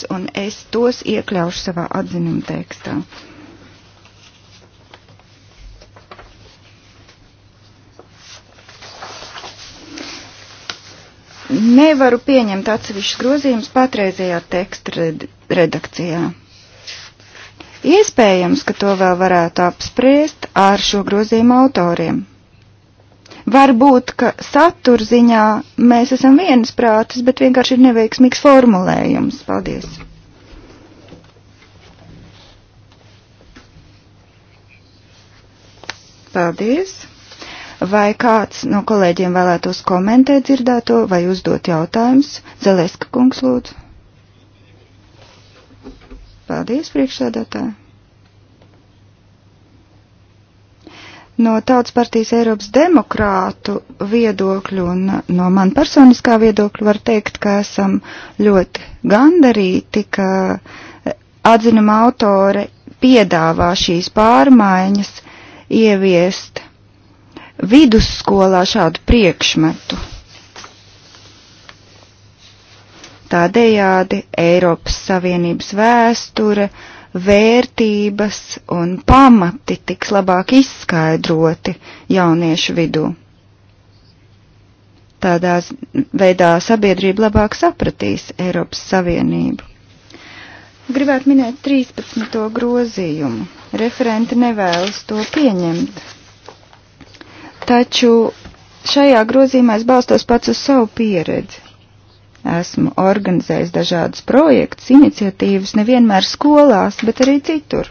punkts, un es tos iekļaušu savā atzinuma tekstā. Nevaru pieņemt atsevišķus grozījumus patreizējā teksta redakcijā. Iespējams, ka to vēl varētu apspriest ar šo grozījumu autoriem. Varbūt, ka saturziņā mēs esam vienas prātas, bet vienkārši ir neveiksmīgs formulējums. Paldies! Paldies! Vai kāds no kolēģiem vēlētos komentēt dzirdēto vai uzdot jautājumus? Zeleska kungs lūdzu. Paldies, priekšsēdētāji! No Tautas partijas Eiropas demokrātu viedokļu un no man personiskā viedokļa var teikt, ka esam ļoti gandarīti, ka atzinuma autore piedāvā šīs pārmaiņas ieviest vidusskolā šādu priekšmetu. Tādējādi Eiropas Savienības vēsture, uh, vērtības un pamati tiks labāk izskaidroti jauniešu vidū. Tādā veidā sabiedrība labāk sapratīs Eiropas Savienību. Gribētu minēt 13. grozījumu. Referenti nevēlas to pieņemt. Taču šajā grozījumā es balstos pats uz savu pieredzi. Esmu organizējis dažādus projektus, iniciatīvas nevienmēr skolās, bet arī citur.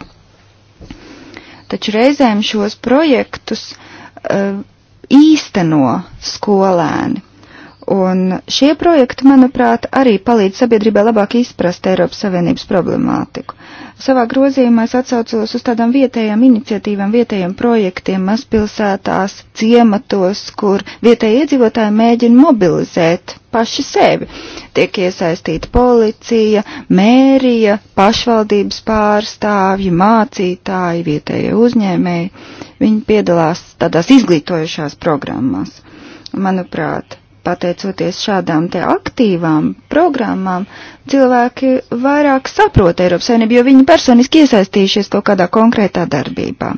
Taču reizēm šos projektus uh, īsteno skolēni. Un šie projekti, manuprāt, arī palīdz sabiedrībai labāk izprast Eiropas Savienības problemātiku. Savā grozījumā es atsaucos uz tādām vietējām iniciatīvām, vietējiem projektiem mazpilsētās, ciematos, kur vietēji iedzīvotāji mēģina mobilizēt paši sevi. Tiek iesaistīta policija, mērija, pašvaldības pārstāvji, mācītāji, vietējie uzņēmēji. Viņi piedalās tādās izglītojušās programmās. Manuprāt, pateicoties šādām te aktīvām programmām, cilvēki vairāk saprot Eiropas saimnību, jo viņi personiski iesaistījušies kaut kādā konkrētā darbībā.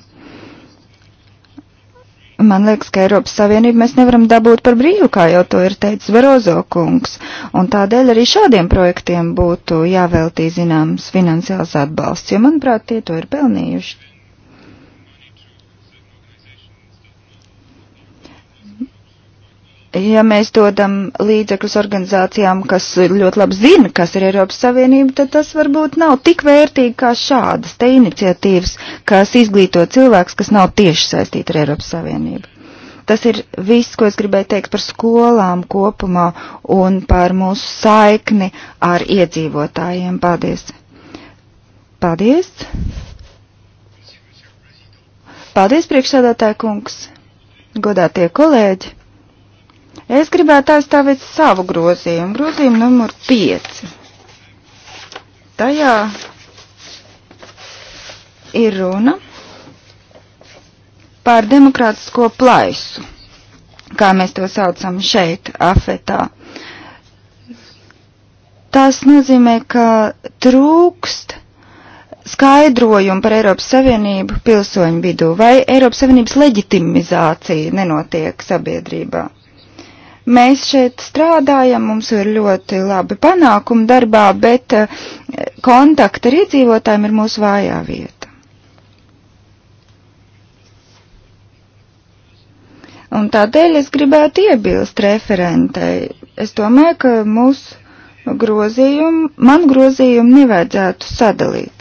Man liekas, ka Eiropas Savienību mēs nevaram dabūt par brīvu, kā jau to ir teicis Verozo kungs, un tādēļ arī šādiem projektiem būtu jāveltī zināms finansiāls atbalsts, jo, manuprāt, tie to ir pelnījuši. ja mēs dodam līdzekļus organizācijām, kas ļoti labi zina, kas ir Eiropas Savienība, tad tas varbūt nav tik vērtīgi kā šādas te iniciatīvas, kas izglīto cilvēks, kas nav tieši saistīti ar Eiropas Savienību. Tas ir viss, ko es gribēju teikt par skolām kopumā un par mūsu saikni ar iedzīvotājiem. Paldies! Paldies! Paldies, priekšsēdētāja kungs! Godātie kolēģi! Es gribētu aizstāvēt savu grozījumu, grozījumu numur 5. Tajā ir runa par demokrātisko plaisu, kā mēs to saucam šeit, afetā. Tas nozīmē, ka trūkst skaidrojumu par Eiropas Savienību pilsoņu vidū, vai Eiropas Savienības leģitimizācija nenotiek sabiedrībā. Mēs šeit strādājam, mums ir ļoti labi panākumi darbā, bet eh, kontakti ar iedzīvotājiem ir mūsu vājā vieta. Un tādēļ es gribētu iebilst referentei. Es domāju, ka mūsu grozījumu, man grozījumu nevajadzētu sadalīt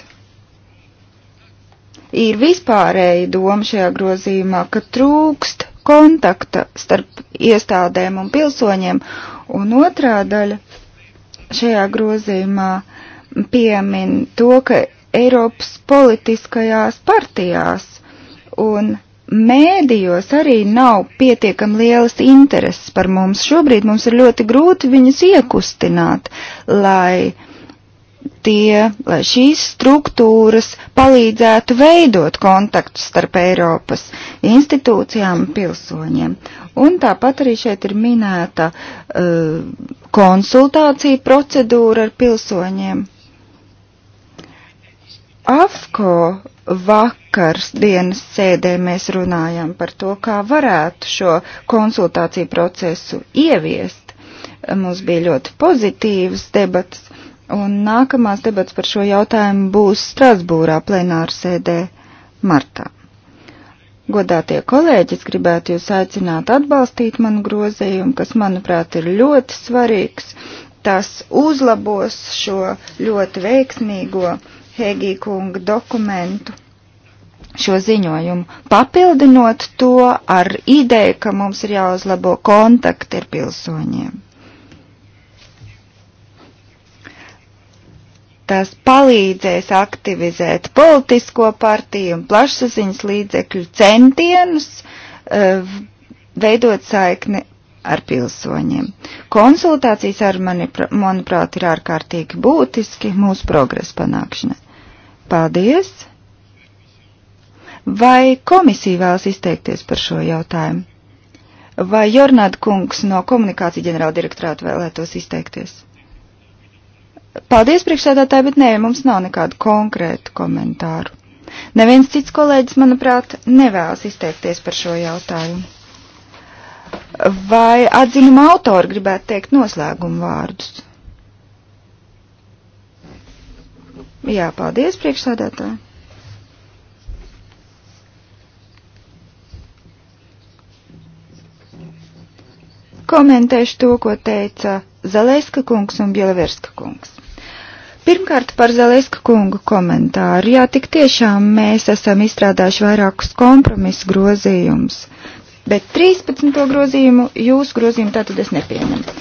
ir vispārēja doma šajā grozījumā, ka trūkst kontakta starp iestādēm un pilsoņiem, un otrā daļa šajā grozījumā piemin to, ka Eiropas politiskajās partijās un mēdījos arī nav pietiekami lielas intereses par mums. Šobrīd mums ir ļoti grūti viņus iekustināt, lai tie, lai šīs struktūras palīdzētu veidot kontaktus starp Eiropas institūcijām, pilsoņiem. Un tāpat arī šeit ir minēta uh, konsultācija procedūra ar pilsoņiem. AFCO vakars dienas sēdē mēs runājam par to, kā varētu šo konsultāciju procesu ieviest. Mums bija ļoti pozitīvas debatas, un nākamās debats par šo jautājumu būs Strasbūrā plenāru sēdē martā. Godātie kolēģi, es gribētu jūs aicināt atbalstīt manu grozījumu, kas, manuprāt, ir ļoti svarīgs. Tas uzlabos šo ļoti veiksmīgo Hegīkunga dokumentu šo ziņojumu, papildinot to ar ideju, ka mums ir jāuzlabo kontakti ar pilsoņiem. Tas palīdzēs aktivizēt politisko partiju un plašsaziņas līdzekļu centienus eh, veidot saikni ar pilsoņiem. Konsultācijas ar mani, manuprāt, ir ārkārtīgi būtiski mūsu progresa panākšanai. Paldies! Vai komisija vēlas izteikties par šo jautājumu? Vai Jornāda kungs no komunikācija ģenerāla direktorāta vēlētos izteikties? Paldies, priekšsēdētāji, bet nē, mums nav nekādu konkrētu komentāru. Neviens cits kolēģis, manuprāt, nevēlas izteikties par šo jautājumu. Vai atzinuma autori gribētu teikt noslēgumu vārdus? Jā, paldies, priekšsādātāji. Komentēšu to, ko teica Zaleska kungs un Bielavērska kungs. Pirmkārt par Zeleska kunga komentāru. Jā, tik tiešām mēs esam izstrādājuši vairākus kompromisu grozījumus, bet 13. grozījumu jūsu grozījumu tātad es nepieņemu.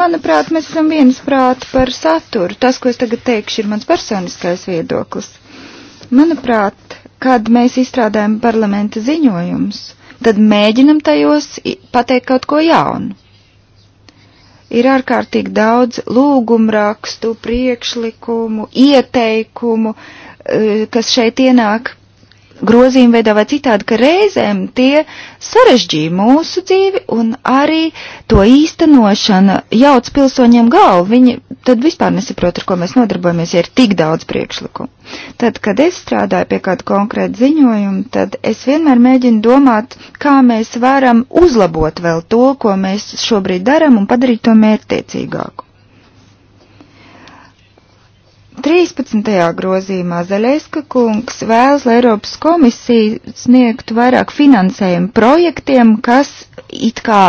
Manuprāt, mēs esam viensprāt par saturu. Tas, ko es tagad teikšu, ir mans personiskais viedoklis. Manuprāt, kad mēs izstrādājam parlamenta ziņojumus, tad mēģinam tajos pateikt kaut ko jaunu ir ārkārtīgi daudz lūgumrakstu, priekšlikumu, ieteikumu, eh, kas šeit ienāk grozījuma veidā vai citādi, ka reizēm tie sarežģīja mūsu dzīvi un arī to īstenošana jauc pilsoņiem galvu. Viņi tad vispār nesaprot, ar ko mēs nodarbojamies, ja ir tik daudz priekšlikumu. Tad, kad es strādāju pie kāda konkrēta ziņojuma, tad es vienmēr mēģinu domāt, kā mēs varam uzlabot vēl to, ko mēs šobrīd daram un padarīt to mērķtiecīgāku. 13. grozījumā Zaļeska kungs vēlas, lai Eiropas komisija sniegtu vairāk finansējumu projektiem, kas it kā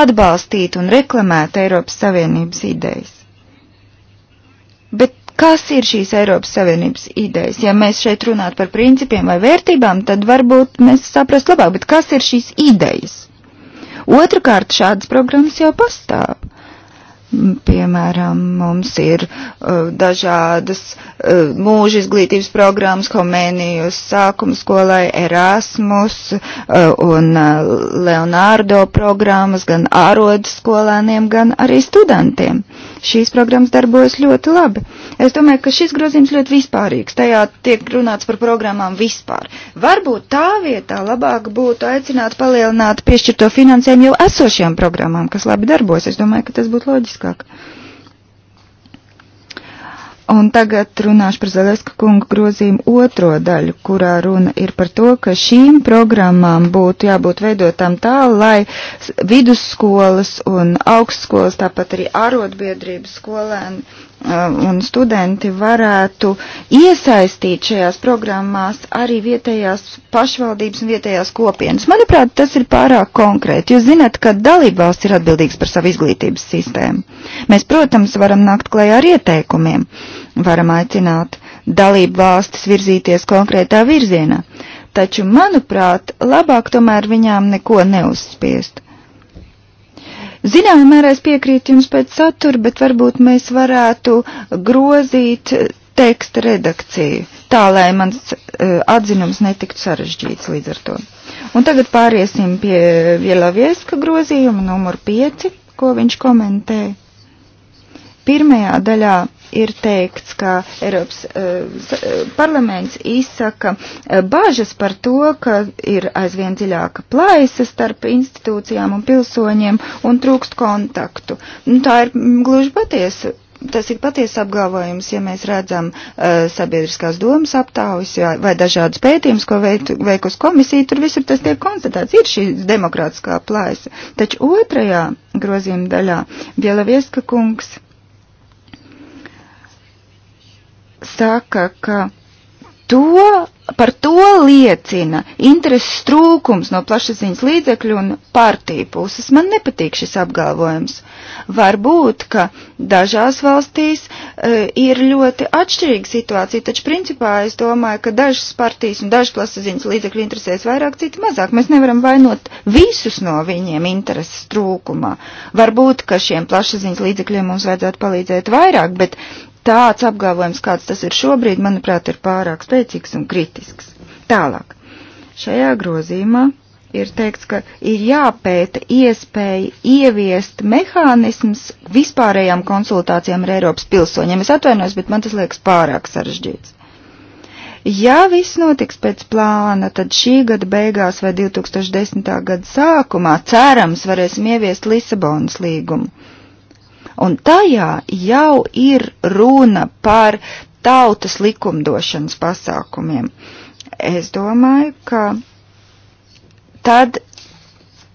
atbalstītu un reklamētu Eiropas Savienības idejas. Bet kas ir šīs Eiropas Savienības idejas? Ja mēs šeit runātu par principiem vai vērtībām, tad varbūt mēs saprastu labāk, bet kas ir šīs idejas? Otrakārt, šādas programmas jau pastāv. Piemēram, mums ir uh, dažādas uh, mūža izglītības programmas, Homēnijas sākuma skolai, Erasmus uh, un uh, Leonardo programmas gan ārodas skolēniem, gan arī studentiem. Uh, šīs programmas darbojas ļoti labi. Es domāju, ka šis grozījums ļoti vispārīgs. Tajā tiek runāts par programmām vispār. Varbūt tā vietā labāk būtu aicināt palielināt piešķirto finansējumu jau esošajām programmām, kas labi darbojas. Es domāju, ka tas būtu loģiskāk. Uh, Un tagad runāšu par Zaleska kunga grozījumu otro daļu, kurā runa ir par to, ka šīm programmām būtu jābūt veidotām tā, lai vidusskolas un augstskolas, tāpat arī arotbiedrības skolēni uh, un studenti varētu iesaistīt šajās programmās arī vietējās pašvaldības un vietējās kopienas. Manuprāt, tas ir pārāk konkrēti. Jūs zināt, ka dalībvalsts ir atbildīgs par savu izglītības sistēmu. Mēs, protams, varam nākt klajā ar ieteikumiem. Uh, varam aicināt dalību valstis virzīties konkrētā virzienā, taču, manuprāt, labāk tomēr viņām neko neuzspiest. Zināmā mērā es piekrītu jums pēc satura, bet varbūt mēs varētu grozīt teksta redakciju, tā lai mans uh, atzinums netiktu sarežģīts līdz ar to. Un tagad pāriesim pie Vielavieska grozījuma numur 5, ko viņš komentē. Pirmajā daļā ir teikts, ka Eiropas uh, parlaments izsaka eh, bažas par to, ka ir aizvien dziļāka plaisa starp institūcijām un pilsoņiem un trūkst kontaktu. Nu, tā ir mm, gluži patiesa. Tas ir patiesa apgalvojums, ja mēs redzam uh, sabiedriskās domas aptaujas vai dažādas pētījumus, ko veik, veikusi komisija, tur visur tas tiek konstatēts, ir šī demokrātiskā plājas. Taču otrajā grozījuma daļā Bielavieska kungs saka, ka to, par to liecina intereses trūkums no plašsaziņas līdzekļu un partiju puses. Man nepatīk šis apgalvojums. Varbūt, ka dažās valstīs e, ir ļoti atšķirīga situācija, taču principā es domāju, ka dažas partijas un dažas plašsaziņas līdzekļu interesēs vairāk, citi mazāk. Mēs nevaram vainot visus no viņiem intereses trūkumā. Varbūt, ka šiem plašsaziņas līdzekļiem mums vajadzētu palīdzēt vairāk, bet Tāds apgalvojums, kāds tas ir šobrīd, manuprāt, ir pārāk spēcīgs un kritisks. Tālāk. Šajā grozījumā ir teikts, ka ir jāpēta iespēja ieviest mehānisms vispārējām konsultācijām ar Eiropas pilsoņiem. Es atvainojos, bet man tas liekas pārāk sarežģīts. Ja viss notiks pēc plāna, tad šī gada beigās vai 2010. gada sākumā cerams varēsim ieviest Lisabonas līgumu Un tajā jau ir runa par tautas likumdošanas pasākumiem. Es domāju, ka tad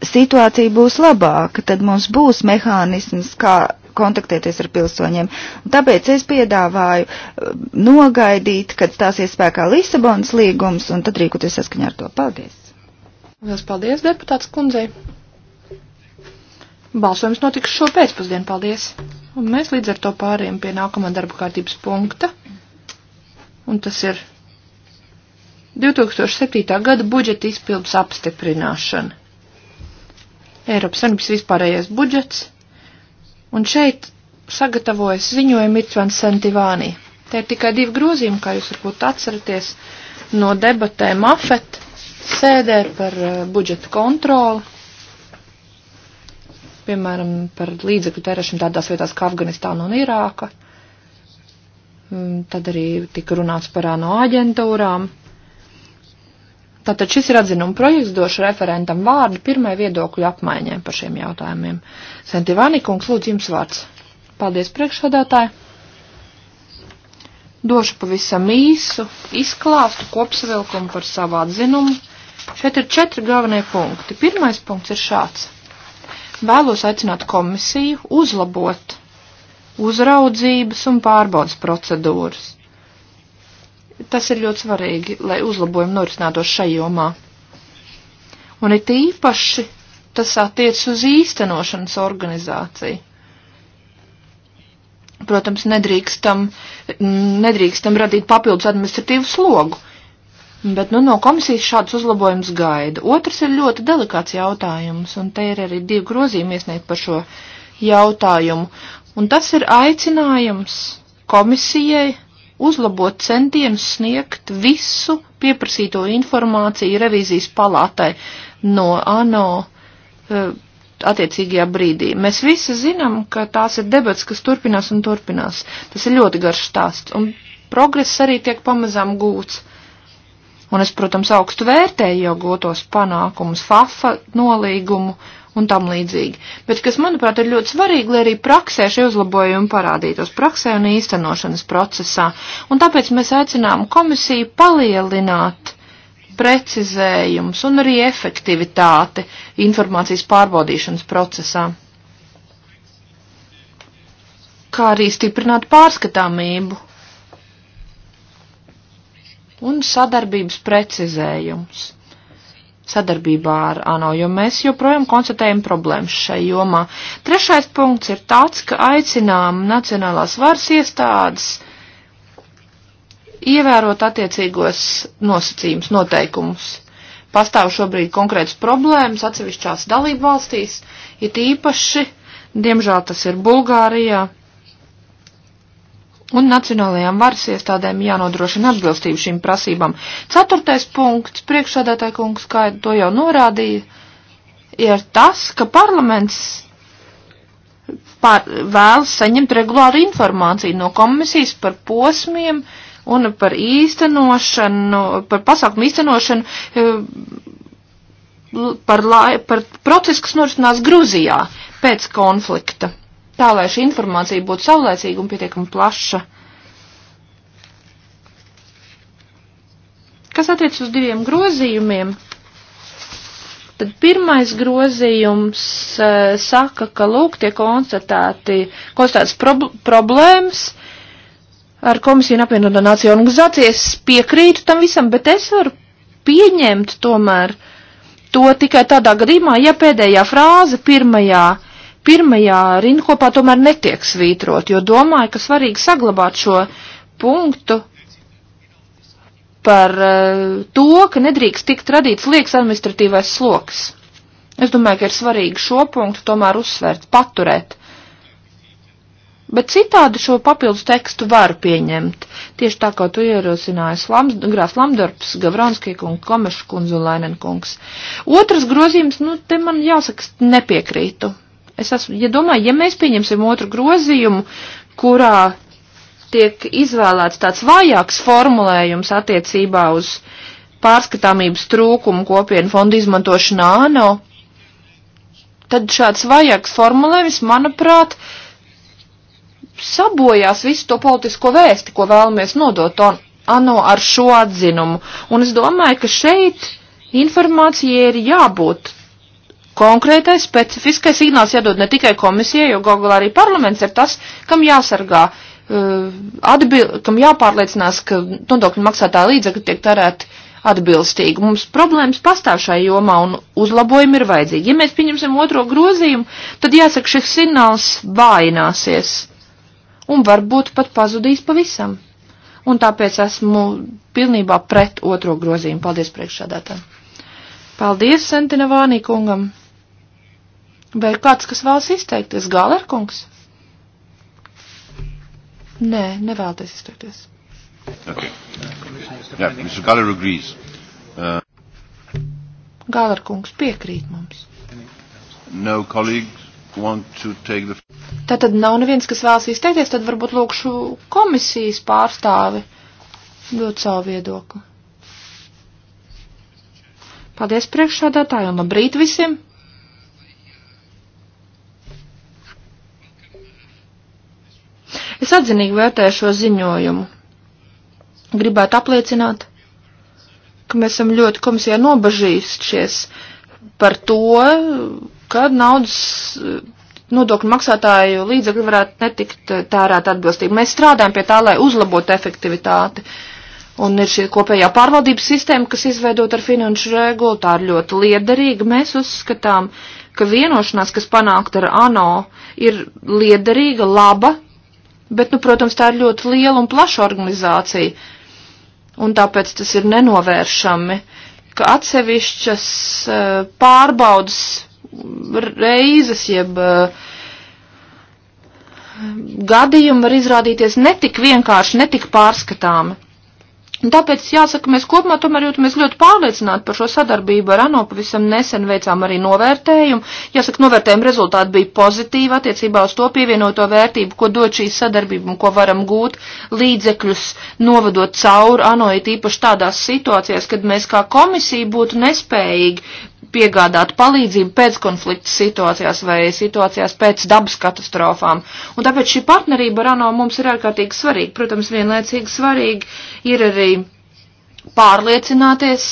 situācija būs labāka, tad mums būs mehānisms, kā kontaktēties ar pilsoņiem. Un tāpēc es piedāvāju eh, nogaidīt, kad stāsies spēkā Lisabonas līgums, un tad rīkoties saskaņā ar to. Paldies! Lielas paldies, deputāts kundzei! Balsojums notiks šo pēcpusdienu, paldies. Un mēs līdz ar to pāriem pie nākamā darba kārtības punkta. Un tas ir 2007. gada budžeta izpildus apstiprināšana. Eiropas Savienības vispārējais budžets. Un šeit sagatavojas ziņojumi Itvans Santivāni. Te ir tikai divi grozījumi, kā jūs varbūt atceraties no debatēm AFET sēdē par eh, budžeta kontroli piemēram, par līdzekļu tērēšanu tādās vietās kā Afganistāna un Irāka. Mm, tad arī tika runāts par ANO aģentūrām. Tātad šis ir atzinuma projekts, došu referentam vārdu pirmai viedokļu apmaiņai par šiem jautājumiem. Sentivāni kungs, lūdzu jums vārds. Paldies priekšsādātāji. Došu pavisam īsu izklāstu kopsavilkumu par savu atzinumu. Šeit ir četri galvenie punkti. Pirmais punkts ir šāds vēlos aicināt komisiju uzlabot uzraudzības un pārbaudas procedūras. Tas ir ļoti svarīgi, lai uzlabojumi norisinātos šai jomā. Un it īpaši tas attiec uz īstenošanas organizāciju. Protams, nedrīkstam, nedrīkstam radīt papildus administratīvu slogu Bet nu, no komisijas šādus uzlabojumus gaida. Otrs ir ļoti delikāts jautājums, un te ir arī divi grozījumi iesniegt par šo jautājumu. Un tas ir aicinājums komisijai uzlabot centienus sniegt visu pieprasīto informāciju revīzijas palātai no ANO eh, attiecīgajā brīdī. Mēs visi zinām, ka tās ir debats, kas turpinās un turpinās. Tas ir ļoti garš stāsts, un progress arī tiek pamazām gūts. Un es, protams, augstu vērtēju jau gotos panākumus, FAFA nolīgumu un tam līdzīgi. Bet, kas, manuprāt, ir ļoti svarīgi, lai arī praksē šie uzlabojumi parādītos, praksē un īstenošanas procesā. Un tāpēc mēs aicinām komisiju palielināt precizējums un arī efektivitāti informācijas pārbaudīšanas procesā kā arī stiprināt pārskatāmību un sadarbības precizējums sadarbībā ar ANO, jo mēs joprojām konstatējam problēmas šai jomā. Trešais punkts ir tāds, ka aicinām nacionālās varas iestādes ievērot attiecīgos nosacījumus, noteikumus. Pastāv šobrīd konkrētas problēmas atsevišķās dalību valstīs, it īpaši, diemžēl tas ir Bulgārijā, un nacionālajām varas iestādēm jānodrošina atbilstību šīm prasībām. Ceturtais punkts, priekšsādātāja kungs, kā to jau norādīja, ir tas, ka parlaments pār, vēlas saņemt regulāru informāciju no komisijas par posmiem un par īstenošanu, par pasākumu īstenošanu, eh, par, lai, par procesu, kas norisinās Gruzijā pēc konflikta tā, lai šī informācija būtu saulēcīga un pietiekami plaša. Kas attiec uz diviem grozījumiem, tad pirmais grozījums uh, saka, ka lūk tiek konstatēti, konstatēts prob problēmas ar komisiju un apvienoto nāciju organizācijas piekrītu tam visam, bet es varu pieņemt tomēr to tikai tādā gadījumā, ja pēdējā frāze pirmajā uh, pirmajā rindkopā tomēr netiek svītrot, jo domāju, ka svarīgi saglabāt šo punktu par eh, to, ka nedrīkst tikt radīts liekas administratīvais sloks. Es domāju, ka ir svarīgi šo punktu tomēr uzsvērt, paturēt. Bet citādi šo papildus tekstu var pieņemt. Tieši tā, kā tu ierosināji Slams, Grās Lamdorps, Gavronskija kungs, Komeša kundze un Lainen kungs. Otrs grozījums, nu, te man jāsaka, nepiekrītu. Es esmu, ja domāju, ja mēs pieņemsim otru grozījumu, kurā tiek izvēlēts tāds vājāks formulējums attiecībā uz pārskatāmības trūkumu kopienu fondu izmantošanā ANO, tad šāds vajāks formulējums, manuprāt, sabojās visu to politisko vēsti, ko vēlamies nodot on, ANO ar šo atzinumu. Un es domāju, ka šeit informācija ir jābūt Konkrētais specifiskais signāls jādod ne tikai komisijai, jo Google arī parlaments ir tas, kam jāsargā, uh, eh, atbil, kam jāpārliecinās, ka nodokļu maksātā līdzekļi tiek tarēti atbilstīgi. Mums problēmas pastāv šai jomā un uzlabojumi ir vajadzīgi. Ja mēs pieņemsim otro grozījumu, tad jāsaka, šis signāls vājināsies un varbūt pat pazudīs pavisam. Un tāpēc esmu pilnībā pret otro grozījumu. Paldies priekšādātājiem. Paldies Sentinavānī kungam. Vai ir kāds, kas vēlas izteikties? Gālerkungs? Nē, nevēlaties izteikties. Okay. Yeah, Mr. Galler agrees. Uh... Gālerkungs piekrīt mums. No colleagues want to take the... Tātad nav neviens, kas vēlas izteikties, tad varbūt lūkšu komisijas pārstāvi dot savu viedokli. Paldies priekšsādātāju un labrīt visiem! Es atzinīgi vērtēju šo ziņojumu. Gribētu apliecināt, ka mēs esam ļoti komisijā nobažījušies par to, ka naudas eh, nodokļu maksātāju līdzekļi varētu netikt eh, tērēt atbilstīgi. Mēs strādājam pie tā, lai uzlabotu efektivitāti. Un ir šī kopējā pārvaldības sistēma, kas izveidot ar finanšu regulu, tā ir ļoti liederīga. Mēs uzskatām, ka vienošanās, kas panākt ar ANO, ir liederīga, laba, bet, nu, protams, tā ir ļoti liela un plaša organizācija, un tāpēc tas ir nenovēršami, ka atsevišķas eh, pārbaudas reizes, jeb eh, gadījumi var izrādīties netik vienkārši, netik pārskatāmi. Un tāpēc, jāsaka, mēs kopumā tomēr jūtamies ļoti pārliecināti par šo sadarbību ar ANO. Pavisam nesen veicām arī novērtējumu. Jāsaka, novērtējuma rezultāti bija pozitīvi attiecībā uz to pievienoto vērtību, ko dod šī sadarbība un ko varam gūt līdzekļus novedot cauri ANO, it īpaši tādās situācijās, kad mēs kā komisija būtu nespējīgi piegādāt palīdzību pēckonflikta situācijās vai situācijās pēc dabas katastrofām. Un tāpēc šī partnerība ar ANO mums ir ārkārtīgi svarīga. Protams, vienlaicīgi svarīgi ir arī pārliecināties,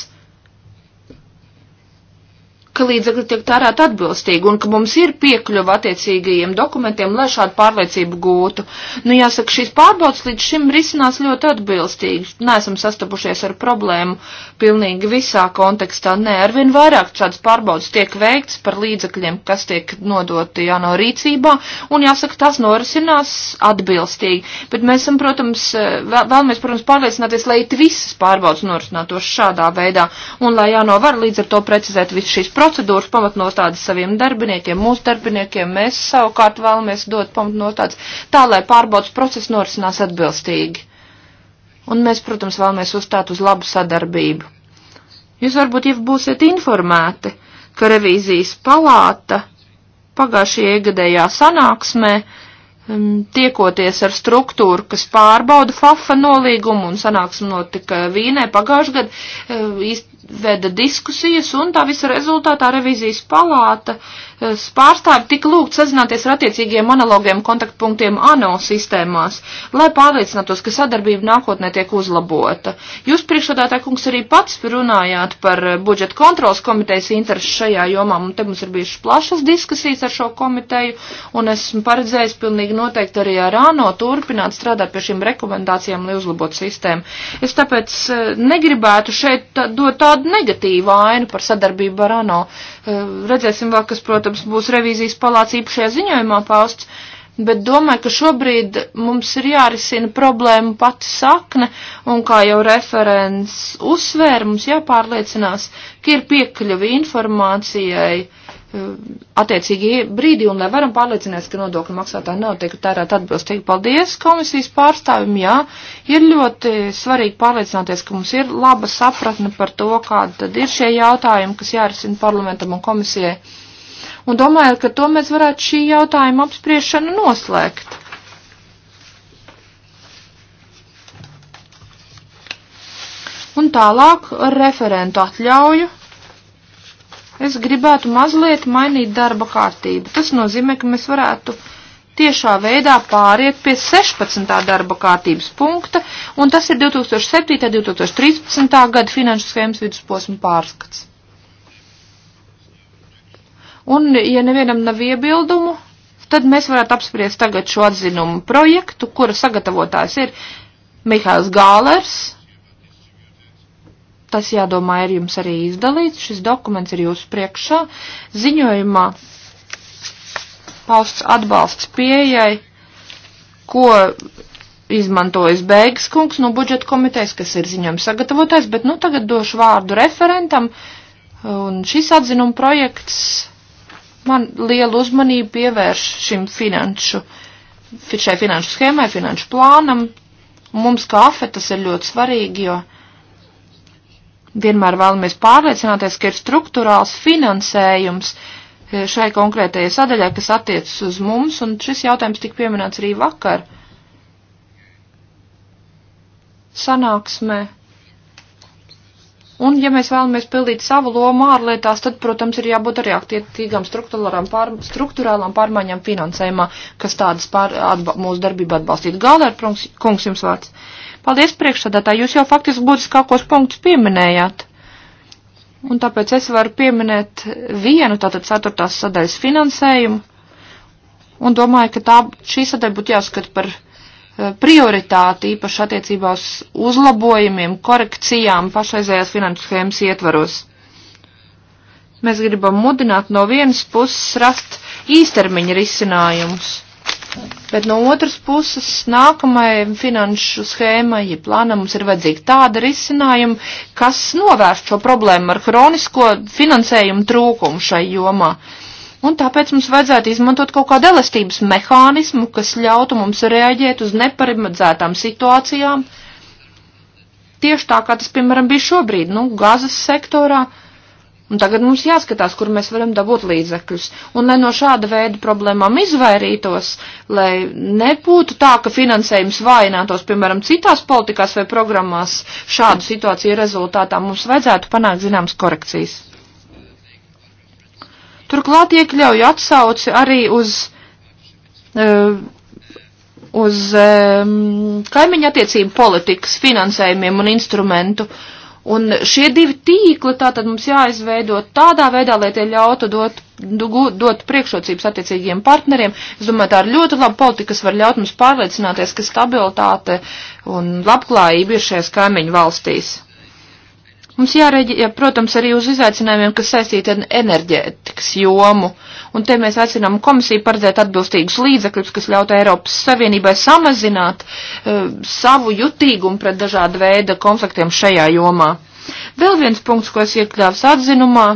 ka līdzekļi tiek tērēti atbilstīgi un ka mums ir piekļuva attiecīgajiem dokumentiem, lai šādu pārliecību gūtu. Nu, jāsaka, šīs pārbaudas līdz šim risinās ļoti atbilstīgi. Nesam sastapušies ar problēmu, pilnīgi visā kontekstā. Nē, arvien vairāk šādas pārbaudas tiek veikts par līdzekļiem, kas tiek nodoti jāno rīcībā, un jāsaka, tas norisinās atbilstīgi. Bet mēs esam, protams, eh, vēlamies, protams, pārliecināties, lai it visas pārbaudas norisinātos šādā veidā, un lai jāno var līdz ar to precizēt visu šīs procedūras pamatnostādes saviem darbiniekiem, mūsu darbiniekiem, mēs savukārt vēlamies dot pamatnostādes tā, lai pārbaudas process norisinās atbilstīgi. Un mēs, protams, vēlamies uzstāt uz labu sadarbību. Jūs varbūt jau būsiet informēti, ka revīzijas palāta pagājušajā iegadējā sanāksmē um, tiekoties ar struktūru, kas pārbauda FAFA nolīgumu un sanāksim notika Vīnē pagājušajā gadā, uh, veda diskusijas un tā visa rezultātā revizijas palāta uh, pārstāvi tika lūgt sazināties ar attiecīgiem analogiem kontaktpunktiem ANO sistēmās, lai pārliecinātos, ka sadarbība nākotnē tiek uzlabota. Jūs priekšsādātāji kungs arī pats runājāt par eh, budžeta kontrolas komitejas interesi šajā jomā, un te mums ir bijušas plašas diskusijas ar šo komiteju, un esmu paredzējis pilnīgi noteikti arī ar ANO turpināt strādāt pie šīm rekomendācijām, lai uzlabotu sistēmu. Es tāpēc eh, negribētu šeit dot tādu negatīvu ainu par sadarbību ar ANO. Eh, redzēsim vēl, kas, protams, protams, būs revīzijas palāca īpašajā ziņojumā pausts, bet domāju, ka šobrīd mums ir jārisina problēma pati sakne, un kā jau referents uzsvēra, mums jāpārliecinās, ka ir piekļuvi informācijai eh, attiecīgi brīdī, un lai varam pārliecināties, ka nodokļu maksātāji nav tiek tērēt atbilstīgi. Paldies komisijas pārstāvim, jā, ir ļoti svarīgi pārliecināties, ka mums ir laba sapratne par to, kāda tad ir šie jautājumi, kas jārisina parlamentam un komisijai un domāju, ka to mēs varētu šī jautājuma apspriešanu noslēgt. Un tālāk ar referentu atļauju es gribētu mazliet mainīt darba kārtību. Tas nozīmē, ka mēs varētu tiešā veidā pāriet pie 16. darba kārtības punkta, un tas ir 2007. un 2013. gada finanšu schēmas vidusposma pārskats. Un, ja nevienam nav iebildumu, tad mēs varētu apspriest tagad šo atzinumu projektu, kura sagatavotājs ir Mihails Gālers. Tas, jādomā, ir jums arī izdalīts. Šis dokuments ir jūsu priekšā. Ziņojumā pausts atbalsts pieejai, ko izmantojas Beigas kungs no budžeta komitejas, kas ir ziņojums sagatavotājs, bet nu tagad došu vārdu referentam. Un šis atzinuma projekts man lielu uzmanību pievērš šim finanšu, šai finanšu schēmai, finanšu plānam. Mums kā afetas ir ļoti svarīgi, jo vienmēr vēlamies pārliecināties, ka ir struktūrāls finansējums e, šai konkrētajai sadaļai, kas attiecas uz mums, un šis jautājums tika pieminēts arī vakar. Sanāksmē Un, ja mēs vēlamies pildīt savu lomu ārlietās, tad, protams, ir jābūt arī attiecīgām struktūrālām, pār, struktūrālām pārmaiņām finansējumā, kas tādas pār, atba, mūsu darbību atbalstītu. Galvēr, kungs, jums vārds. Paldies priekšsādātāji, jūs jau faktiski būtiskākos punktus pieminējāt. Un tāpēc es varu pieminēt vienu, tātad ceturtās sadaļas finansējumu. Un domāju, ka tā, šī sadaļa būtu jāskata par Eh, prioritāti īpaši attiecībā uz uzlabojumiem, korekcijām pašreizējās finanšu schēmas ietvaros. Mēs gribam mudināt no vienas puses rast īstermiņa risinājumus, bet no otras puses nākamajai finanšu schēmai, ja plānam mums ir vajadzīga tāda risinājuma, kas novērst šo problēmu ar hronisko finansējumu trūkumu šai jomā. Uh, Un tāpēc mums vajadzētu izmantot kaut kādu elastības mehānismu, kas ļautu mums reaģēt uz neparedzētām situācijām. Tieši tā, kā tas, piemēram, bija šobrīd, nu, gazas sektorā. Un tagad mums jāskatās, kur mēs varam dabūt līdzekļus. Un, lai no šāda veida problēmām izvairītos, lai nebūtu tā, ka finansējums vājinātos, piemēram, citās politikās vai programmās šādu situāciju rezultātā, mums vajadzētu panākt zināmas korekcijas. Turklāt iekļauju atsauci arī uz, e, uz e, kaimiņa attiecību politikas finansējumiem un instrumentu. Un šie divi tīkli tātad mums jāizveido tādā veidā, lai tie ļautu dot, dot priekšrocības attiecīgiem partneriem. Es domāju, tā ir ļoti laba politika, kas var ļaut mums pārliecināties, ka stabilitāte un labklājība ir šajās kaimiņu valstīs. Mums jāreģē, protams, arī uz izaicinājumiem, kas saistīti ar enerģētikas jomu. Un te mēs aicinām komisiju paredzēt atbilstīgus līdzekļus, kas ļautu Eiropas Savienībai samazināt uh, savu jutīgumu pret dažādu veidu konfliktiem šajā jomā. Vēl viens punkts, ko es iekļāvs atzinumā,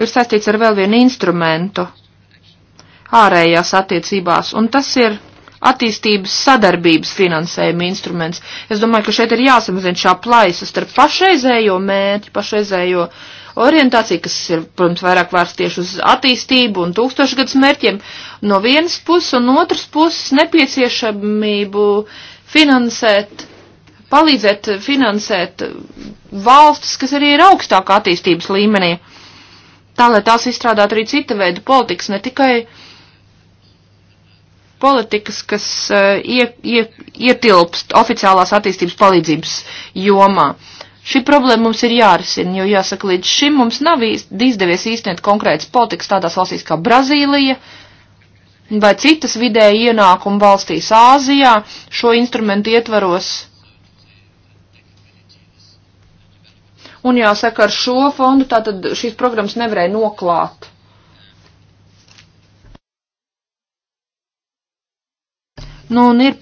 ir saistīts ar vēl vienu instrumentu ārējās attiecībās, un tas ir attīstības sadarbības finansējuma instruments. Es domāju, ka šeit ir jāsamazina šā plaisa starp pašreizējo mērķi, pašreizējo orientāciju, kas ir, protams, vairāk vērsts tieši uz attīstību un tūkstošgadus mērķiem no vienas puses, un otras puses nepieciešamību finansēt, palīdzēt finansēt valstis, kas arī ir augstākā attīstības līmenī. Tā, lai tās izstrādātu arī cita veida politikas, ne tikai uh, politikas, kas eh, ie, ie, ietilpst oficiālās attīstības palīdzības jomā. Šī problēma mums ir jārisina, jo jāsaka, līdz šim mums nav izdevies īstenot konkrētas politikas tādās valstīs kā Brazīlija vai citas vidēji ienākumu valstīs Āzijā šo instrumentu ietvaros. Un jāsaka, ar šo fondu tātad šīs programmas nevarēja noklāt. Nu, un ir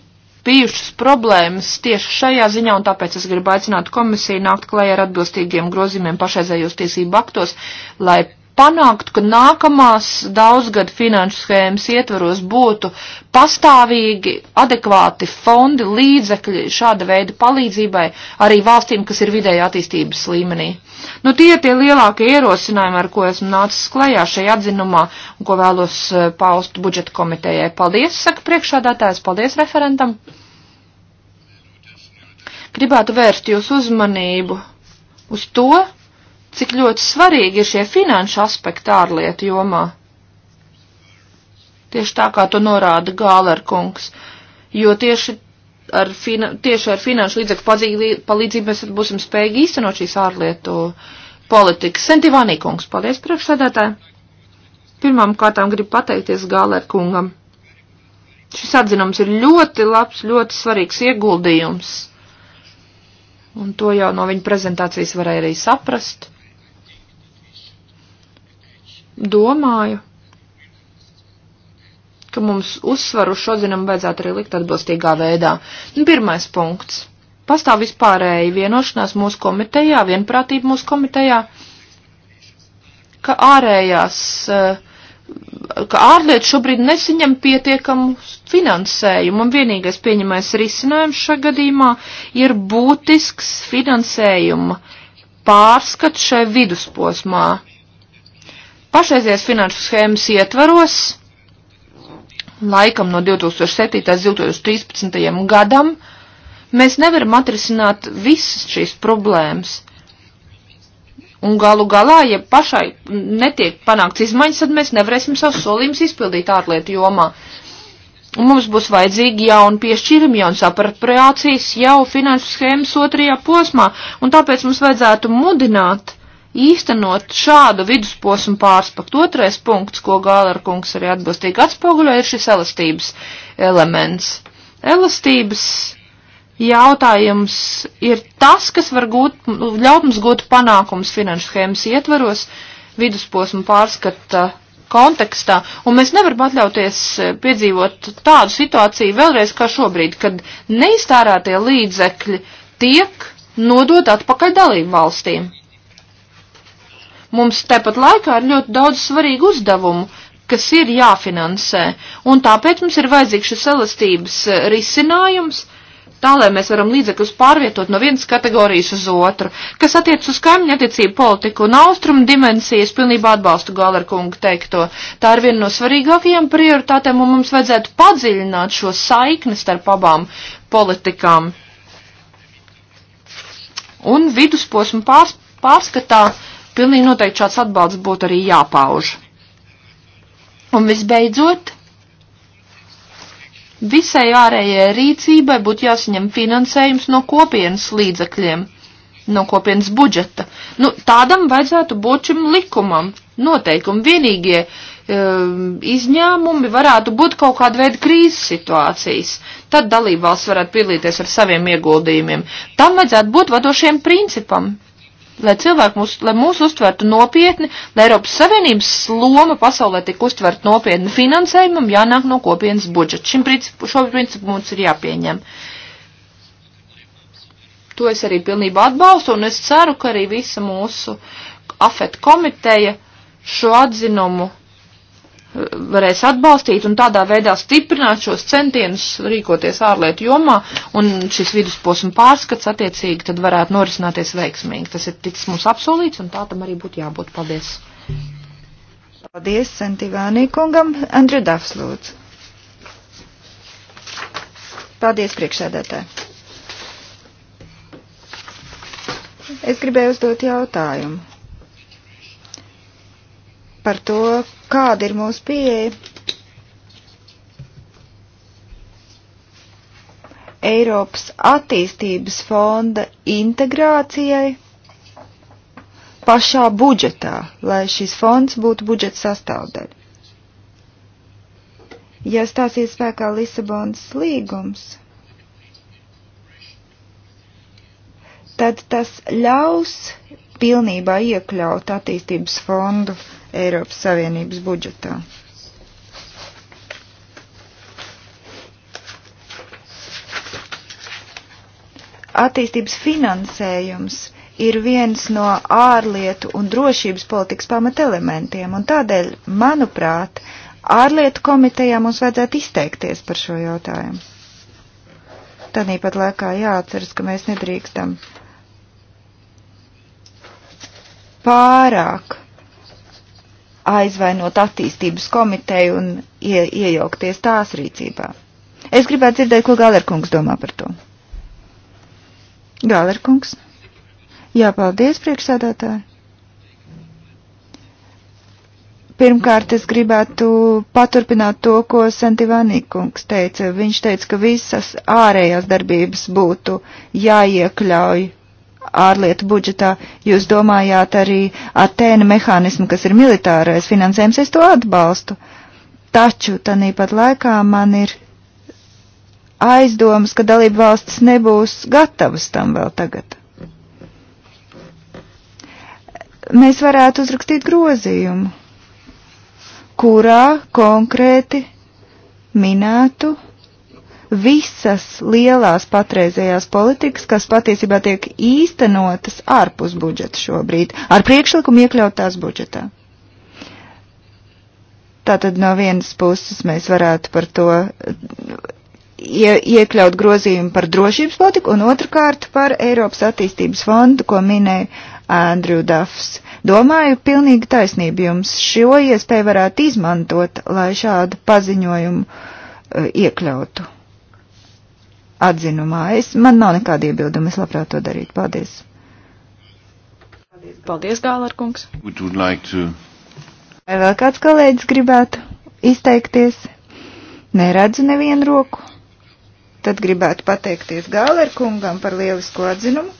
bijušas problēmas tieši šajā ziņā, un tāpēc es gribu aicināt komisiju nākt klajā ar atbilstīgiem grozījumiem pašreizējos tiesību aktos, lai panākt, ka nākamās daudzgad finanšu schēmas ietvaros būtu pastāvīgi, adekvāti fondi, līdzekļi šāda veida palīdzībai arī valstīm, kas ir vidēja attīstības līmenī. Nu, tie ir tie lielākie ierosinājumi, ar ko esmu nācis klajā šajā atzinumā un ko vēlos eh, paust budžeta komitejai. Paldies, saka priekšādātājs, paldies referentam. Gribētu vērst jūsu uzmanību uz to, cik ļoti svarīgi ir šie finanšu aspekti ārlietu jomā. Tieši tā kā to norāda Gālerkungs, jo tieši ar, fina, tieši ar finanšu līdzekļu palīdzību mēs būsim spējīgi īstenot šīs ārlietu politikas. Sentivānī kungs, paldies priekšsēdētāji. Pirmām kārtām gribu pateikties Gālerkungam. Šis atzinums ir ļoti labs, ļoti svarīgs ieguldījums. Un to jau no viņa prezentācijas varēja arī saprast domāju, ka mums uzsvaru šodien vajadzētu arī likt atbilstīgā veidā. Nu, pirmais punkts. Pastāv vispārēji vienošanās mūsu komitejā, vienprātība mūsu komitejā, ka ārējās, eh, ka ārlietu šobrīd nesaņem pietiekamu finansējumu, un vienīgais pieņemais risinājums šajā gadījumā ir būtisks finansējuma pārskats šai vidusposmā pašreizies finanšu schēmas ietvaros, laikam no 2007. līdz 2013. gadam, mēs nevaram atrisināt visas šīs problēmas. Un galu galā, ja pašai netiek panākts izmaiņas, tad mēs nevarēsim savus solījumus izpildīt ārlietu jomā. Un mums būs vajadzīgi jauni piešķirumi, jauns apropriācijas jau finanšu schēmas otrajā posmā, un tāpēc mums vajadzētu mudināt īstenot šādu vidusposmu pārspaktu. Otrais punkts, ko Gālar kungs arī atbilstīgi atspoguļo, ir šis elastības elements. Elastības jautājums ir tas, kas var gūt, ļaut mums gūt panākums finanšu schēmas ietveros vidusposmu pārskata kontekstā, un mēs nevaram atļauties e, piedzīvot tādu situāciju vēlreiz kā šobrīd, kad neiztērētie līdzekļi tiek nodot atpakaļ dalību valstīm. Mums tepat laikā ir ļoti daudz svarīgu uzdevumu, kas ir jāfinansē, un tāpēc mums ir vajadzīgs šis elastības e, risinājums, tā lai mēs varam līdzekļus pārvietot no vienas kategorijas uz otru. Kas attiec uz kaimiņu attiecību politiku un austrumu dimensijas, pilnībā atbalstu Galerkungu teikto. Tā ir viena no svarīgākajām prioritātēm, un mums vajadzētu padziļināt šo saikni starp abām politikām. Un vidusposmu pārs pārskatā pilnīgi noteikti šāds atbalsts būtu arī jāpauž. Un visbeidzot, visai ārējai rīcībai būtu jāsaņem finansējums no kopienas līdzekļiem, no kopienas budžeta. Nu, tādam vajadzētu būt šim likumam, noteikumi. Vienīgie um, izņēmumi varētu būt kaut kāda veida krīzes situācijas. Tad dalībvalsts varētu piedalīties ar saviem ieguldījumiem. Tam vajadzētu būt vadošiem principam lai cilvēki mūs, lai mūs uztvertu nopietni, lai Eiropas Savienības loma pasaulē tik uztvert nopietni finansējumam, jānāk no kopienas budžeta. Šim principu, šo principu mums ir jāpieņem. To es arī pilnībā atbalstu, un es ceru, ka arī visa mūsu afet komiteja šo atzinumu varēs atbalstīt un tādā veidā stiprināt šos centienus rīkoties ārlietu jomā, un šis vidusposma pārskats attiecīgi tad varētu norisināties veiksmīgi. Tas ir ticis mums apsolīts, un tā tam arī būtu jābūt. Paldies! Paldies Santivānī kungam, Andri Dafs lūdzu. Paldies priekšsēdētāji. Es gribēju uzdot jautājumu par to, kāda ir mūsu pieeja Eiropas attīstības fonda integrācijai pašā budžetā, lai šis fonds būtu budžeta sastāvdaļa. Ja stāsies spēkā Lisabonas līgums, tad tas ļaus pilnībā iekļaut attīstības fondu Eiropas Savienības budžetā. Attīstības finansējums ir viens no ārlietu un drošības politikas pamatelementiem, un tādēļ, manuprāt, ārlietu komitejā mums vajadzētu izteikties par šo jautājumu. Tādīpat laikā jāatceras, ka mēs nedrīkstam pārāk aizvainot attīstības komiteju un ie, iejaukties tās rīcībā. Es gribētu dzirdēt, ko Galerkungs domā par to. Galerkungs. Jā, paldies, priekšsēdētāji. Pirmkārt, es gribētu paturpināt to, ko Santivānī kungs teica. Viņš teica, ka visas ārējās darbības būtu jāiekļauj ārlietu budžetā. Jūs domājāt arī Atēna mehānismu, kas ir militārais finansējums, es to atbalstu. Taču tanīpat laikā man ir aizdomas, ka dalība valstis nebūs gatavas tam vēl tagad. Mēs varētu uzrakstīt grozījumu, kurā konkrēti minētu visas lielās patreizējās politikas, kas patiesībā tiek īstenotas ārpus budžeta šobrīd, ar priekšlikumu iekļaut tās budžetā. Tātad no vienas puses mēs varētu par to ie, iekļaut grozījumu par drošības politiku un otrkārt par Eiropas attīstības fondu, ko minēja Andrew Duffs. Domāju, pilnīgi taisnība jums šo iespēju varētu izmantot, lai šādu paziņojumu e, iekļautu atzinumā. Es, man nav nekāda iebilduma, es labprāt to darītu. Paldies. Paldies, Gālārkungs. Like to... Vai vēl kāds kolēģis gribētu izteikties? Neredzu nevienu roku. Tad gribētu pateikties Gālērkungam par lielisko atzinumu,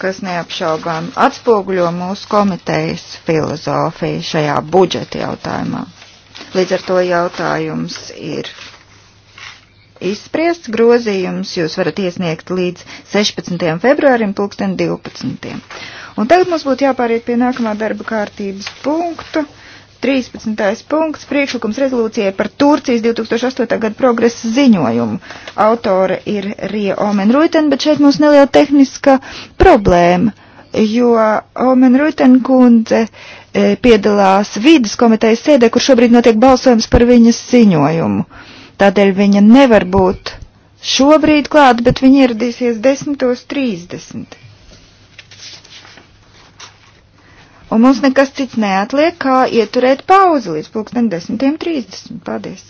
kas neapšaubām atspoguļo mūsu komitejas filozofiju šajā budžeta jautājumā. Līdz ar to jautājums ir izspriests grozījums, jūs varat iesniegt līdz 16. februārim 2012. Un tagad mums būtu jāpāriet pie nākamā darba kārtības punktu. 13. punkts - priekšlikums rezolūcijai par Turcijas 2008. gada progresa ziņojumu. Autore ir Rija Omen Ruiten, bet šeit mums neliela tehniska problēma, jo Omen Ruiten kundze uh, E, piedalās vidas komitejas sēdē, kur šobrīd notiek balsojums par viņas ziņojumu. Tādēļ viņa nevar būt šobrīd klāt, bet viņa ieradīsies 10.30. Un mums nekas cits neatliek, kā ieturēt pauzi līdz pulksten 10.30. Paldies!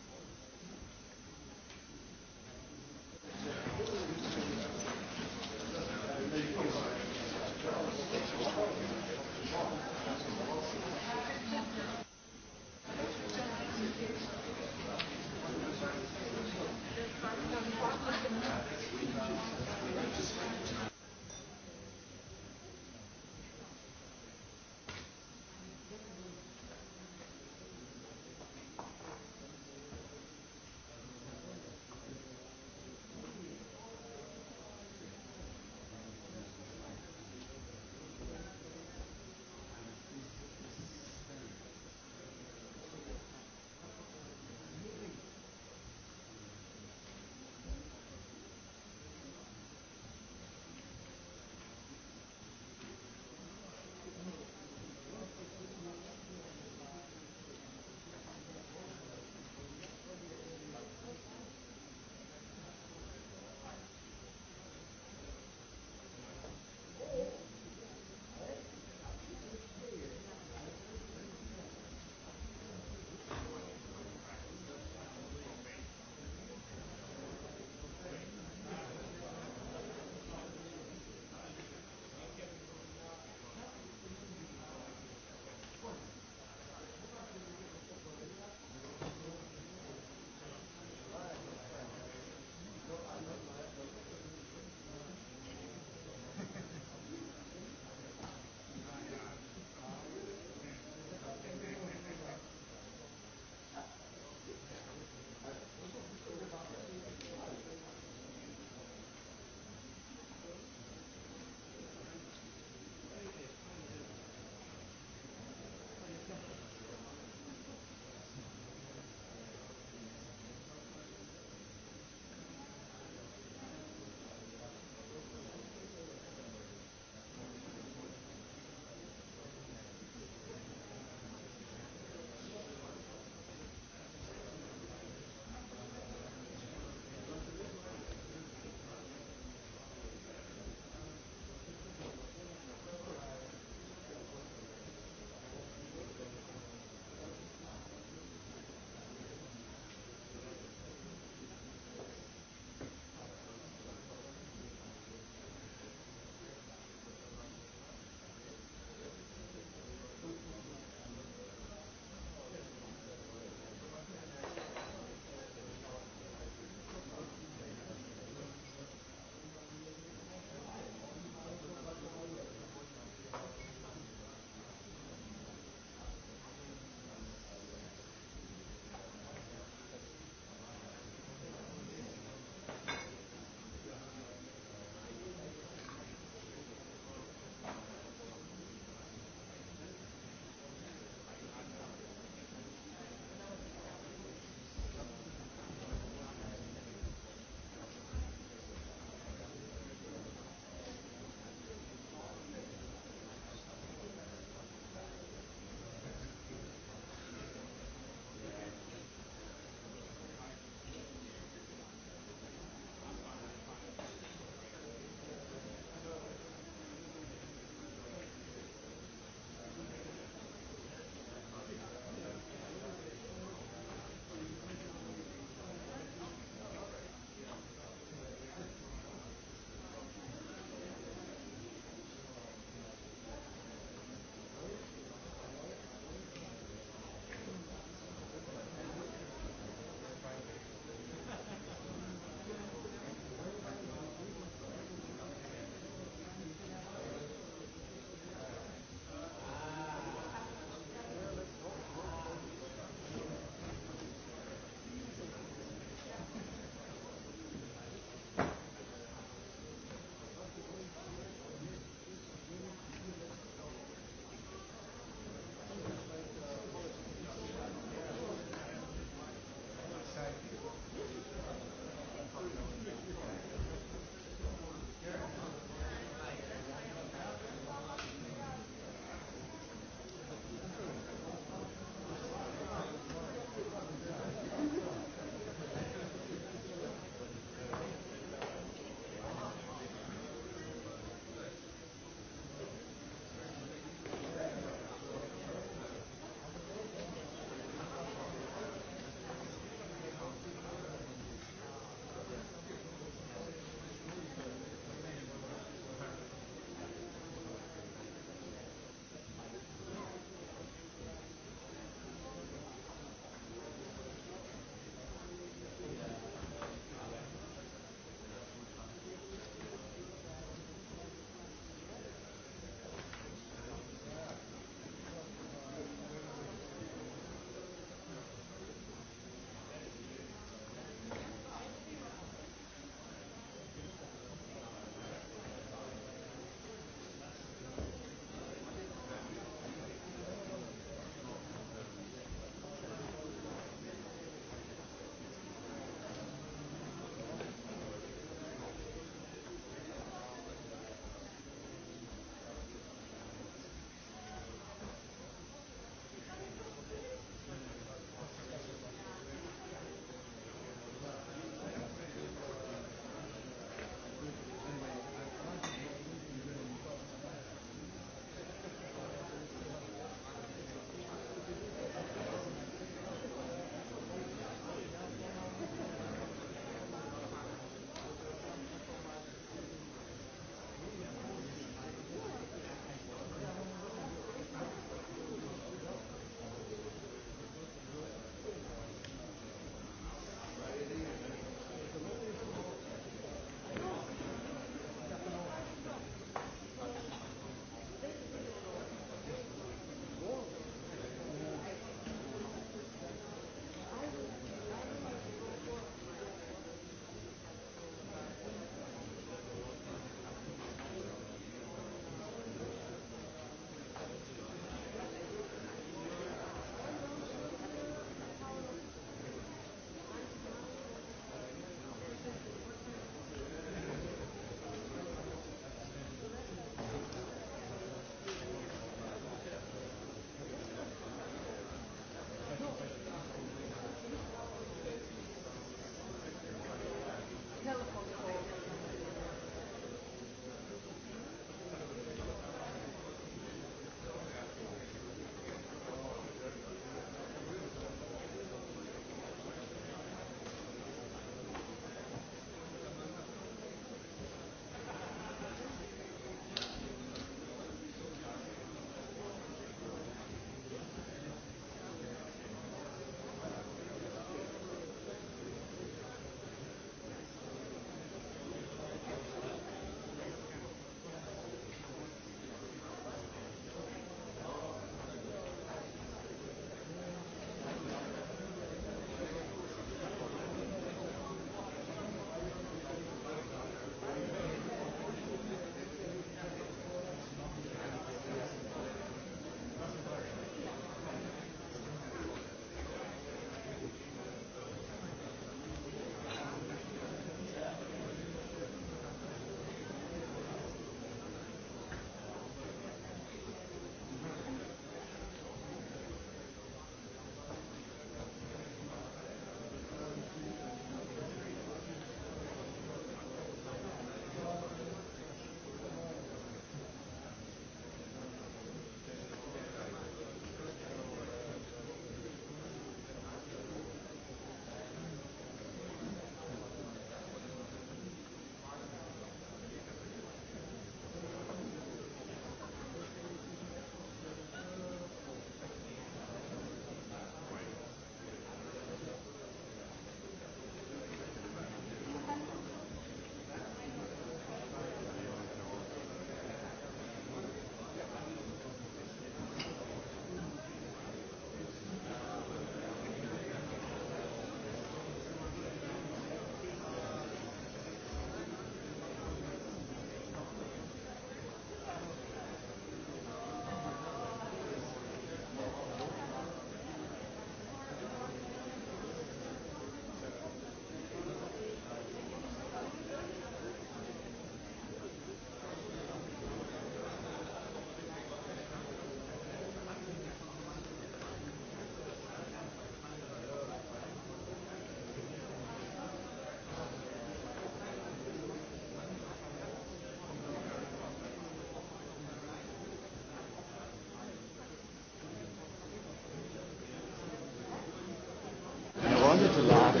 wanted to laugh.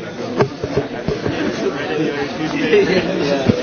yeah.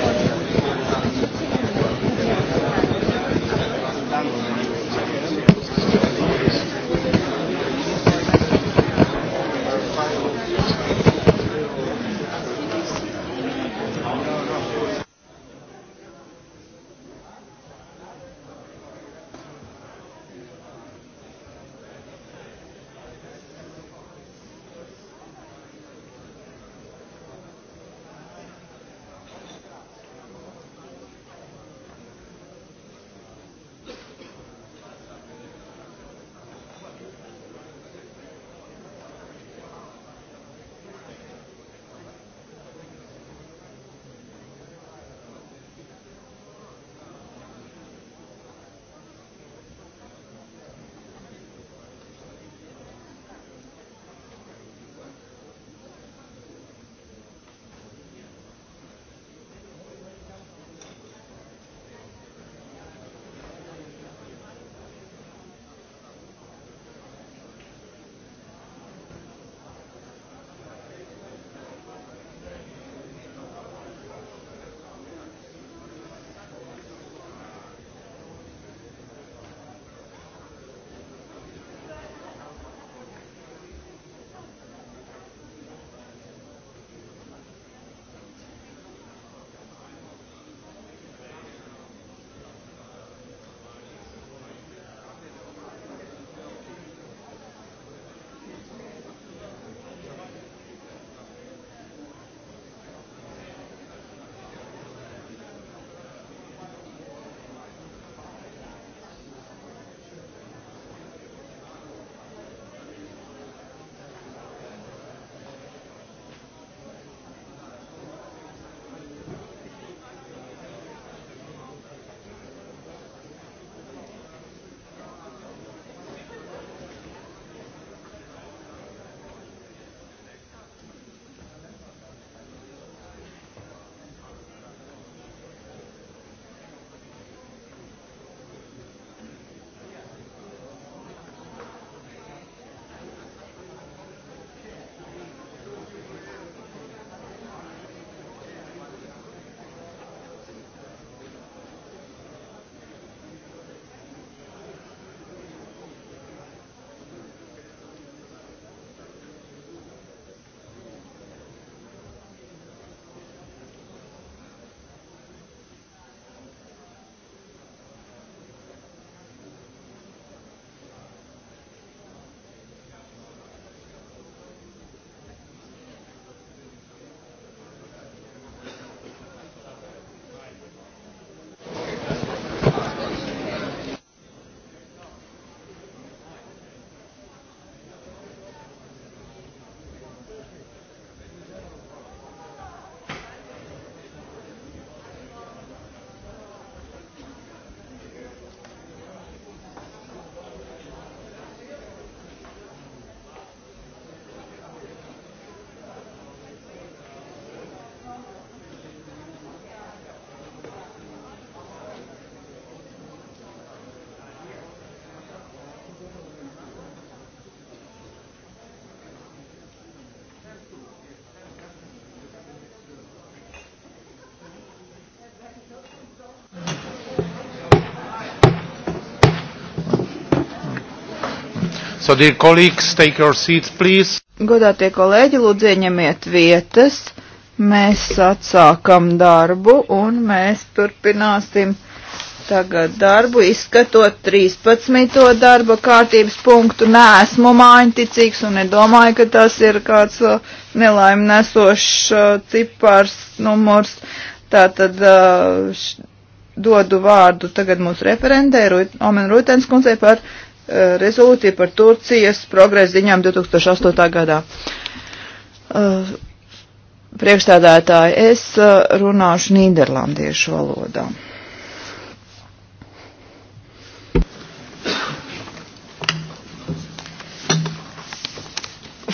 So, dear colleagues, take your seats, please. Godātie kolēģi, lūdzu ieņemiet vietas. Mēs atsākam darbu un mēs turpināsim tagad darbu, izskatot 13. darba kārtības punktu. Nē, esmu mājiņticīgs un nedomāju, ka tas ir kāds nelaim nesošs uh, cipars numurs. Tātad uh, š, dodu vārdu tagad mūsu referentē, Omen Rūtenskundzei par Eh, rezolūcija par Turcijas progresu ziņām 2008. gadā. Eh, priekšstādātāji, es eh, runāšu nīderlandiešu valodā.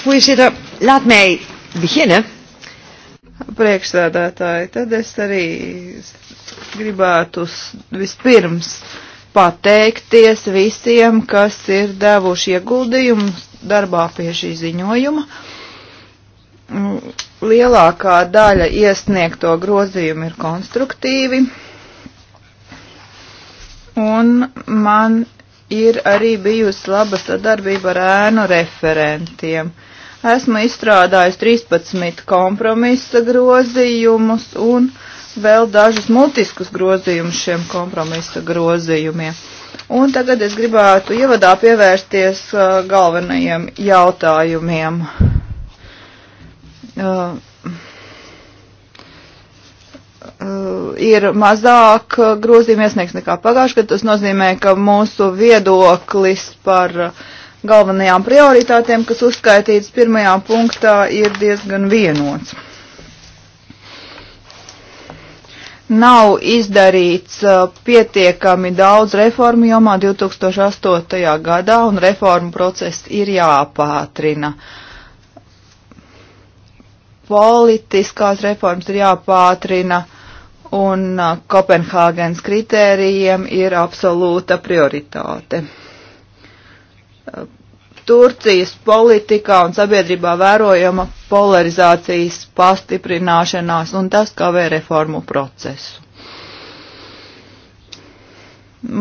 Voorzitter, laat mij beginnen. Priekšstādātāji, tad es arī gribētu vispirms uh, pateikties visiem, kas ir devuši ieguldījumu darbā pie šī ziņojuma. Mm, lielākā daļa iesniegto grozījumu ir konstruktīvi, un man ir arī bijusi laba sadarbība ar ēnu referentiem. Esmu izstrādājis 13 kompromisa grozījumus un uh, vēl dažus multiskus grozījumus šiem kompromisa grozījumiem. Un tagad es gribētu ievadā pievērsties uh, galvenajiem jautājumiem. Uh, uh, ir mazāk uh, grozījumi iesniegs nekā pagājušajā gadā. Tas nozīmē, ka mūsu viedoklis par uh, galvenajām prioritātēm, kas uzskaitītas pirmajā punktā, ir diezgan vienots. nav izdarīts uh, pietiekami daudz reformu jomā 2008. gadā, un reformu process ir jāpātrina. Politiskās reformas ir jāpātrina, un uh, Kopenhāgens kritērijiem ir absolūta prioritāte uh, Turcijas politikā un sabiedrībā vērojama polarizācijas pastiprināšanās, un tas kavē reformu procesu.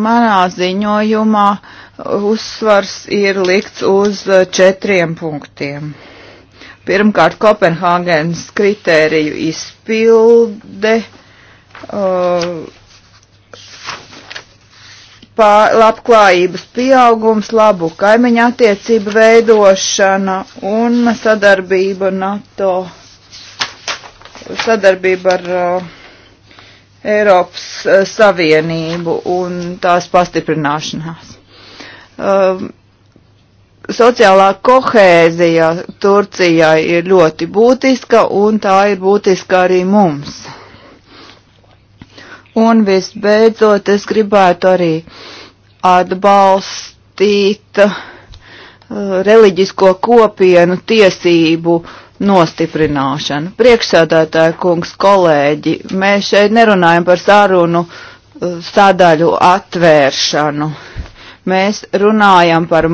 Manā ziņojumā uzsvars ir likts uz četriem punktiem. Pirmkārt, Kopenhāgenes kritēriju izpilde. Uh, pā, labklājības pieaugums, labu kaimiņu attiecību veidošana un sadarbība NATO, sadarbība ar uh, Eiropas uh, Savienību un tās pastiprināšanās. Um, sociālā kohēzija Turcijai ir ļoti būtiska un tā ir būtiska arī mums. Un visbeidzot, es gribētu arī atbalstīt uh, reliģisko kopienu tiesību nostiprināšanu. Priekšsādātāja kungs, kolēģi, mēs šeit nerunājam par sarunu uh, sadaļu atvēršanu. Mēs runājam par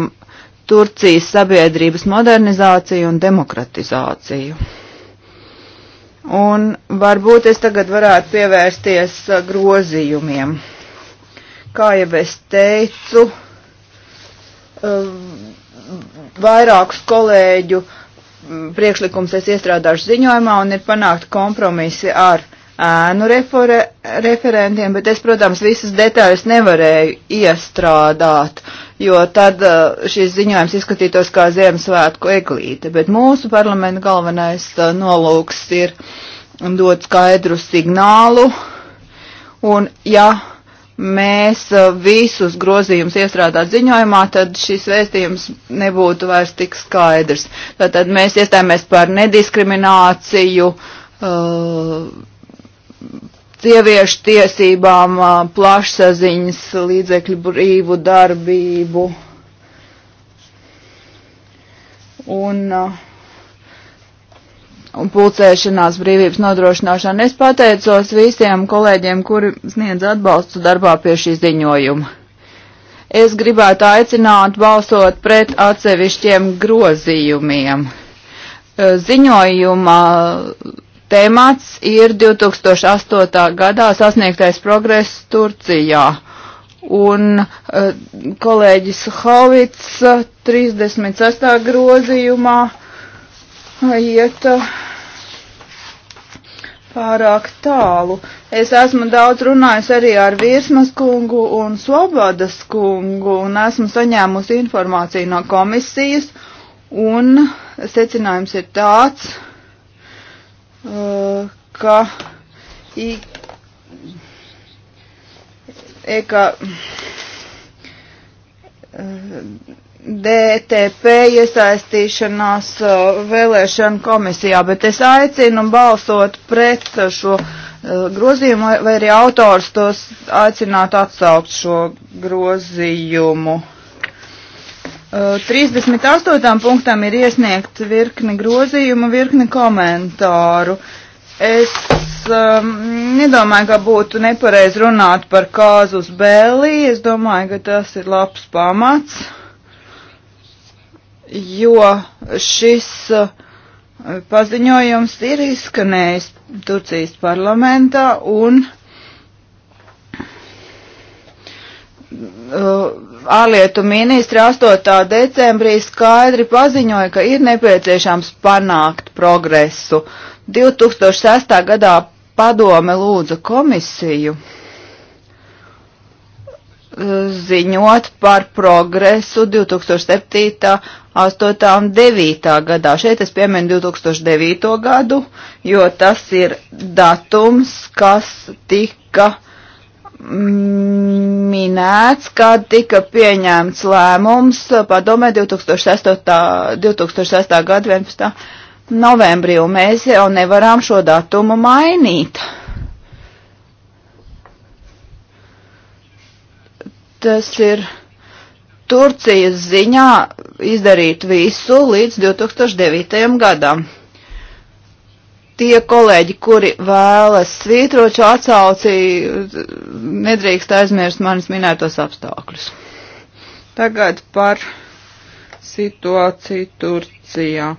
Turcijas sabiedrības modernizāciju un demokratizāciju. Un varbūt es tagad varētu pievērsties uh, grozījumiem. Kā jau es teicu, uh, vairākus kolēģu mm, priekšlikums es iestrādāšu ziņojumā un ir panākt kompromisi ar ēnu refore, referentiem, bet es, protams, visas detaļas nevarēju iestrādāt, jo tad šis ziņojums izskatītos kā Ziemassvētku eglīte. Bet mūsu parlamenta galvenais nolūks ir dot skaidru signālu, un ja mēs visus grozījumus iestrādāt ziņojumā, tad šis vēstījums nebūtu vairs tik skaidrs. Tātad mēs iestājāmies par nediskrimināciju, uh, sieviešu tiesībām, plašsaziņas līdzekļu brīvu darbību. Un, un pulcēšanās brīvības nodrošināšanu. Es pateicos visiem kolēģiem, kuri sniedz atbalstu darbā pie šī ziņojuma. Es gribētu aicināt balsot pret atsevišķiem grozījumiem. Ziņojuma temats ir 2008. gadā sasniegtais progress Turcijā. Un uh, kolēģis Havits 36. Eh, grozījumā eh, iet pārāk tālu. Es esmu daudz runājis arī ar Virsmas kungu un Svobodas kungu un esmu saņēmusi informāciju no komisijas un secinājums ir tāds, uh, ka e ka eh, DTP iesaistīšanās eh, vēlēšanu komisijā, bet es aicinu balsot pret šo eh, grozījumu, vai arī autors tos aicināt atsaukt šo grozījumu. 38. Eh, punktam ir iesniegts virkni grozījumu, virkni komentāru. Es um, nedomāju, ka būtu nepareiz runāt par kāzus bēlī. Es domāju, ka tas ir labs pamats, jo šis uh, paziņojums ir izskanējis Turcijas parlamentā un uh, Uh, ārlietu ministri 8. decembrī skaidri paziņoja, ka ir nepieciešams panākt progresu. 2006. gadā padome lūdza komisiju uh, ziņot par progresu 2007. 8. un 9. gadā. Šeit es pieminu 2009. gadu, jo tas ir datums, kas tika minēts, kad tika pieņēmts lēmums eh, padomē 2008, 2008. gada 11. novembrī, un mēs jau nevaram šo datumu mainīt. Tas ir Turcijas ziņā izdarīt visu līdz 2009. gadam tie kolēģi, kuri vēlas svītrot šo atsauci, nedrīkst aizmirst manis minētos apstākļus. Tagad par situāciju Turcijā.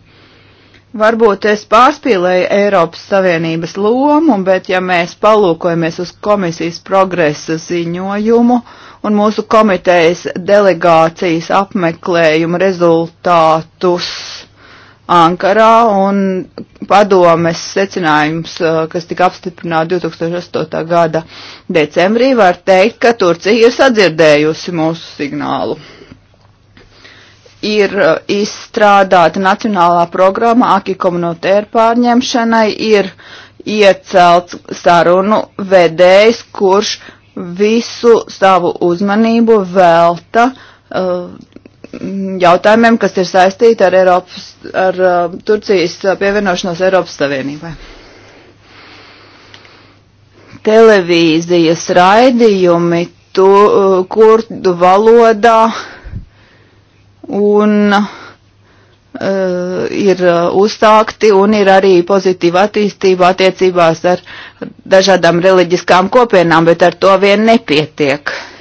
Varbūt es pārspīlēju Eiropas Savienības lomu, bet ja mēs palūkojamies uz komisijas progresa ziņojumu un mūsu komitejas delegācijas apmeklējumu rezultātus, Ankarā un padomes secinājums, kas tika apstiprināts 2008. gada decembrī, var teikt, ka Turcija ir sadzirdējusi mūsu signālu. Ir izstrādāta nacionālā programma Aki komunotēra pārņemšanai, ir iecelts sarunu vedējs, kurš visu savu uzmanību velta uh, Mm, jautājumiem, kas ir saistīti ar, Eiropas, ar uh, Turcijas uh, pievienošanos Eiropas Savienībai. Televīzijas raidījumi tu, uh, kurdu valodā un uh, ir uh, uzsākti un ir arī pozitīva attīstība attiecībās ar dažādām reliģiskām kopienām, bet ar to vien nepietiek. Uh,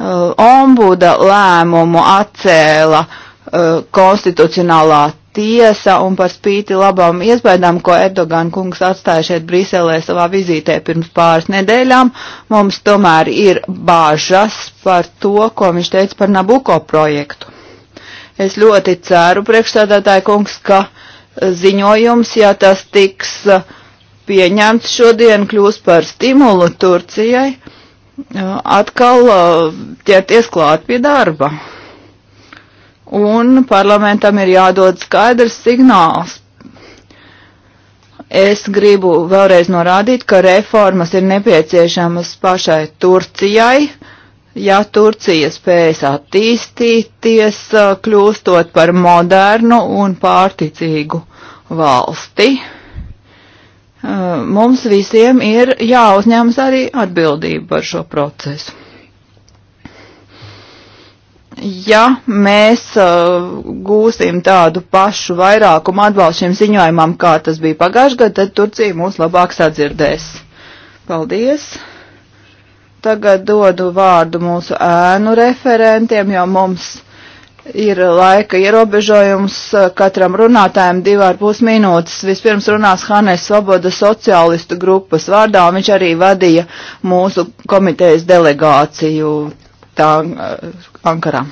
Eh, ombuda lēmumu atcēla uh, konstitucionālā tiesa un par spīti labām iespējām, ko Erdogan kungs atstāja šeit Briselē savā vizītē pirms pāris nedēļām, mums tomēr ir bāžas par to, ko viņš teica par Nabuko projektu. Es ļoti ceru, priekšstādātāja kungs, ka ziņojums, ja tas tiks eh, pieņemts šodien, kļūs par stimulu Turcijai atkal ķerties klāt pie darba. Un parlamentam ir jādod skaidrs signāls. Es gribu vēlreiz norādīt, ka reformas ir nepieciešamas pašai Turcijai. Ja Turcija spējas attīstīties, kļūstot par modernu un pārticīgu valsti, Eh, mums visiem ir jāuzņemas arī atbildība par šo procesu. Ja mēs uh, gūsim tādu pašu vairākumu atbalstu šim ziņojumam, kā tas bija pagājušajā gadā, tad Turcija mūs labāk sadzirdēs. Paldies! Tagad dodu vārdu mūsu ēnu referentiem, jo mums ir laika ierobežojums eh, katram runātājam divā ar pus minūtes. Vispirms runās Hanes Svoboda sociālistu grupas vārdā, un viņš arī vadīja mūsu komitejas delegāciju tā, eh, Ankarā.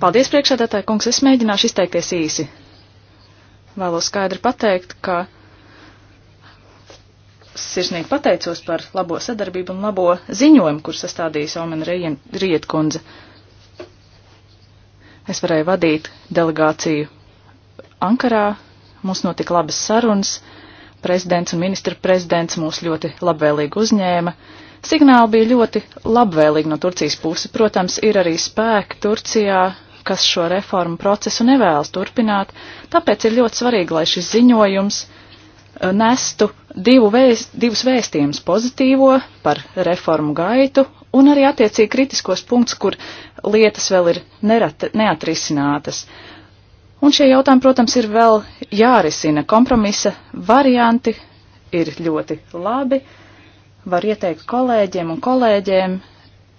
Paldies priekšādātāji, kungs, es mēģināšu izteikties īsi. Vēlos skaidri pateikt, ka sirsnīgi pateicos par labo sadarbību un labo ziņojumu, kur sastādīja Omen Riet kundze. Riet Es varēju vadīt delegāciju Ankarā, mums notika labas sarunas, prezidents un ministra prezidents mūs ļoti labvēlīgi uzņēma. Signāli bija ļoti labvēlīgi no Turcijas puses. Protams, ir arī spēki Turcijā, kas šo reformu procesu nevēlas turpināt, tāpēc ir ļoti svarīgi, lai šis ziņojums e, nestu divu vēst, divus vēstījumus - pozitīvo par reformu gaitu un arī attiecīgi kritiskos punktus, kur lietas vēl ir nerati, neatrisinātas. Un šie jautājumi, protams, ir vēl jārisina. Kompromisa varianti ir ļoti labi. Var ieteikt kolēģiem un kolēģiem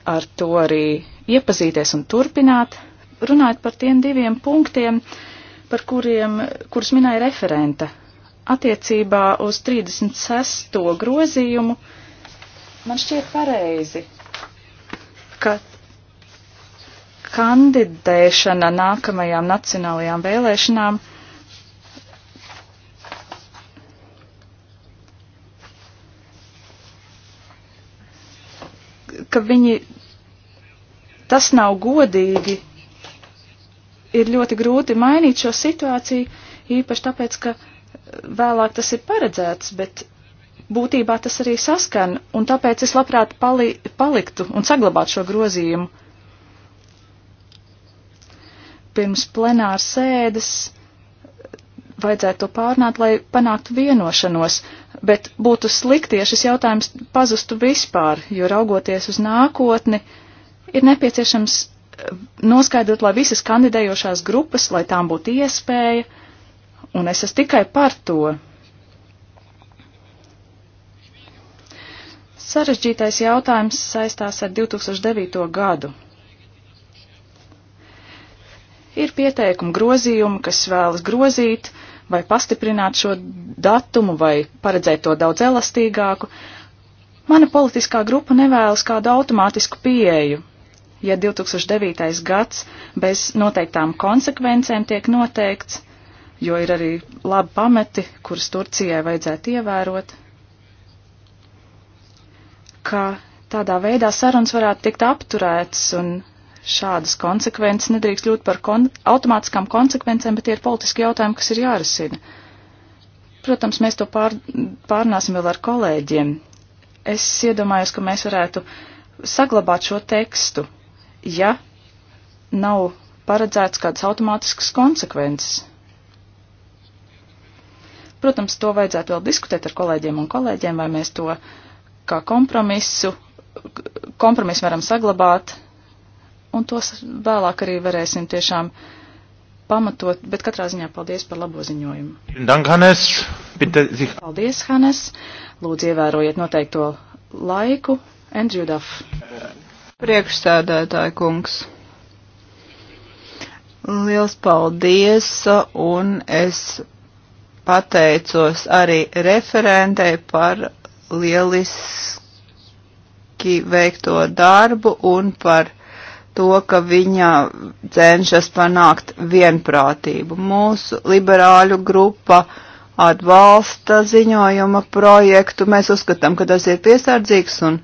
ar to arī iepazīties un turpināt. Runājot par tiem diviem punktiem, par kuriem, kurus minēja referenta, attiecībā uz 36. grozījumu, man šķiet pareizi ka kandidēšana nākamajām nacionālajām vēlēšanām ka viņi tas nav godīgi. Ir ļoti grūti mainīt šo situāciju, īpaši tāpēc, ka uh, vēlāk tas ir paredzēts, bet būtībā tas arī saskan, un tāpēc es labprāt pali, paliktu un saglabātu šo grozījumu. Pirms plenāras sēdes vajadzētu to pārnāt, lai panāktu vienošanos, bet būtu slikti, ja šis jautājums pazustu vispār, jo raugoties uz nākotni, ir nepieciešams eh, noskaidrot, lai visas kandidējošās grupas, lai tām būtu iespēja, un es esmu tikai par to. Sarežģītais jautājums saistās ar 2009. gadu. Ir pieteikumi grozījumi, kas vēlas grozīt vai pastiprināt šo datumu vai paredzēt to daudz elastīgāku. Mana politiskā grupa nevēlas kādu automātisku pieeju. Ja 2009. gads bez noteiktām konsekvencēm tiek noteikts, jo ir arī labi pameti, kurus Turcijai vajadzētu ievērot, ka tādā veidā sarunas varētu tikt apturētas un šādas konsekvences nedrīkst kļūt par kon automātiskām konsekvencēm, bet tie ir politiski jautājumi, kas ir jārisina. Protams, mēs to pār pārnāsim vēl ar kolēģiem. Es iedomājos, ka mēs varētu saglabāt šo tekstu, ja nav paredzēts kādas automātiskas konsekvences. Protams, to vajadzētu vēl diskutēt ar kolēģiem un kolēģiem, vai mēs to uh, kā kompromisu. Kompromisu varam saglabāt, un tos vēlāk arī varēsim tiešām pamatot, bet katrā ziņā paldies par labo ziņojumu. Dank, Hannes. Bitte, sich... Paldies, Hannes. Lūdzu, ievērojiet noteikto laiku. Andrew Duff. Priekšsēdētāji kungs. Liels paldies, un es pateicos arī referentei par lieliski veikto darbu un par to, ka viņa cenšas panākt vienprātību. Mūsu liberāļu grupa atbalsta ziņojuma projektu. Mēs uzskatām, ka tas ir piesardzīgs un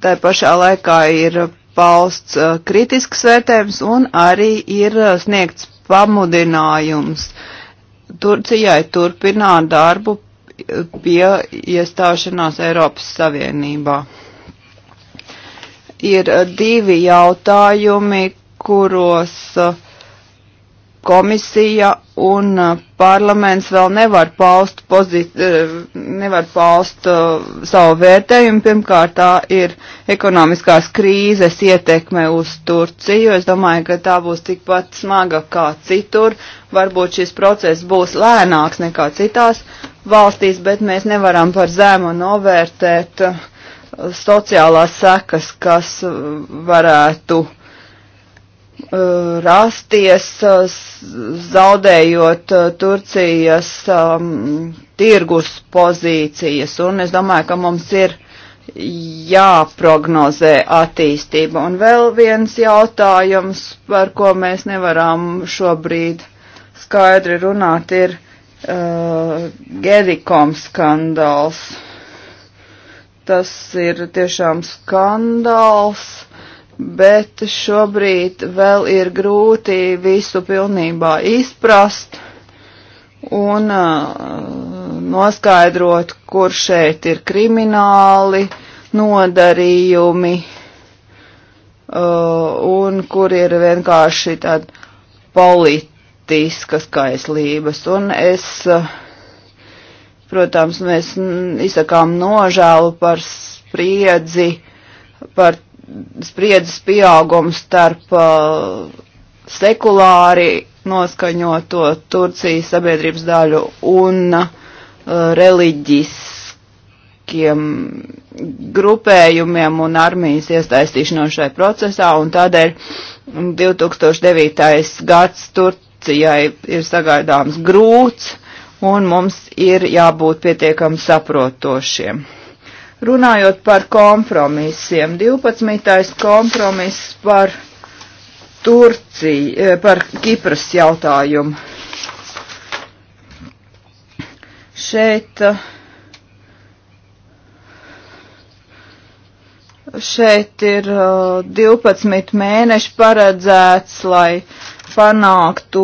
tā pašā laikā ir pausts uh, kritisks vērtējums un arī ir uh, sniegts pamudinājums Turcijai turpināt darbu pie iestāšanās Eiropas Savienībā. Ir eh, divi jautājumi, kuros uh, komisija un uh, parlaments vēl nevar paust, pozit, uh, nevar paust uh, savu vērtējumu. Pirmkārt, tā ir ekonomiskās krīzes ietekme uz Turciju. Es domāju, ka tā būs tikpat smaga kā citur. Varbūt šis process būs lēnāks nekā citās valstīs, bet mēs nevaram par zēmu novērtēt sociālās sekas, kas varētu uh, Uh, rasties, uh, zaudējot uh, Turcijas um, tirgus pozīcijas, un es domāju, ka mums ir jāprognozē attīstība. Un vēl viens jautājums, par ko mēs nevaram šobrīd skaidri runāt, ir uh, Gedikom skandāls. Tas ir tiešām skandāls bet šobrīd vēl ir grūti visu pilnībā izprast un uh, noskaidrot, kur šeit ir krimināli nodarījumi uh, un kur ir vienkārši tāda politiskas kaislības. Un es, uh, protams, mēs izsakām nožēlu par spriedzi, par spriedzes pieaugums starp uh, sekulāri noskaņoto Turcijas sabiedrības daļu un uh, reliģiskiem grupējumiem un armijas iesaistīšanos šai procesā, un tādēļ 2009. Mm, gads Turcijai ir sagaidāms grūts, un mums ir jābūt pietiekami saprotošiem. Runājot par kompromisiem, 12. kompromiss par Turciju, eh, par Kipras jautājumu. Šeit, eh, šeit ir 12 eh, mēneši paredzēts, lai uh, panāktu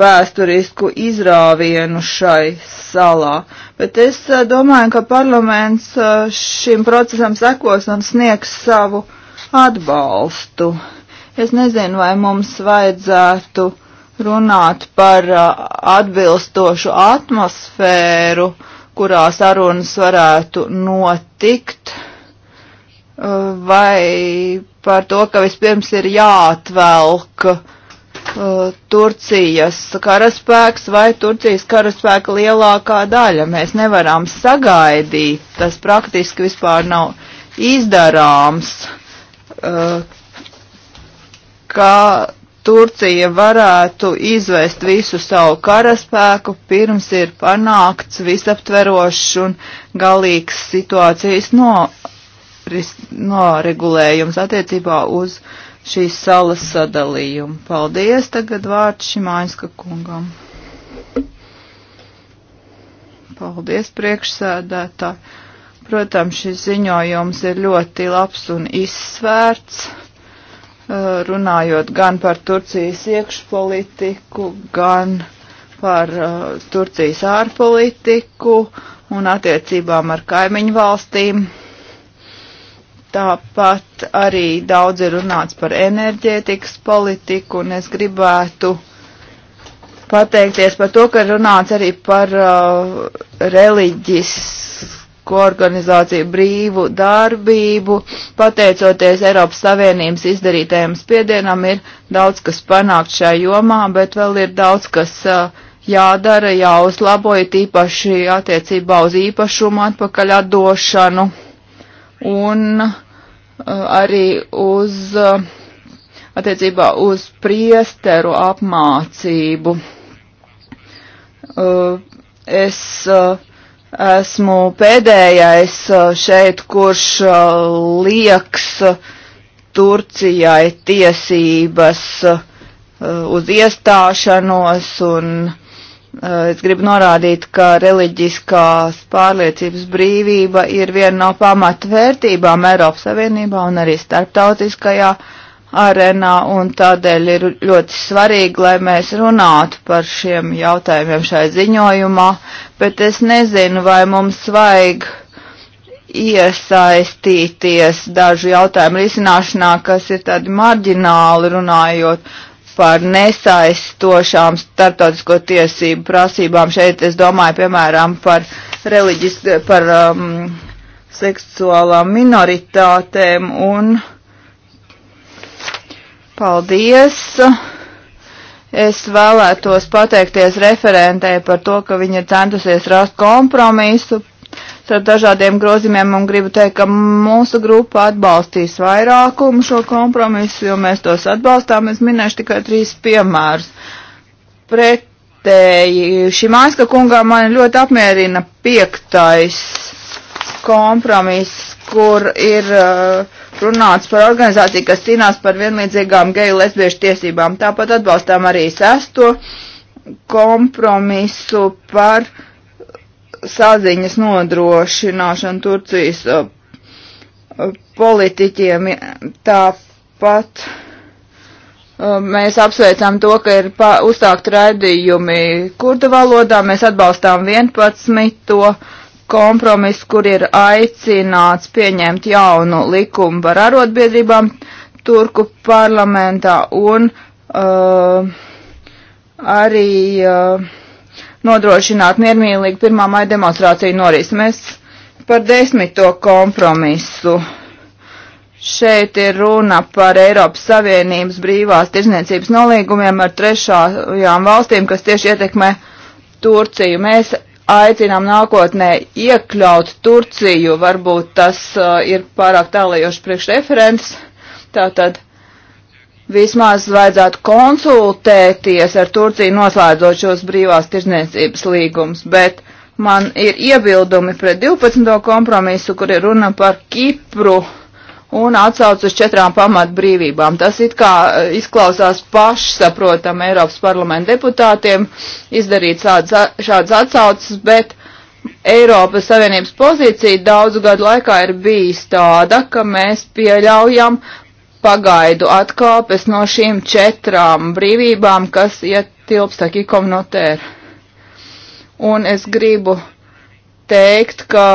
vēsturisku izrāvienu šai salā. Bet es eh, domāju, ka parlaments eh, šim procesam sekos un sniegs savu atbalstu. Es nezinu, vai mums vajadzētu runāt par eh, atbilstošu atmosfēru, kurā sarunas varētu notikt, vai par to, ka vispirms ir jāatvelk uh, Uh, Turcijas karaspēks vai Turcijas karaspēka lielākā daļa. Mēs nevaram sagaidīt, tas praktiski vispār nav izdarāms, uh, ka Turcija varētu izvest visu savu karaspēku, pirms ir panākts visaptverošs un galīgs situācijas noris, noregulējums attiecībā uz uh, šīs salas sadalījumu. Paldies, tagad vārds Šimāņska kungam. Paldies, priekšsēdētāji. Protams, šis ziņojums ir ļoti labs un izsvērts, runājot gan par Turcijas iekšpolitiku, gan par Turcijas ārpolitiku un attiecībām ar kaimiņu valstīm Tāpat arī daudz ir runāts par enerģētikas politiku, un es gribētu pateikties par to, ka runāts arī par uh, reliģisko organizāciju brīvu darbību. Pateicoties Eiropas Savienības izdarītajam spiedienam, ir daudz kas panākt šajā jomā, bet vēl ir daudz kas. Uh, Jādara, jāuzlabo, ir tīpaši attiecībā uz īpašumu atpakaļ atdošanu. Un uh, Eh, arī uz eh, attiecībā uz priesteru apmācību. Eh, es esmu pēdējais šeit, kurš lieks Turcijai tiesības uz iestāšanos un uh, Eh, es gribu norādīt, ka reliģiskās pārliecības brīvība ir viena no pamatvērtībām Eiropas Savienībā un arī starptautiskajā arēnā, un tādēļ ir ļoti svarīgi, lai mēs runātu par šiem jautājumiem šai ziņojumā, bet es nezinu, vai mums vajag iesaistīties dažu jautājumu risināšanā, kas ir tādi marģināli runājot par nesaistošām starptautisko tiesību prasībām. Šeit es domāju, piemēram, par reliģis, par um, seksuālām minoritātēm un paldies. Es vēlētos pateikties referentei par to, ka viņa centusies rast kompromisu ar dažādiem grozījumiem un gribu teikt, ka mūsu grupa atbalstīs vairākumu šo kompromisu, jo mēs tos atbalstām. Es minēšu tikai trīs piemērus. Pretēji šim aizka kungām man ļoti apmierina piektais kompromiss, kur ir uh, runāts par organizāciju, kas cīnās par vienlīdzīgām geju lesbiešu tiesībām. Tāpat atbalstām arī sesto kompromisu par uh, saziņas nodrošināšanu Turcijas uh, uh, politiķiem tāpat. Uh, mēs apsveicam to, ka ir uzsākt raidījumi kurda valodā. Mēs atbalstām 11. kompromisu, kur ir aicināts pieņemt jaunu likumu par arotbiedrībām Turku parlamentā un uh, arī uh, nodrošināt miermīlīgu pirmā maija demonstrāciju noris. Mēs par desmito kompromisu. Šeit ir runa par Eiropas Savienības brīvās tirzniecības nolīgumiem ar trešajām valstīm, kas tieši ietekmē Turciju. Mēs aicinām nākotnē iekļaut Turciju, varbūt tas uh, ir pārāk tālajoši priekšreferents. Tātad uh, vismaz vajadzētu konsultēties ar Turciju noslēdzot šos brīvās tirzniecības līgumus, bet man ir iebildumi pret 12. kompromisu, kur ir runa par Kipru un atsauc uz četrām pamatbrīvībām. Tas it kā eh, izklausās pašsaprotam Eiropas parlamenta deputātiem izdarīt šādas atsaucas, bet Eiropas Savienības pozīcija daudzu gadu laikā ir bijis tāda, ka mēs pieļaujam pagaidu atkāpes no šīm četrām brīvībām, kas ietilpst akikom notēr. Un es gribu teikt, ka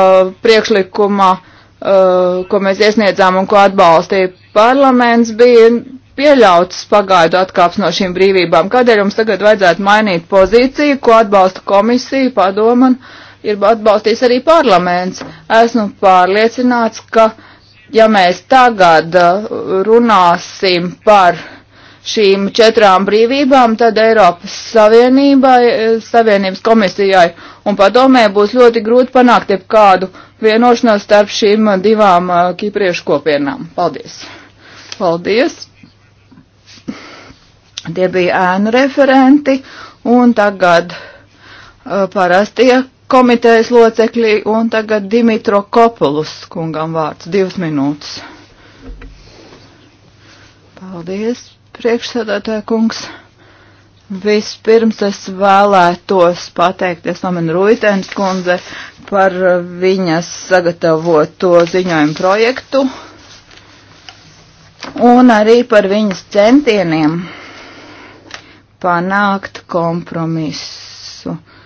priekšlikumā, uh, ko mēs iesniedzām un ko atbalstīja parlaments, bija pieļauts pagaidu atkāps no šīm brīvībām. Kādēļ mums tagad vajadzētu mainīt pozīciju, ko atbalsta komisija, padoman, ir atbalstījis arī parlaments. Esmu pārliecināts, ka uh, ja mēs tagad uh, runāsim par šīm četrām brīvībām, tad Eiropas Savienībai, eh, Savienības komisijai un padomē būs ļoti grūti panākt jebkādu vienošanos starp šīm divām uh, kipriešu kopienām. Paldies! Paldies! Tie bija ēnu referenti un tagad uh, parastie komitejas locekļi, un tagad Dimitro Kopulus kungam vārds divas minūtes. Paldies, priekšsēdētāja kungs. Vispirms es vēlētos pateikties Nomen Ruitēns kundze par viņas sagatavoto ziņojumu projektu un arī par viņas centieniem panākt kompromisu. Uh,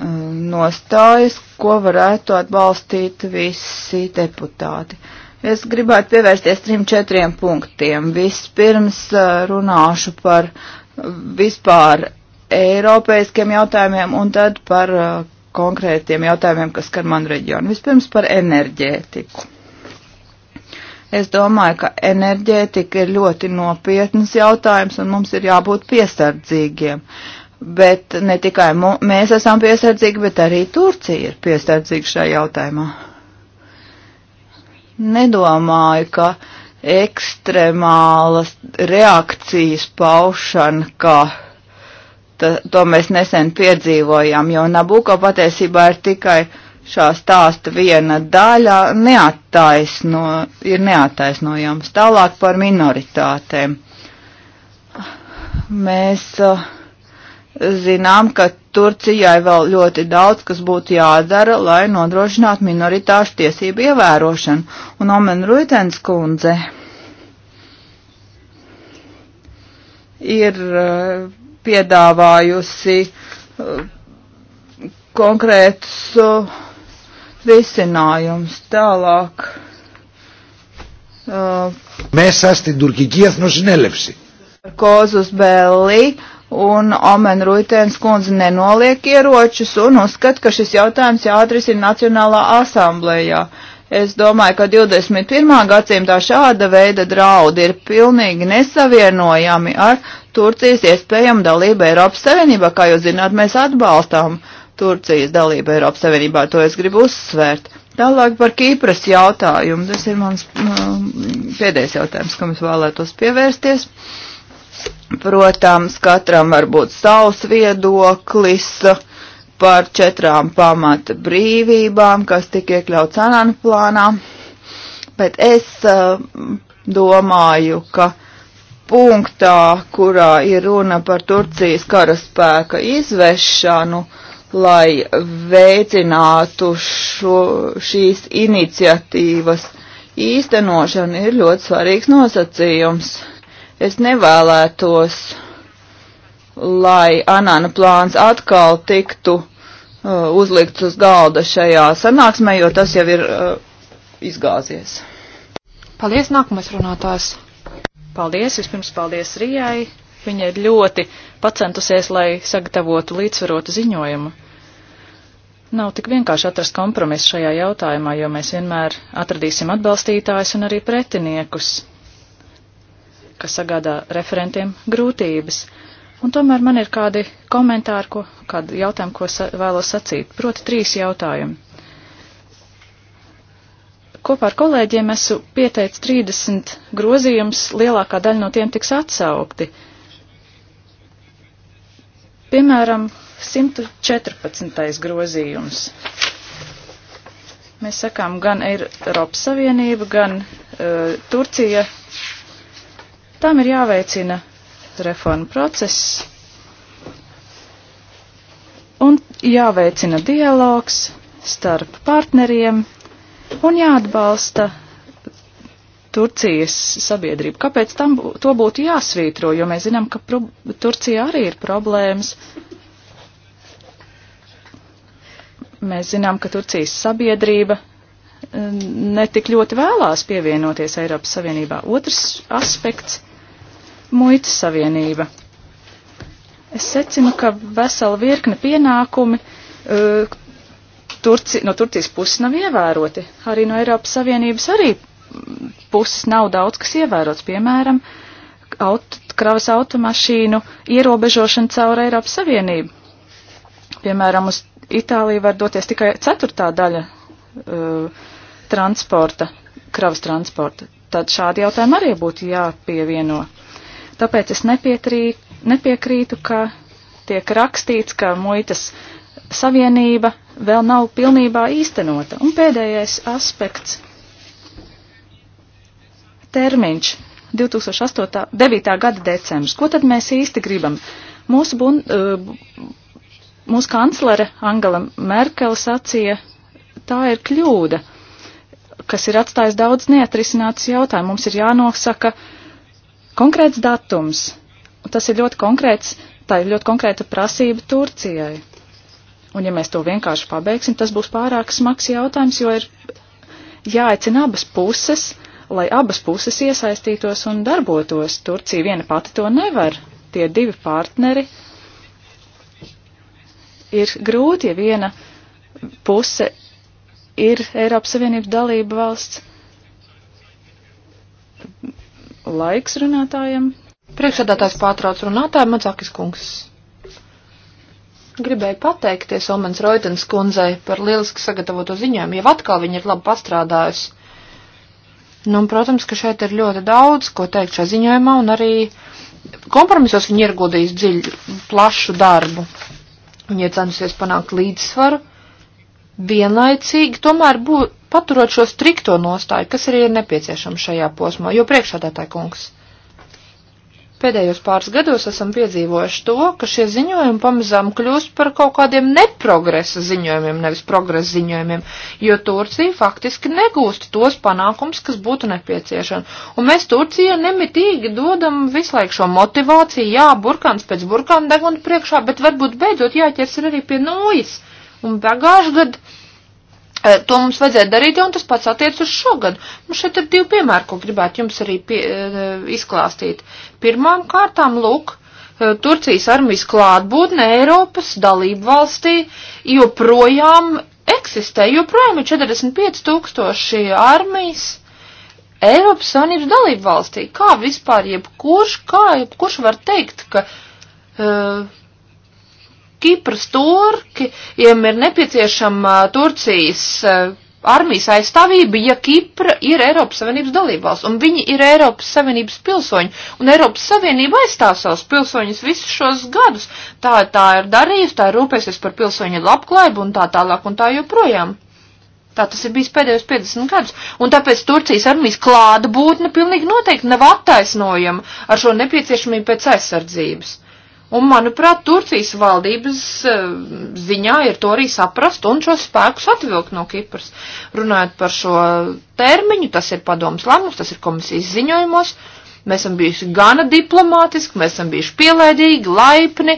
Mm, nostājas, ko varētu atbalstīt visi deputāti. Es gribētu pievērsties trim četriem punktiem. Vispirms eh, runāšu par vispār eiropeiskiem jautājumiem un tad par eh, konkrētiem jautājumiem, kas skar manu reģionu. Vispirms par enerģētiku. Es domāju, ka enerģētika ir ļoti nopietnas jautājums un mums ir jābūt piesardzīgiem. Uh, bet ne tikai mēs esam piesardzīgi, bet arī Turcija ir piesardzīga šajā jautājumā. Nedomāju, ka ekstremālas reakcijas paušana, kā ta, to mēs nesen piedzīvojām, jo Nabuko patiesībā ir tikai šā stāsta viena daļa, neattaisno, ir neattaisnojams. Tālāk par minoritātēm. Mēs uh, zinām, ka Turcijai vēl ļoti daudz, kas būtu jādara, lai nodrošinātu minoritāšu tiesību ievērošanu. Un Omen Ruitens kundze ir eh, piedāvājusi eh, konkrētus eh, risinājumus tālāk. Mēs esam Turkija ethnosynέλευση. Κόζος Μπέλη un Omen Ruitēns kundze nenoliek ieročus un uzskata, ka šis jautājums jāatrisina Nacionālā asamblējā. Es domāju, ka 21. gadsimtā šāda veida draudi ir pilnīgi nesavienojami ar Turcijas iespējamu dalību Eiropas Savienībā. Kā jūs zināt, mēs atbalstām Turcijas dalību Eiropas Savienībā, to es gribu uzsvērt. Tālāk par Kīpras jautājumu. Tas ir mans um, pēdējais jautājums, kam es vēlētos pievērsties. Uh, Protams, katram var būt savs viedoklis par četrām pamata brīvībām, kas tika iekļauts Anana plānā, bet es eh, domāju, ka punktā, kurā ir runa par Turcijas karaspēka izvešanu, lai veicinātu šo, šīs iniciatīvas īstenošanu, ir ļoti svarīgs nosacījums Es nevēlētos, lai Anāna plāns atkal tiktu uh, uzlikts uz galda šajā sanāksmē, jo tas jau ir uh, izgāzies. Paldies, nākamais runātājs. Paldies, vispirms paldies Rijai. Viņa ir ļoti pacentusies, lai sagatavotu līdzsvarotu ziņojumu. Nav tik vienkārši atrast kompromisu šajā jautājumā, jo mēs vienmēr atradīsim atbalstītājus un arī pretiniekus kas sagādā referentiem grūtības. Un tomēr man ir kādi komentāri, ko, kādi jautājumi, ko sa vēlos sacīt. Proti trīs jautājumi. Kopā ar kolēģiem esmu pieteicis 30 grozījumus, lielākā daļa no tiem tiks atsaukti. Piemēram, 114. grozījums. Mēs sakām, gan Eiropas Savienība, gan uh, Turcija Tām ir jāveicina reformu process un jāveicina dialogs starp partneriem un jāatbalsta Turcijas sabiedrību. Kāpēc tam to būtu jāsvītro, jo mēs zinām, ka Turcija arī ir problēmas. Mēs zinām, ka Turcijas sabiedrība netik ļoti vēlās pievienoties Eiropas Savienībā. Otrs aspekts muitas savienība. Es secinu, ka vesela virkne pienākumi uh, Turci, no Turcijas puses nav ievēroti. Arī no Eiropas Savienības arī mm, puses nav daudz, kas ievērots. Piemēram, aut, kravas automašīnu ierobežošana caur Eiropas Savienību. Piemēram, uz Itāliju var doties tikai ceturtā daļa uh, transporta, kravas transporta. Tad šādi jautājumi arī būtu jāpievieno. Tāpēc es nepietrī, nepiekrītu, ka tiek rakstīts, ka muitas savienība vēl nav pilnībā īstenota. Un pēdējais aspekts - termiņš 2009. gada decembris. Ko tad mēs īsti gribam? Mūsu, bun, uh, mūsu kanclere Angela Merkele sacīja, tā ir kļūda, kas ir atstājis daudz neatrisināts jautājumu. Mums ir jānosaka uh, konkrēts datums, un tas ir ļoti konkrēts, tā ir ļoti konkrēta prasība Turcijai. Un ja mēs to vienkārši pabeigsim, tas būs pārāk smags jautājums, jo ir jāaicina abas puses, lai abas puses iesaistītos un darbotos. Turcija viena pati to nevar. Tie divi partneri ir grūti, ja viena puse ir Eiropas Savienības dalība valsts laiks runātājiem. Priekšsēdētājs pārtrauc runātāju Madzakis kungs. Gribēju pateikties Omens Roitens kundzei par lieliski sagatavoto ziņojumu, jau atkal viņa ir labi pastrādājusi. Nu, un, protams, ka šeit ir ļoti daudz, ko teikt šajā ziņojumā, un arī kompromisos viņa ieguldījis dziļu, plašu darbu. Viņa ir cenusies panākt līdzsvaru vienlaicīgi tomēr būt, paturot šo strikto nostāju, kas arī ir nepieciešams šajā posmā, jo priekšādātāja kungs. Pēdējos pāris gados esam piedzīvojuši to, ka šie ziņojumi pamazām kļūst par kaut kādiem neprogresa ziņojumiem, nevis progresa ziņojumiem, jo Turcija faktiski negūst tos panākums, kas būtu nepieciešami. Un mēs Turcijai nemitīgi dodam visu laiku šo motivāciju, jā, burkāns pēc burkāna deguna priekšā, bet varbūt beidzot jāķers arī pie nūjas. No Un pagājušajā gadā e, To mums vajadzēja darīt, un tas pats attiec uz šogad. Mums nu, šeit ir divi piemēri, ko gribētu jums arī pie, e, izklāstīt. Pirmām kārtām, lūk, e, Turcijas armijas klātbūtne Eiropas dalību valstī joprojām eksistē, joprojām ir 45 tūkstoši armijas Eiropas Savienības dalību valstī. Kā vispār jebkurš, kā jebkurš var teikt, ka. Uh, Kipras turkiem ir nepieciešama Turcijas armijas aizstāvība, ja Kipra ir Eiropas Savienības dalībvalsts, un viņi ir Eiropas Savienības pilsoņi, un Eiropas Savienība aizstāv savus pilsoņus visus šos gadus. Tā, tā ir darījusi, tā ir rūpēsies par pilsoņu labklājību un tā tālāk un tā joprojām. Tā tas ir bijis pēdējos 50 gadus, un tāpēc Turcijas armijas klāta būtne pilnīgi noteikti nav attaisnojama ar šo nepieciešamību pēc aizsardzības. Un, manuprāt, Turcijas valdības eh, ziņā ir to arī saprast un šos spēkus atvilkt no Kipras. Runājot par šo termiņu, tas ir padomas lēmums, tas ir komisijas ziņojumos. Mēs esam bijuši gana diplomātiski, mēs esam bijuši pielaidīgi, laipni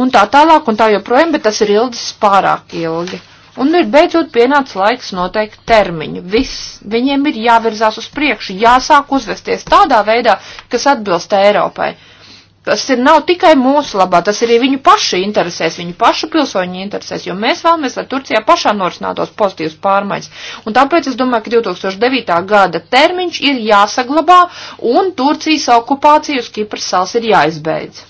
un tā tālāk un tā joprojām, bet tas ir ilgs pārāk ilgi. Un nu ir beidzot pienācis laiks noteikt termiņu. Viss viņiem ir jāvirzās uz priekšu, jāsāk uzvesties tādā veidā, kas atbilst Eiropai tas ir nav tikai mūsu labā, tas ir arī viņu pašu interesēs, viņu pašu pilsoņu interesēs, jo mēs vēlamies, lai Turcijā pašā norisinātos pozitīvas pārmaiņas. Un tāpēc es domāju, ka 2009. gada termiņš ir jāsaglabā un Turcijas okupācija uz Kipras salas ir jāizbeidz.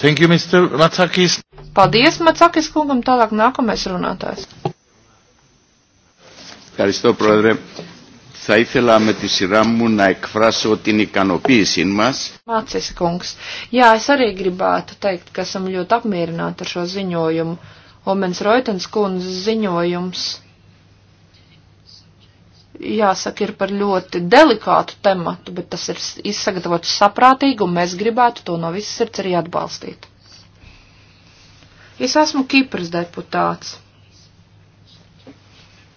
Thank you, Mr. Matsakis. Paldies, Matsakis kungam, tālāk nākamais runātājs. Ευχαριστώ, Πρόεδρε θα ήθελα με τη σειρά μου να εκφράσω την ικανοποίησή μας. Mācies kungs, jā, es arī gribētu teikt, ka esam ļoti apmierināti ar šo ziņojumu. Omens Roitens kundzes ziņojums, jāsaka, ir par ļoti delikātu tematu, bet tas ir izsagatavots saprātīgi un mēs gribētu to no visas sirds arī atbalstīt. Es esmu Kipras deputāts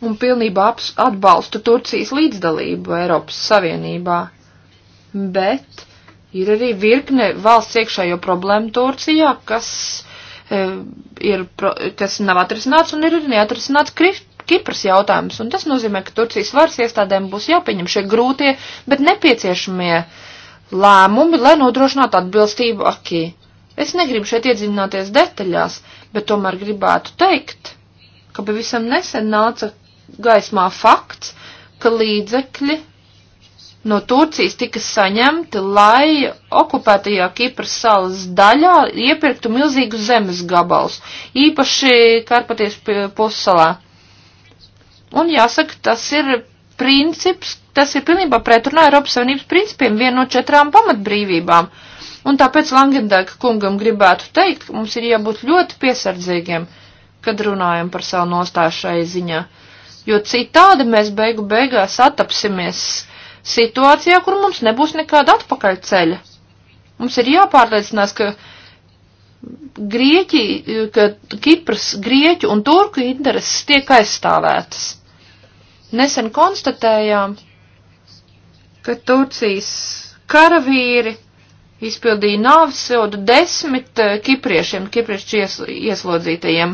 un pilnībā atbalstu Turcijas līdzdalību Eiropas Savienībā. Bet ir arī virkne valsts iekšējo problēmu Turcijā, kas, e, ir, kas nav atrisināts un ir arī neatrisināts Krift. Kipras jautājums, un tas nozīmē, ka Turcijas varas iestādēm būs jāpieņem šie grūtie, bet nepieciešamie lēmumi, lai nodrošinātu atbilstību akī. Es negribu šeit iedzināties detaļās, bet tomēr gribētu teikt, ka pavisam nesen nāca gaismā fakts, ka līdzekļi no Turcijas tika saņemti, lai okupētajā Kipras salas daļā iepirktu milzīgus zemes gabalus, īpaši Karpaties pussalā. Un jāsaka, tas ir princips, tas ir pilnībā pretrunā Eiropas Savienības principiem, viena no četrām pamatbrīvībām. Un tāpēc Langendēka kungam gribētu teikt, ka mums ir jābūt ļoti piesardzīgiem, kad runājam par savu nostāju šai ziņā. Uh, jo citādi mēs beigu beigās atapsimies situācijā, kur mums nebūs nekāda atpakaļceļa. Mums ir jāpārliecinās, ka Grieķi, ka Kipras, Grieķu un Turku intereses tiek aizstāvētas. Nesen konstatējām, ka Turcijas karavīri izpildīja nāvis sodu desmit eh, kipriešiem, kipriešu ies, ieslodzītajiem.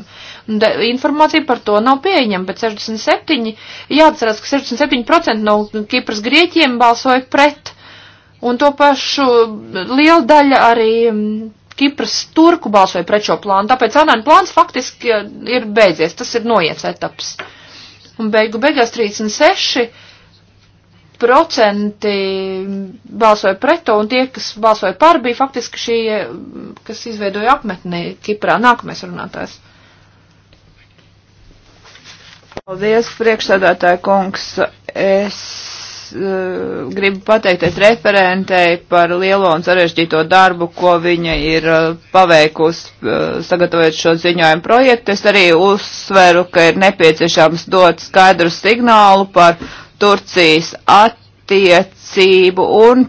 De, informācija par to nav pieejama, bet 67, jāatcerās, ka 67% no Kipras grieķiem balsoja pret. Un to pašu liela daļa arī mm, Kipras turku balsoja pret šo plānu, tāpēc Anāna plāns faktiski eh, ir beidzies, tas ir noiets etaps. Un beigu beigās 36 procenti balsoja pret to, un tie, kas balsoja par, bija faktiski šī, kas izveidoja apmetni Kiprā. Nākamais runātājs. Paldies, priekšsādātāja kungs. Es uh, gribu pateikties referentei par lielo un sarežģīto darbu, ko viņa ir uh, paveikusi, uh, sagatavojot šo ziņojumu projektu. Es arī uzsveru, ka ir nepieciešams dot skaidru signālu par Turcijas attiecību un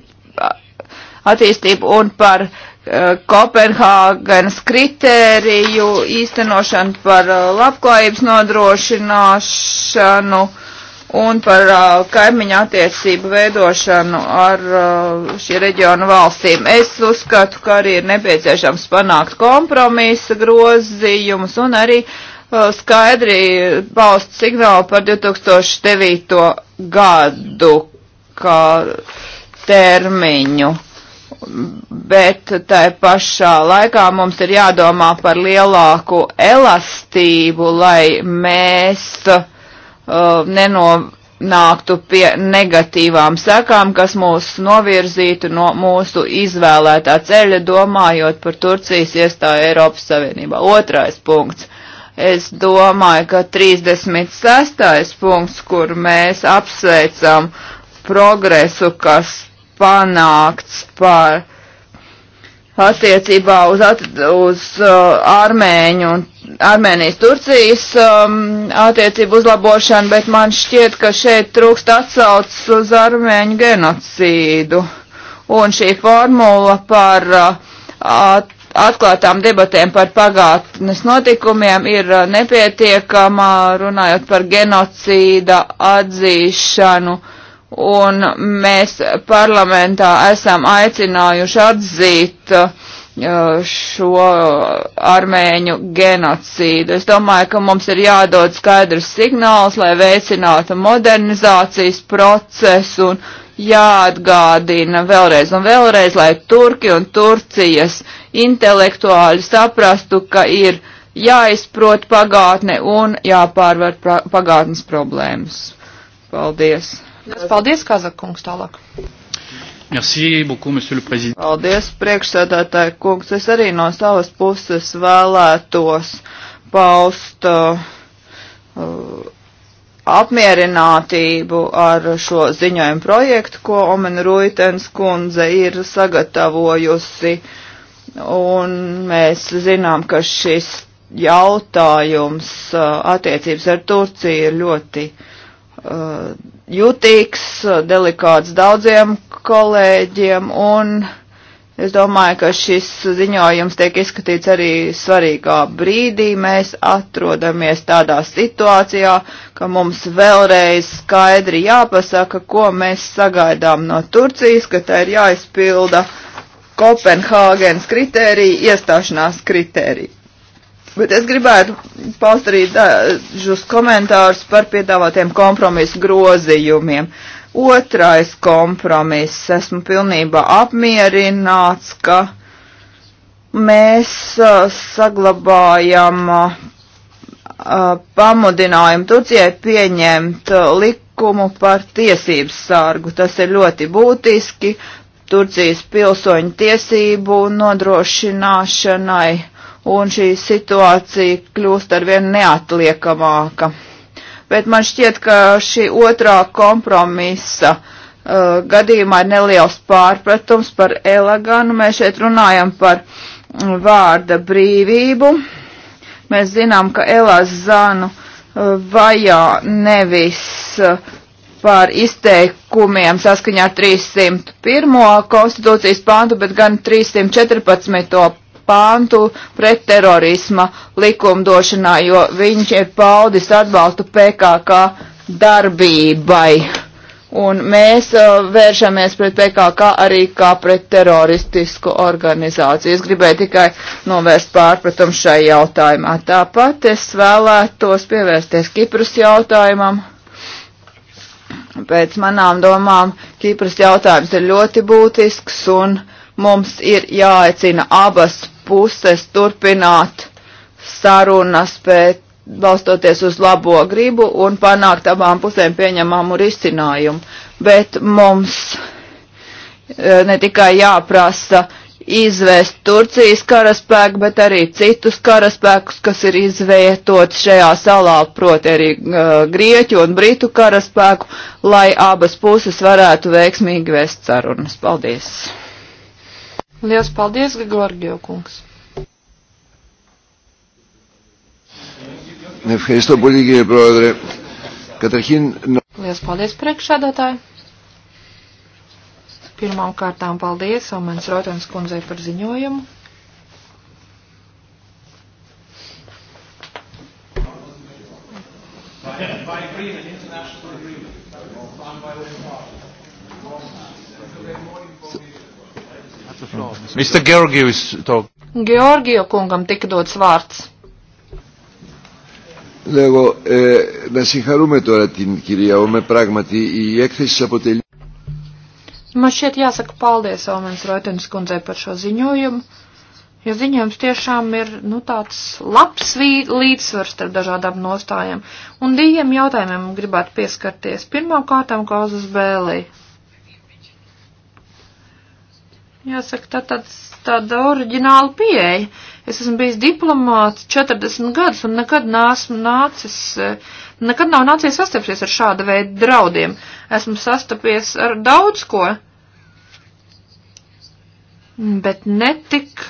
attīstību un par eh, Kopenhāgenes kritēriju īstenošanu par eh, labklājības nodrošināšanu un par uh, kaimiņu attiecību veidošanu ar uh, šī reģiona valstīm. Es uzskatu, ka arī ir nepieciešams panākt kompromisa grozījumus un arī uh, skaidri balstu signālu par 2009 gadu kā termiņu bet tai pašā laikā mums ir jādomā par lielāku elastību, lai mēs uh, nenonāktu pie negatīvām sekām, kas mūs novirzītu no mūsu izvēlētā ceļa, domājot par Turcijas iestāju Eiropas Savienībā. Otrais punkts Es domāju, ka 36. punkts, kur mēs apsveicam progresu, kas panākts par attiecībā uz, at, uz uh, Armēņu un Armēnijas Turcijas um, attiecību uzlabošanu, bet man šķiet, ka šeit trūkst atsaucas uz Armēņu genocīdu. Un šī formula par uh, at, atklātām debatēm par pagātnes notikumiem ir uh, nepietiekama, runājot par genocīda atzīšanu. Un mēs parlamentā esam aicinājuši atzīt uh, šo armēņu genocīdu. Es domāju, ka mums ir jādod skaidrs signāls, lai veicinātu modernizācijas procesu un jāatgādina vēlreiz un vēlreiz, lai Turki un Turcijas intelektuāļi saprastu, ka ir jāizprot pagātne un jāpārvar pagātnes problēmas. Paldies! Paldies, Kazakungs, tālāk! Merci beaucoup, monsieur le président. Paldies, priekšsēdētāji kungs. Es arī no savas puses vēlētos paust uh, uh, apmierinātību ar šo ziņojumu projektu, ko Omen Ruitens kundze ir sagatavojusi. Un mēs zinām, ka šis jautājums uh, attiecības ar Turciju ir ļoti uh, jutīgs, uh, delikāts daudziem kolēģiem un es domāju, ka šis ziņojums tiek izskatīts arī svarīgā brīdī. Mēs atrodamies tādā situācijā, ka mums vēlreiz skaidri jāpasaka, ko mēs sagaidām no Turcijas, ka tā ir jāizpilda Kopenhāgenes kritērija, iestāšanās kritērija. Bet es gribētu paust arī dažus komentārus par piedāvātiem kompromisu grozījumiem. Otrais kompromiss. Esmu pilnībā apmierināts, ka mēs uh, saglabājam uh, uh, pamudinājumu Turcijai pieņemt likumu par tiesības sārgu. Tas ir ļoti būtiski Turcijas pilsoņu tiesību nodrošināšanai, un šī situācija kļūst arvien neatliekamāka bet man šķiet, ka šī otrā kompromisa uh, gadījumā ir neliels pārpratums par eleganu. Mēs šeit runājam par mm, vārda brīvību. Mēs zinām, ka Elazanu uh, vajā nevis uh, par izteikumiem saskaņā ar 301. konstitūcijas pāntu, bet gan 314 pāntu pret terorisma likumdošanā, jo viņš ir paudis atbalstu PKK darbībai. Un mēs uh, vēršamies pret PKK arī kā pret teroristisku organizāciju. Es gribēju tikai novērst pārpratumu šai jautājumā. Tāpat es vēlētos pievērsties Kiprus jautājumam. Pēc manām domām Kipras jautājums ir ļoti būtisks un mums ir jāaicina abas puses turpināt sarunas pēc balstoties uz labo gribu un panākt abām pusēm pieņemamu risinājumu. Bet mums eh, ne tikai jāprasa izvest Turcijas karaspēku, bet arī citus karaspēkus, kas ir izvietot šajā salā, proti arī eh, Grieķu un Britu karaspēku, lai abas puses varētu veiksmīgi vest sarunas. Paldies! Liels paldies, Gorgio kungs! Ευχαριστώ πολύ κύριε Πρόεδρε. Καταρχήν... Liels paldies priekšsēdētāji. Pirmām kārtām paldies Omens Rotens kundzei par ziņojumu. By agreement, international agreement, on by the party. Mr. Georgijus to. Georgiju kungam tika dots vārds. Λέγω, ε, να συγχαρούμε τώρα την κυρία Όμε, πράγματι η έκθεση αποτελεί. Man šķiet jāsaka paldies Omens Roitenes kundzei par šo ziņojumu, jo ziņojums tiešām ir, nu, tāds labs līdzsvars starp dažādām nostājām. Un diviem jautājumiem gribētu pieskarties. Pirmām kārtām kauzas bēlī. Kā Jāsaka, tā tāds, tāda oriģināla pieeja. Es esmu bijis diplomāts 40 gadus un nekad nāsmu nācis, eh, nekad nav nācies sastapties ar šāda veida draudiem. Esmu sastapies ar daudz ko, bet netik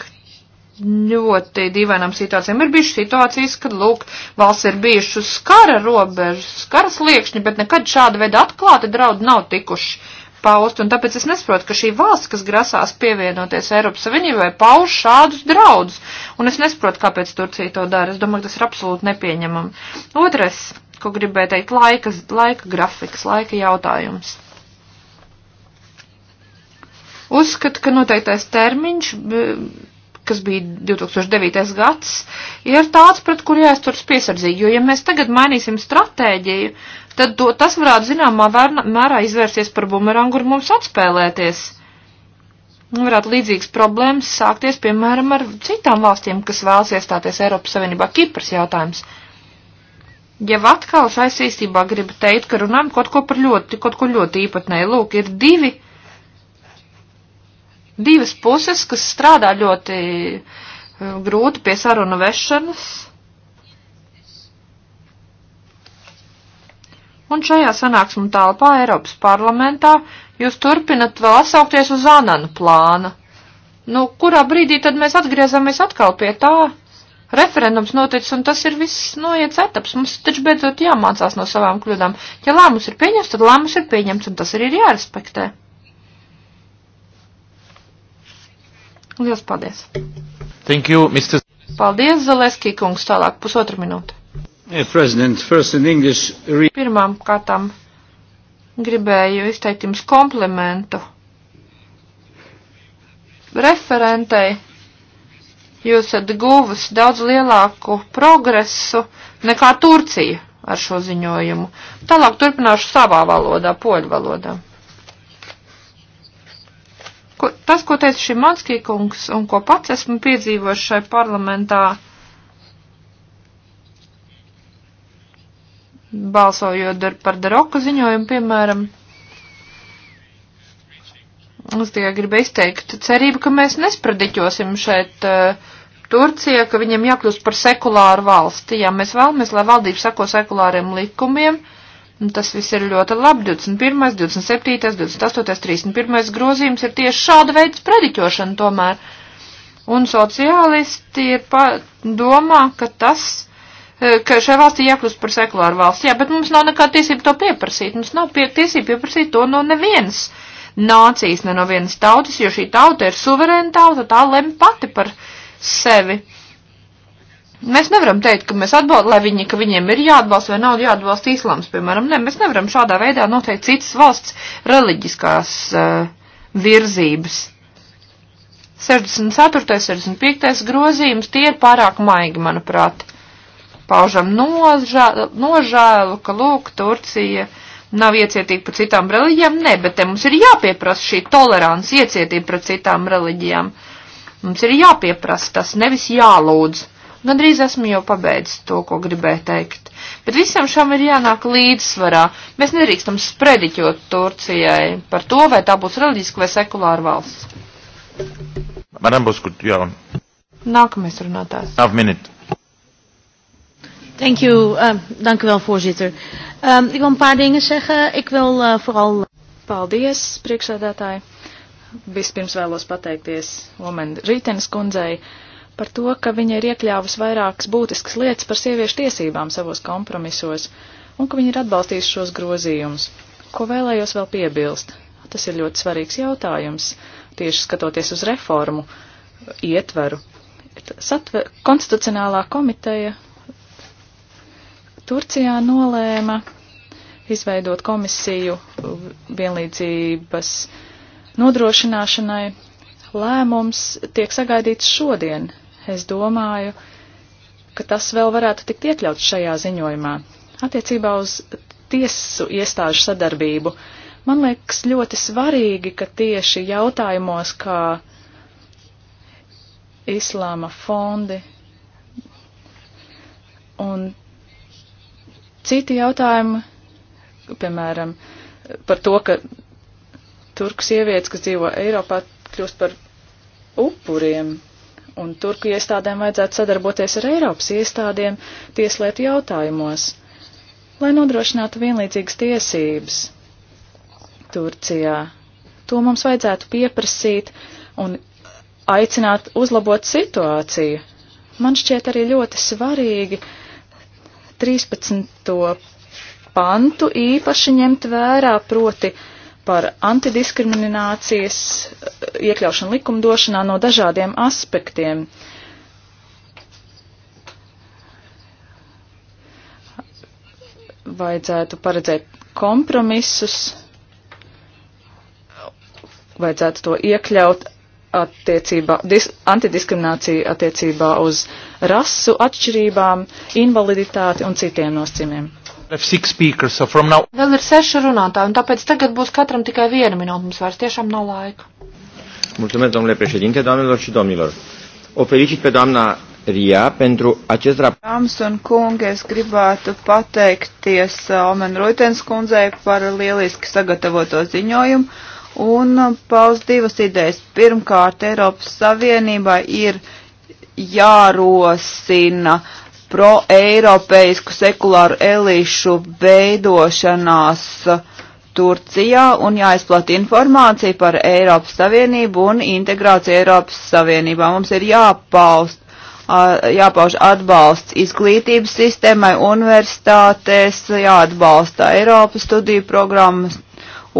ļoti dīvainām situācijām. Ir bijušas situācijas, kad, lūk, valsts ir bijušas uz kara robežas, karas liekšņi, bet nekad šāda veida atklāti draudi nav tikuši paust, un tāpēc es nesaprotu, ka šī valsts, kas grasās pievienoties Eiropas Savienībai, pauž šādus draudus, un es nesaprotu, kāpēc Turcija to dara. Es domāju, ka tas ir absolūti nepieņemami. Otrais, ko gribēju teikt, laika, laika grafiks, laika jautājums. Uzskatu, ka noteiktais termiņš kas bija 2009. gads, ir tāds, pret kur jāizturas piesardzīgi, jo ja mēs tagad mainīsim stratēģiju, tad to, tas varētu zināmā mērā izvērsties par bumerangu un mums atspēlēties. Varētu līdzīgas problēmas sākties, piemēram, ar citām valstīm, kas vēlas iestāties Eiropas Savienībā. Kipras jautājums. Jau atkal saistībā gribu teikt, ka runājam kaut ko par ļoti, kaut ko ļoti īpatnēju. Lūk, ir divi divas puses, kas strādā ļoti eh, grūti pie sarunu vešanas. Un šajā sanāksmu telpā Eiropas parlamentā jūs turpinat vēl atsaukties uz Ananu plānu. Nu, kurā brīdī tad mēs atgriezāmies atkal pie tā? Referendums noticis, un tas ir viss noiets nu, etaps. Mums taču beidzot jāmācās no savām kļūdām. Ja lēmums ir pieņemts, tad lēmums ir pieņemts, un tas arī ir jārespektē. Lielas paldies! Thank you, Mr. Paldies, Zaleski kungs, tālāk pusotra minūte. Yeah, English... Pirmām kārtām gribēju izteikt jums komplimentu referentei. Jūs esat guvis daudz lielāku progresu nekā Turcija ar šo ziņojumu. Tālāk turpināšu savā valodā, poļu valodā ko, tas, ko teica šī Manskīkungs un ko pats esmu piedzīvojis šai parlamentā, balsojot dar, par Daroku ziņojumu, piemēram, es tikai gribu izteikt cerību, ka mēs nespradiķosim šeit uh, eh, Turcija, ka viņiem jākļūst par sekulāru valsti. Jā, mēs vēlamies, lai valdība seko sekulāriem likumiem. Uh, Nu, tas viss ir ļoti labi. 21., 27., 28., 31. grozījums ir tieši šāda veida sprediķošana tomēr. Un sociālisti ir pa, domā, ka tas, e, ka šai valstī jākļūst par sekulāru valsts. Jā, bet mums nav nekā tiesība to pieprasīt. Mums nav pie, tiesība pieprasīt to no nevienas nācijas, ne no vienas tautas, jo šī tauta ir suverēna tauta, tā lem pati par sevi. Mēs nevaram teikt, ka mēs atbalstam, lai viņi, ka viņiem ir jāatbalsta vai nav jāatbalsta islāms, piemēram. Nē, mēs nevaram šādā veidā noteikt citas valsts reliģiskās uh, virzības. 64. 65. grozījums tie ir pārāk maigi, manuprāt. Paužam nožā, nožēlu, ka lūk, Turcija nav iecietīga par citām reliģijām. Nē, bet te mums ir jāpieprasa šī tolerants, iecietība pret citām reliģijām. Mums ir jāpieprasa tas, nevis jālūdz. Gandrīz esmu jau pabeidzis to, ko gribēju teikt. Bet visam šam ir jānāk līdzsvarā. Mēs nedrīkstam sprediķot Turcijai par to, vai tā būs reliģiska vai sekulāra valsts. Madam Buskut, jā. Nākamais runātājs. Half minute. Thank you, uh, dank u wel, voorzitter. Um, ik wil een paar dingen zeggen. Ik wil uh, vooral... Paldies, priekšsēdētāji. Vispirms vēlos pateikties Lomen Rītenes kundzei. Uh, par to, ka viņa ir iekļāvusi vairākas būtiskas lietas par sieviešu tiesībām savos kompromisos, un ka viņa ir atbalstījusi šos grozījumus. Ko vēlējos vēl piebilst? Tas ir ļoti svarīgs jautājums, tieši skatoties uz reformu ietveru. Satver, konstitucionālā komiteja Turcijā nolēma izveidot komisiju vienlīdzības nodrošināšanai. Lēmums tiek sagaidīts šodien, es domāju, ka tas vēl varētu tikt iekļauts šajā ziņojumā. Attiecībā uz tiesu iestāžu sadarbību, man liekas ļoti svarīgi, ka tieši jautājumos, kā islāma fondi un citi jautājumi, piemēram, par to, ka turku sievietes, kas dzīvo Eiropā, kļūst par upuriem un Turku iestādēm vajadzētu sadarboties ar Eiropas iestādēm tieslietu jautājumos, lai nodrošinātu vienlīdzīgas tiesības Turcijā. To mums vajadzētu pieprasīt un aicināt uzlabot situāciju. Man šķiet arī ļoti svarīgi 13. pantu īpaši ņemt vērā proti par antidiskriminācijas eh, iekļaušanu likumdošanā no dažādiem aspektiem. Vajadzētu paredzēt kompromisus, vajadzētu to iekļaut attiecībā, dis, antidiskrimināciju attiecībā uz rasu atšķirībām, invaliditāti un citiem nosacījumiem. Speakers, so now... Vēl ir seši runātāji, un tāpēc tagad būs katram tikai viena minūte. Mums vairs tiešām nav laika. Mulțumesc, domnule președinte, doamnelor și domnilor. O felicit pe doamna Rijā pentru acest raport. Dāmas un kungi, es gribētu pateikties uh, Omen Rūtens kundzei par lieliski sagatavoto ziņojumu un uh, paust divas idejas. Pirmkārt, Eiropas Savienībā ir jārosina uh, proeiropeisku sekulāru elīšu veidošanās Turcijā un jāizplat informācija par Eiropas Savienību un integrāciju Eiropas Savienībā. Mums ir jāpaust, jāpauž atbalsts izglītības sistēmai, universitātēs, jāatbalsta Eiropas studiju programmas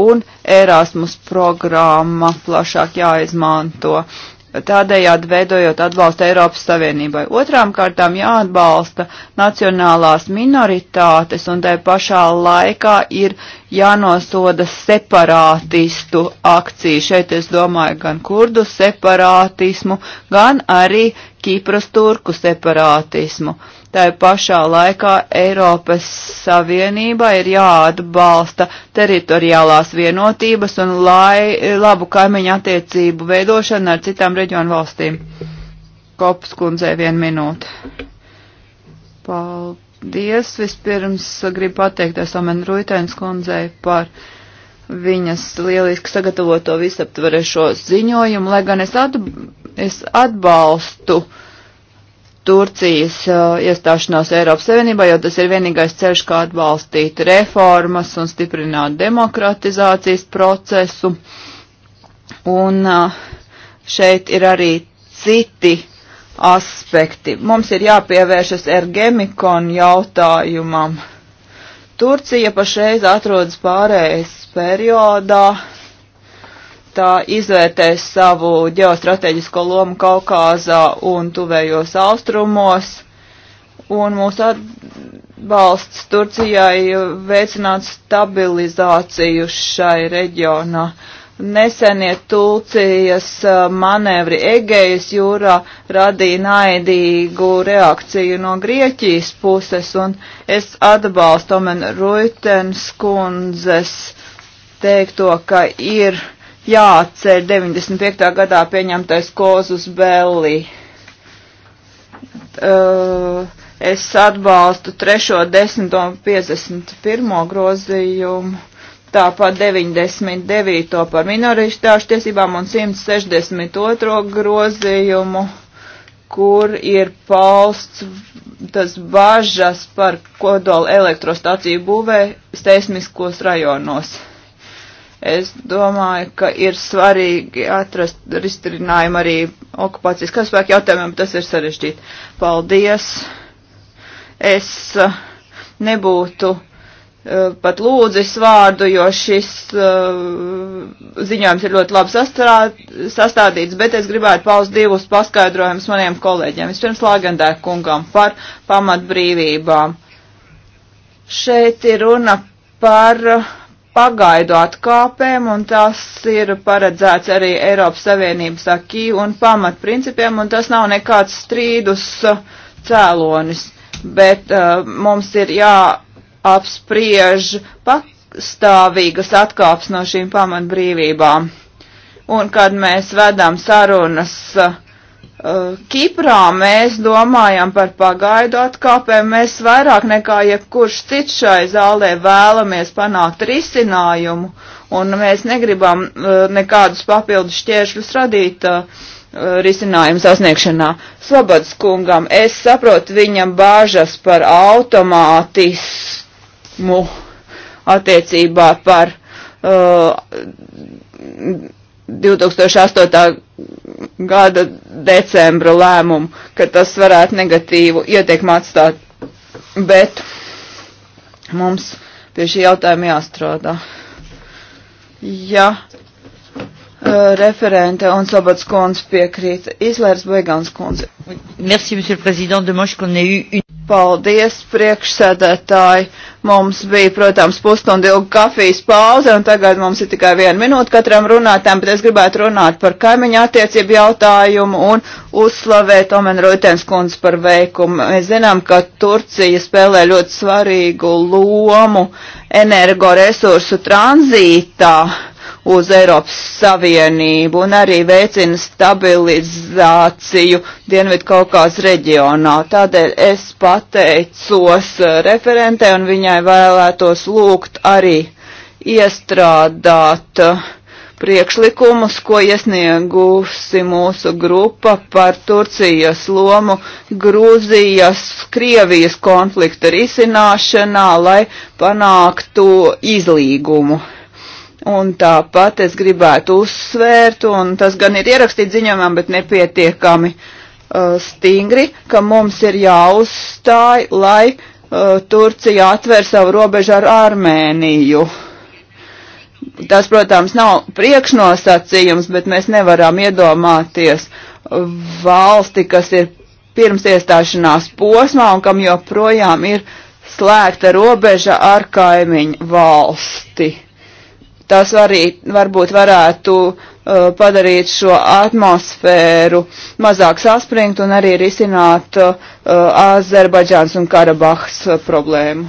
un Erasmus programma plašāk jāizmanto. Uh, tādējādi veidojot atbalstu Eiropas Savienībai. Otrām kārtām jāatbalsta nacionālās minoritātes un tai pašā laikā ir jānosoda separātistu akcija. Šeit es domāju gan kurdu separātismu, gan arī Kīpras turku separātismu. Tā pašā laikā Eiropas Savienība ir jāatbalsta teritoriālās vienotības un lai, labu kaimiņu attiecību veidošana ar citām reģionu valstīm. Kops kundzē vien minūte. Paldies. Vispirms gribu pateikties Omen Ruitēns kundzei par viņas lieliski sagatavoto visaptvarešo ziņojumu, lai gan es, atb es atbalstu Turcijas uh, iestāšanos Eiropas Savienībā, jo tas ir vienīgais ceļš, kā atbalstīt reformas un stiprināt demokratizācijas procesu. Un uh, šeit ir arī citi aspekti. Mums ir jāpievēršas ergemikon jautājumam. Uh, Turcija pašreiz atrodas pārējais periodā. Tā izvērtēs savu ģeostrateģisko lomu Kaukāzā un tuvējos austrumos, un mūsu atbalsts Turcijai veicināt stabilizāciju šai reģionā. Uh, Nesenie Tulcijas uh, manevri Egejas jūrā radīja naidīgu reakciju no Grieķijas puses, un es atbalstu Omen Ruitens kundzes teikto, ka ir jāceļ 95. gadā pieņemtais kozus belli. Uh, es atbalstu 3. 10. un 51. grozījumu tāpat 99. par minoritāšu tiesībām un 162. grozījumu, kur ir pausts tas bažas par kodola elektrostaciju būvē steismiskos rajonos. Es domāju, ka ir svarīgi atrast risinājumu arī okupācijas karaspēku jautājumiem, tas ir sarežģīti. Paldies! Es eh, nebūtu Eh, pat lūdzis vārdu, jo šis uh, ziņojums ir ļoti labi sastrā, sastādīts, bet es gribētu paust divus paskaidrojumus maniem kolēģiem. Vispirms Lāgendē kungam par pamatbrīvībām. Šeit ir runa par pagaidu atkāpēm, un tas ir paredzēts arī Eiropas Savienības akī un pamatprincipiem, un tas nav nekāds strīdus eh, cēlonis, bet uh, mums ir jā apspriež pastāvīgas atkāps no šīm pamatbrīvībām. Un kad mēs vedam sarunas uh, Kiprā, mēs domājam par pagaidu atkāpēm, mēs vairāk nekā jebkurš cits šai zālē vēlamies panākt risinājumu, un mēs negribam uh, nekādus papildus šķēršļus radīt. Uh, risinājumu sasniegšanā. Slobodas kungam es saprotu viņam bāžas par automātisku likumu attiecībā par uh, 2008. gada decembra lēmumu, ka tas varētu negatīvu ietekmu atstāt, bet mums pie šī jautājuma jāstrādā. Ja Uh, referente un Sabats kundze piekrīt. Izlērs Beigans kundze. Merci, monsieur le président. Dommage qu'on ait eu une... Paldies, priekšsēdētāji. Mums bija, protams, pusstundu ilga kafijas pauze, un tagad mums ir tikai viena minūte katram runātājam, bet es gribētu runāt par kaimiņu attiecību jautājumu un uzslavēt Omen Rūtens kundzi par veikumu. Mēs zinām, ka Turcija spēlē ļoti svarīgu lomu energoresursu tranzītā uz Eiropas Savienību un arī veicina stabilizāciju Dienvidu Kaukās reģionā. Tādēļ es pateicos referentē un viņai vēlētos lūgt arī iestrādāt priekšlikumus, ko iesniegusi mūsu grupa par Turcijas lomu Grūzijas, Krievijas konflikta risināšanā, lai panāktu izlīgumu. Un tāpat es gribētu uzsvērt, un tas gan ir ierakstīts ziņojumam, bet nepietiekami uh, stingri, ka mums ir jāuzstāj, lai uh, Turcija atver savu robežu ar Armēniju. Tas, protams, nav priekšnosacījums, bet mēs nevaram iedomāties valsti, kas ir pirms iestāšanās posmā un kam joprojām ir slēgta robeža ar kaimiņu valsti. Uh, tās arī varbūt varētu uh, padarīt šo atmosfēru mazāk saspringtu un arī risināt uh, Azerbaidžāns un Karabahas uh, problēmu.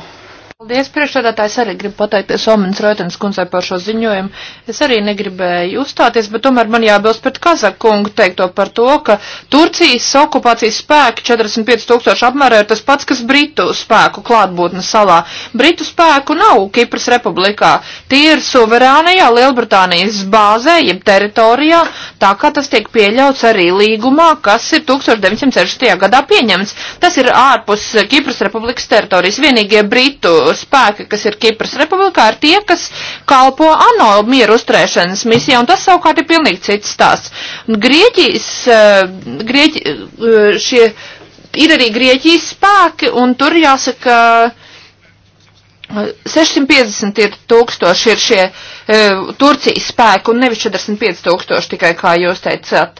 Paldies, priekšsēdētājs arī gribu pateikties Omens Rotens kundzei par šo ziņojumu. Es arī negribēju uzstāties, bet tomēr man jābilst pret Kazakungu teikto par to, ka Turcijas okupācijas spēki 45 tūkstoši apmērā ir tas pats, kas Britu spēku klātbūtne salā. Britu spēku nav Kipras republikā. Tie ir suverēnajā Lielbritānijas bāzē, jeb teritorijā, tā kā tas tiek pieļauts arī līgumā, kas ir 1960. gadā pieņemts. Tas ir ārpus Kipras republikas teritorijas vienīgie Britu spēki, kas ir Kipras republikā, ir tie, kas kalpo ANO mieru uzturēšanas misijā, un tas savukārt ir pilnīgi cits stāsts. Grieķijas, eh, Grieķi, eh, šie, ir arī Grieķijas spēki, un tur jāsaka, 650 eh, ir tūkstoši ir šie e, Turcijas spēki un nevis 45 tūkstoši tikai, kā jūs teicāt.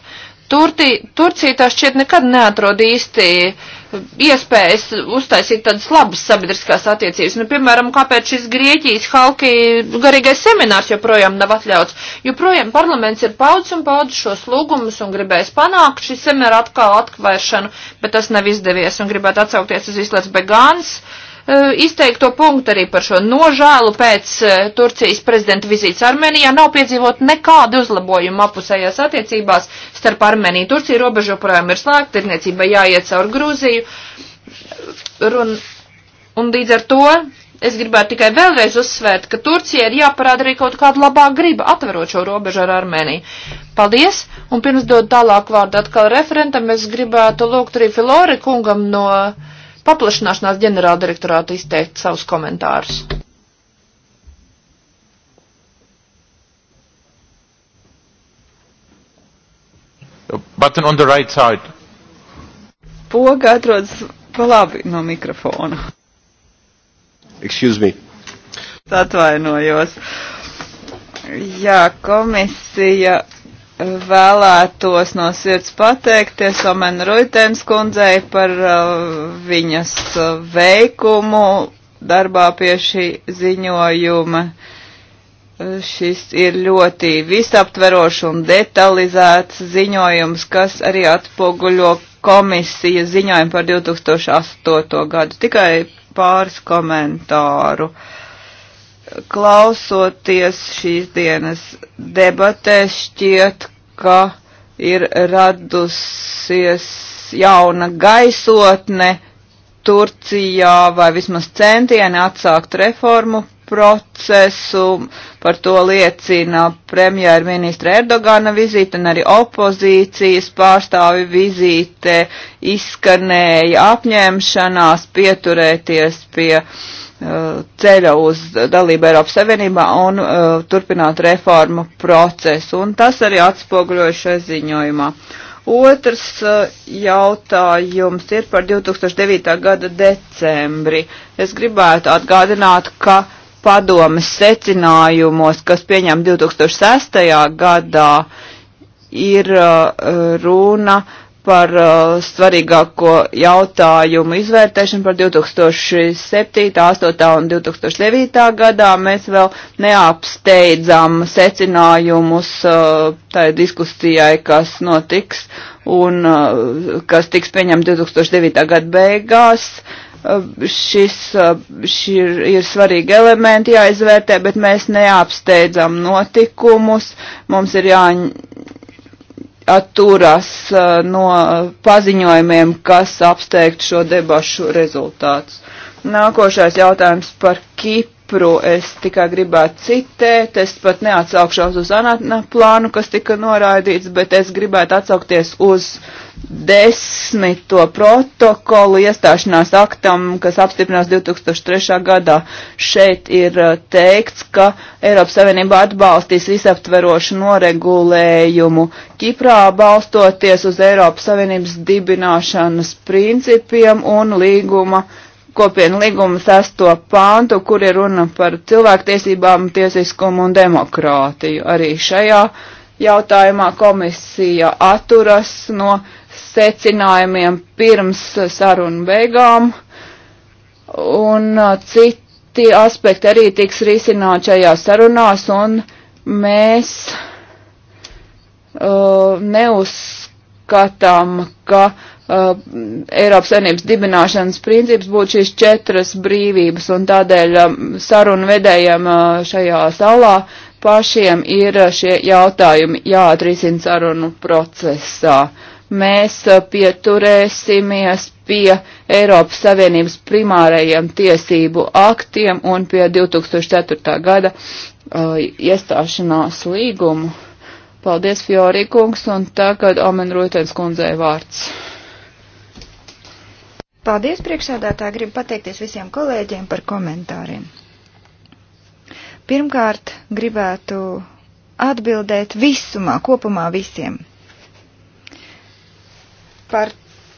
Turti, Turcija tā šķiet nekad neatrod īsti eh, iespējas uztaisīt tādas labas sabiedriskās attiecības. Nu, piemēram, kāpēc šis Grieķijas halki garīgais seminārs joprojām nav atļauts? Joprojām parlaments ir paudz un paudz šos lūgumus un gribējis panākt šī semināra atkal atkvēršanu, bet tas nav izdevies un gribētu atsaukties uz Islēts Begāns. Uh, Eh, izteikto punktu arī par šo nožēlu pēc eh, Turcijas prezidenta vizītes Armēnijā nav piedzīvot nekādu uzlabojumu apusējās attiecībās starp Armēniju. Turcija robeža joprojām ir slēgta, tirniecība jāiet caur Grūziju. Un, un līdz ar to es gribētu tikai vēlreiz uzsvērt, ka Turcija ir jāparāda arī kaut kāda labā griba atverot šo robežu ar Armēniju. Paldies! Un pirms dod tālāk vārdu atkal referentam, es gribētu lūgt arī Filori kungam no. Uh, paplašanāšanās ģenerāldirektorāta izteikt savus komentārus. Button on the right side. Poga atrodas pa labi no mikrofona. Excuse me. Atvainojos. Jā, komisija vēlētos no sirds pateikties Omen Ruitens kundzei par uh, viņas uh, veikumu darbā pie šī ziņojuma. Uh, šis ir ļoti visaptverošs un detalizēts ziņojums, kas arī atspoguļo komisijas ziņojumu par 2008. gadu. Tikai pāris komentāru. Uh, klausoties šīs dienas debatēs, šķiet, ka ir radusies jauna gaisotne Turcijā vai vismaz centieni atsākt reformu procesu, par to liecina premjerministra Erdogana vizīte un arī opozīcijas pārstāvi vizīte izskanēja apņēmšanās pieturēties pie uh, ceļa uz dalību Eiropas Savienībā un uh, turpināt reformu procesu. Un tas arī atspoguļoja šai ziņojumā. Otrs uh, jautājums ir par 2009. gada decembri. Es gribētu atgādināt, ka uh, padomes secinājumos, kas pieņem 2006. gadā, ir uh, runa par uh, svarīgāko jautājumu izvērtēšanu par 2007, 2008 un 2009. gadā. Mēs vēl neapsteidzām secinājumus uh, tai diskusijai, kas notiks un kas tiks pieņemta 2009. gada beigās. Eh, šis, eh, šī ir, ir svarīgi elementi jāizvērtē, bet mēs neapsteidzam notikumus. Mums ir jāatturas eh, no paziņojumiem, kas apsteigtu šo debašu rezultātus. Nākošais jautājums par Kipru. Kipru es tikai gribētu citēt, es pat neatsaukšos uz Anatna plānu, kas tika noraidīts, bet es gribētu atsaukties uz desmito protokolu iestāšanās aktam, kas apstiprinās 2003. gadā. Šeit ir uh, teikts, ka Eiropas Savienība atbalstīs visaptverošu noregulējumu Kiprā, balstoties uz Eiropas Savienības dibināšanas principiem un līguma kopienu līgumu sesto pāntu, kur ir runa par cilvēktiesībām, tiesiskumu un demokrātiju. Arī šajā jautājumā komisija atturas no secinājumiem pirms sarunu beigām, un citi aspekti arī tiks risināti šajā sarunās, un mēs uh, neuzskatām, ka uh, Uh, Eiropas Savienības dibināšanas princips būtu šīs četras brīvības, un tādēļ um, sarunu vedējiem uh, šajā salā pašiem ir uh, šie jautājumi jāatrisina sarunu procesā. Mēs uh, pieturēsimies pie Eiropas Savienības primārajiem tiesību aktiem un pie 2004. gada uh, iestāšanās līgumu. Paldies, Fiorī kungs, un tagad Omen Rūtens kundzei vārds. Paldies, priekšsēdētāji, gribu pateikties visiem kolēģiem par komentāriem. Pirmkārt, gribētu atbildēt visumā, kopumā visiem. Par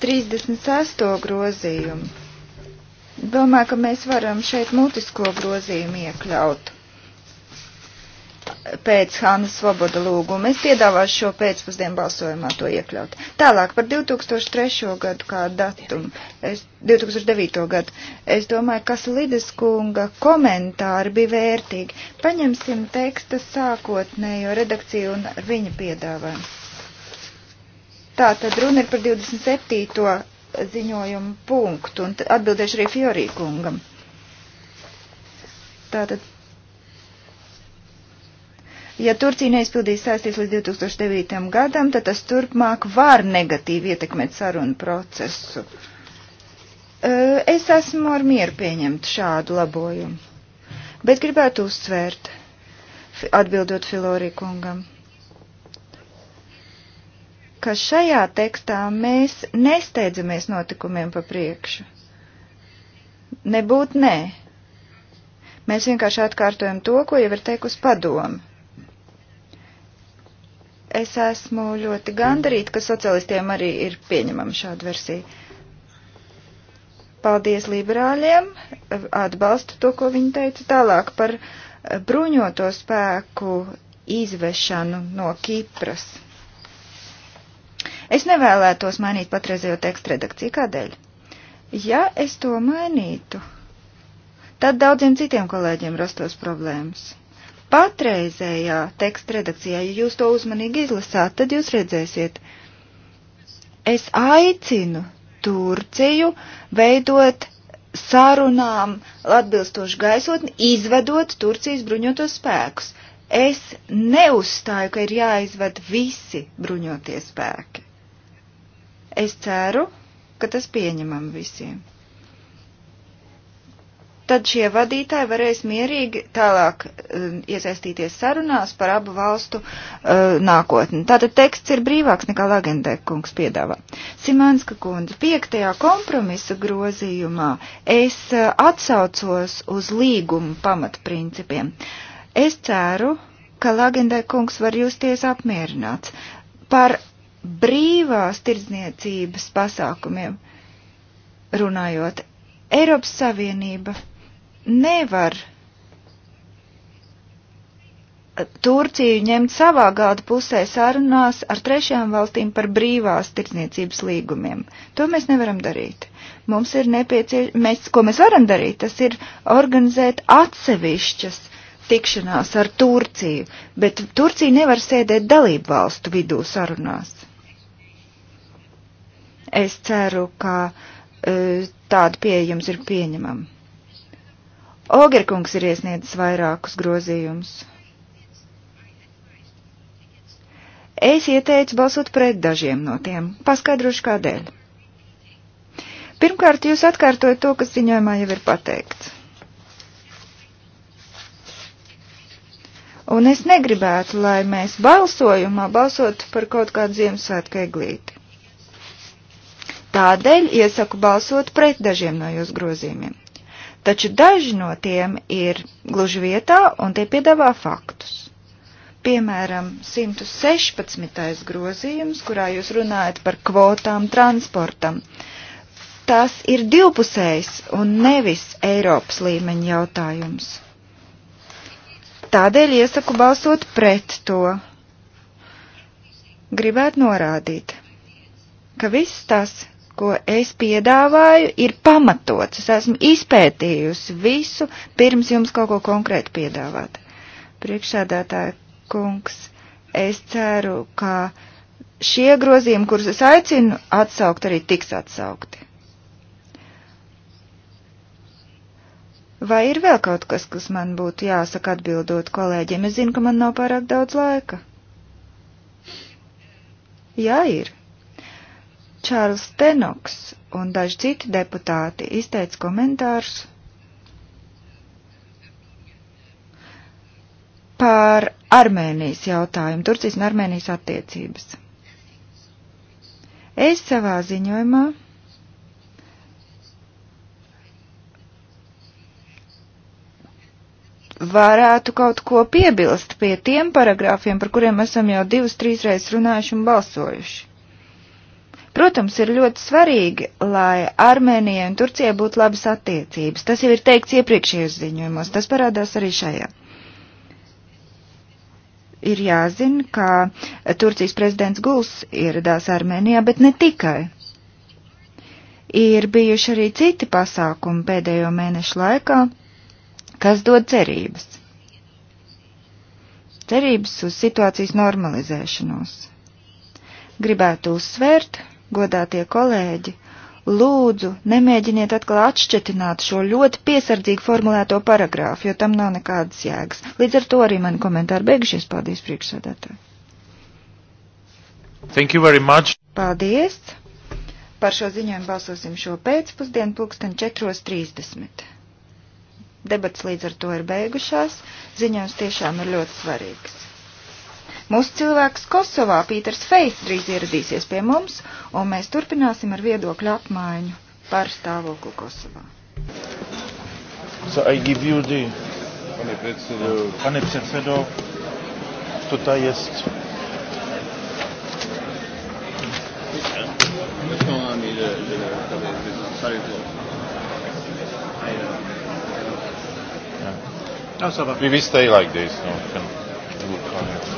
36. grozījumu. Domāju, ka mēs varam šeit mutisko grozījumu iekļaut pēc Hāna Svoboda lūguma. Es piedāvāšu šo pēcpusdienu balsojumā to iekļaut. Tālāk par 2003. gadu kā datumu. Es, 2009. gadu. Es domāju, kas Lides kunga komentāri bija vērtīgi. Paņemsim teksta sākotnējo redakciju un viņa piedāvājumu. Tā tad runa ir par 27. ziņojumu punktu un atbildēšu arī Fiorī kungam. Tātad Ja Turcija neizpildīs saistīs līdz 2009. gadam, tad tas turpmāk var negatīvi ietekmēt sarunu procesu. Es esmu ar mieru pieņemt šādu labojumu, bet gribētu uzsvērt, atbildot Filorī kungam ka šajā tekstā mēs nesteidzamies notikumiem pa priekšu. Nebūt nē. Mēs vienkārši atkārtojam to, ko jau ir teikusi padomi. Es esmu ļoti gandarīta, ka socialistiem arī ir pieņemama šāda versija. Paldies liberāļiem, atbalstu to, ko viņi teica tālāk par bruņoto spēku izvešanu no Kipras. Es nevēlētos mainīt patreizējo tekstu redakciju. Kādēļ? Ja es to mainītu, tad daudziem citiem kolēģiem rastos problēmas. Patreizējā teksta redakcijā, ja jūs to uzmanīgi izlasāt, tad jūs redzēsiet. Es aicinu Turciju veidot sarunām atbilstošu gaisotni, izvedot Turcijas bruņotos spēkus. Es neuzstāju, ka ir jāizved visi bruņotie spēki. Es ceru, ka tas pieņemam visiem tad šie vadītāji varēs mierīgi tālāk uh, iesaistīties sarunās par abu valstu uh, nākotni. Tātad teksts ir brīvāks nekā Lagendē kungs piedāvā. Simanska kundze, piektajā kompromisa grozījumā es uh, atsaucos uz līgumu pamatprincipiem. Es ceru, ka Lagendē kungs var justies apmierināts par brīvās tirdzniecības pasākumiem runājot. Eiropas Savienība nevar Turciju ņemt savā gada pusē sarunās ar trešajām valstīm par brīvās tirdzniecības līgumiem. To mēs nevaram darīt. Mums ir nepieciešams, ko mēs varam darīt, tas ir organizēt atsevišķas tikšanās ar Turciju, bet Turcija nevar sēdēt dalību valstu vidū sarunās. Es ceru, ka uh, tāda pieejams ir pieņemama. Ogerkungs ir iesniedzis vairākus grozījumus. Es ieteicu balsot pret dažiem no tiem, paskaidrošu kādēļ. Pirmkārt, jūs atkārtojat to, kas ziņojumā jau ir pateikts. Un es negribētu, lai mēs balsojumā balsotu par kaut kādu Ziemassvētku eglīti. Tādēļ iesaku balsot pret dažiem no jūsu grozījumiem taču daži no tiem ir gluži vietā un tie piedāvā faktus. Piemēram, 116. grozījums, kurā jūs runājat par kvotām transportam. Tas ir divpusējs un nevis Eiropas līmeņa jautājums. Tādēļ iesaku balsot pret to. Gribētu norādīt, ka viss tas, ko es piedāvāju, ir pamatots. Es esmu izpētījusi visu, pirms jums kaut ko konkrētu piedāvāt. Priekšsādātāja kungs, es ceru, ka šie grozījumi, kurus es aicinu atsaukt, arī tiks atsaukti. Vai ir vēl kaut kas, kas man būtu jāsaka atbildot kolēģiem? Es zinu, ka man nav pārāk daudz laika. Jā, ir. Čārls Tenoks un daži citi deputāti izteica komentārus par Armēnijas jautājumu, Turcijas un Armēnijas attiecības. Es savā ziņojumā varētu kaut ko piebilst pie tiem paragrāfiem, par kuriem esam jau divas, trīs reizes runājuši un balsojuši. Protams, ir ļoti svarīgi, lai Armēnijai un Turcijai būtu labas attiecības. Tas jau ir teikts iepriekšējos ziņojumos, tas parādās arī šajā. Ir jāzina, ka Turcijas prezidents Guls ieradās Armēnijā, bet ne tikai. Ir bijuši arī citi pasākumi pēdējo mēnešu laikā, kas dod cerības. Cerības uz situācijas normalizēšanos. Gribētu uzsvērt, godātie kolēģi, lūdzu, nemēģiniet atkal atšķetināt šo ļoti piesardzīgi formulēto paragrāfu, jo tam nav nekādas jēgas. Līdz ar to arī mani komentāri beigušies. Paldies, priekšsēdētāji. Thank you very much. Paldies. Par šo ziņojumu balsosim šo pēcpusdienu pulksten 4.30. Debats līdz ar to ir beigušās. Ziņojums tiešām ir ļoti svarīgs. Mūsu cilvēks Kosovā, Pīters Fejs, drīz ieradīsies pie mums, un mēs turpināsim ar viedokļu apmaiņu par stāvokli Kosovā. So I give you the... Pane předsedo. Pane předsedo, co to je? No, so Maybe stay like this. No, can look on it.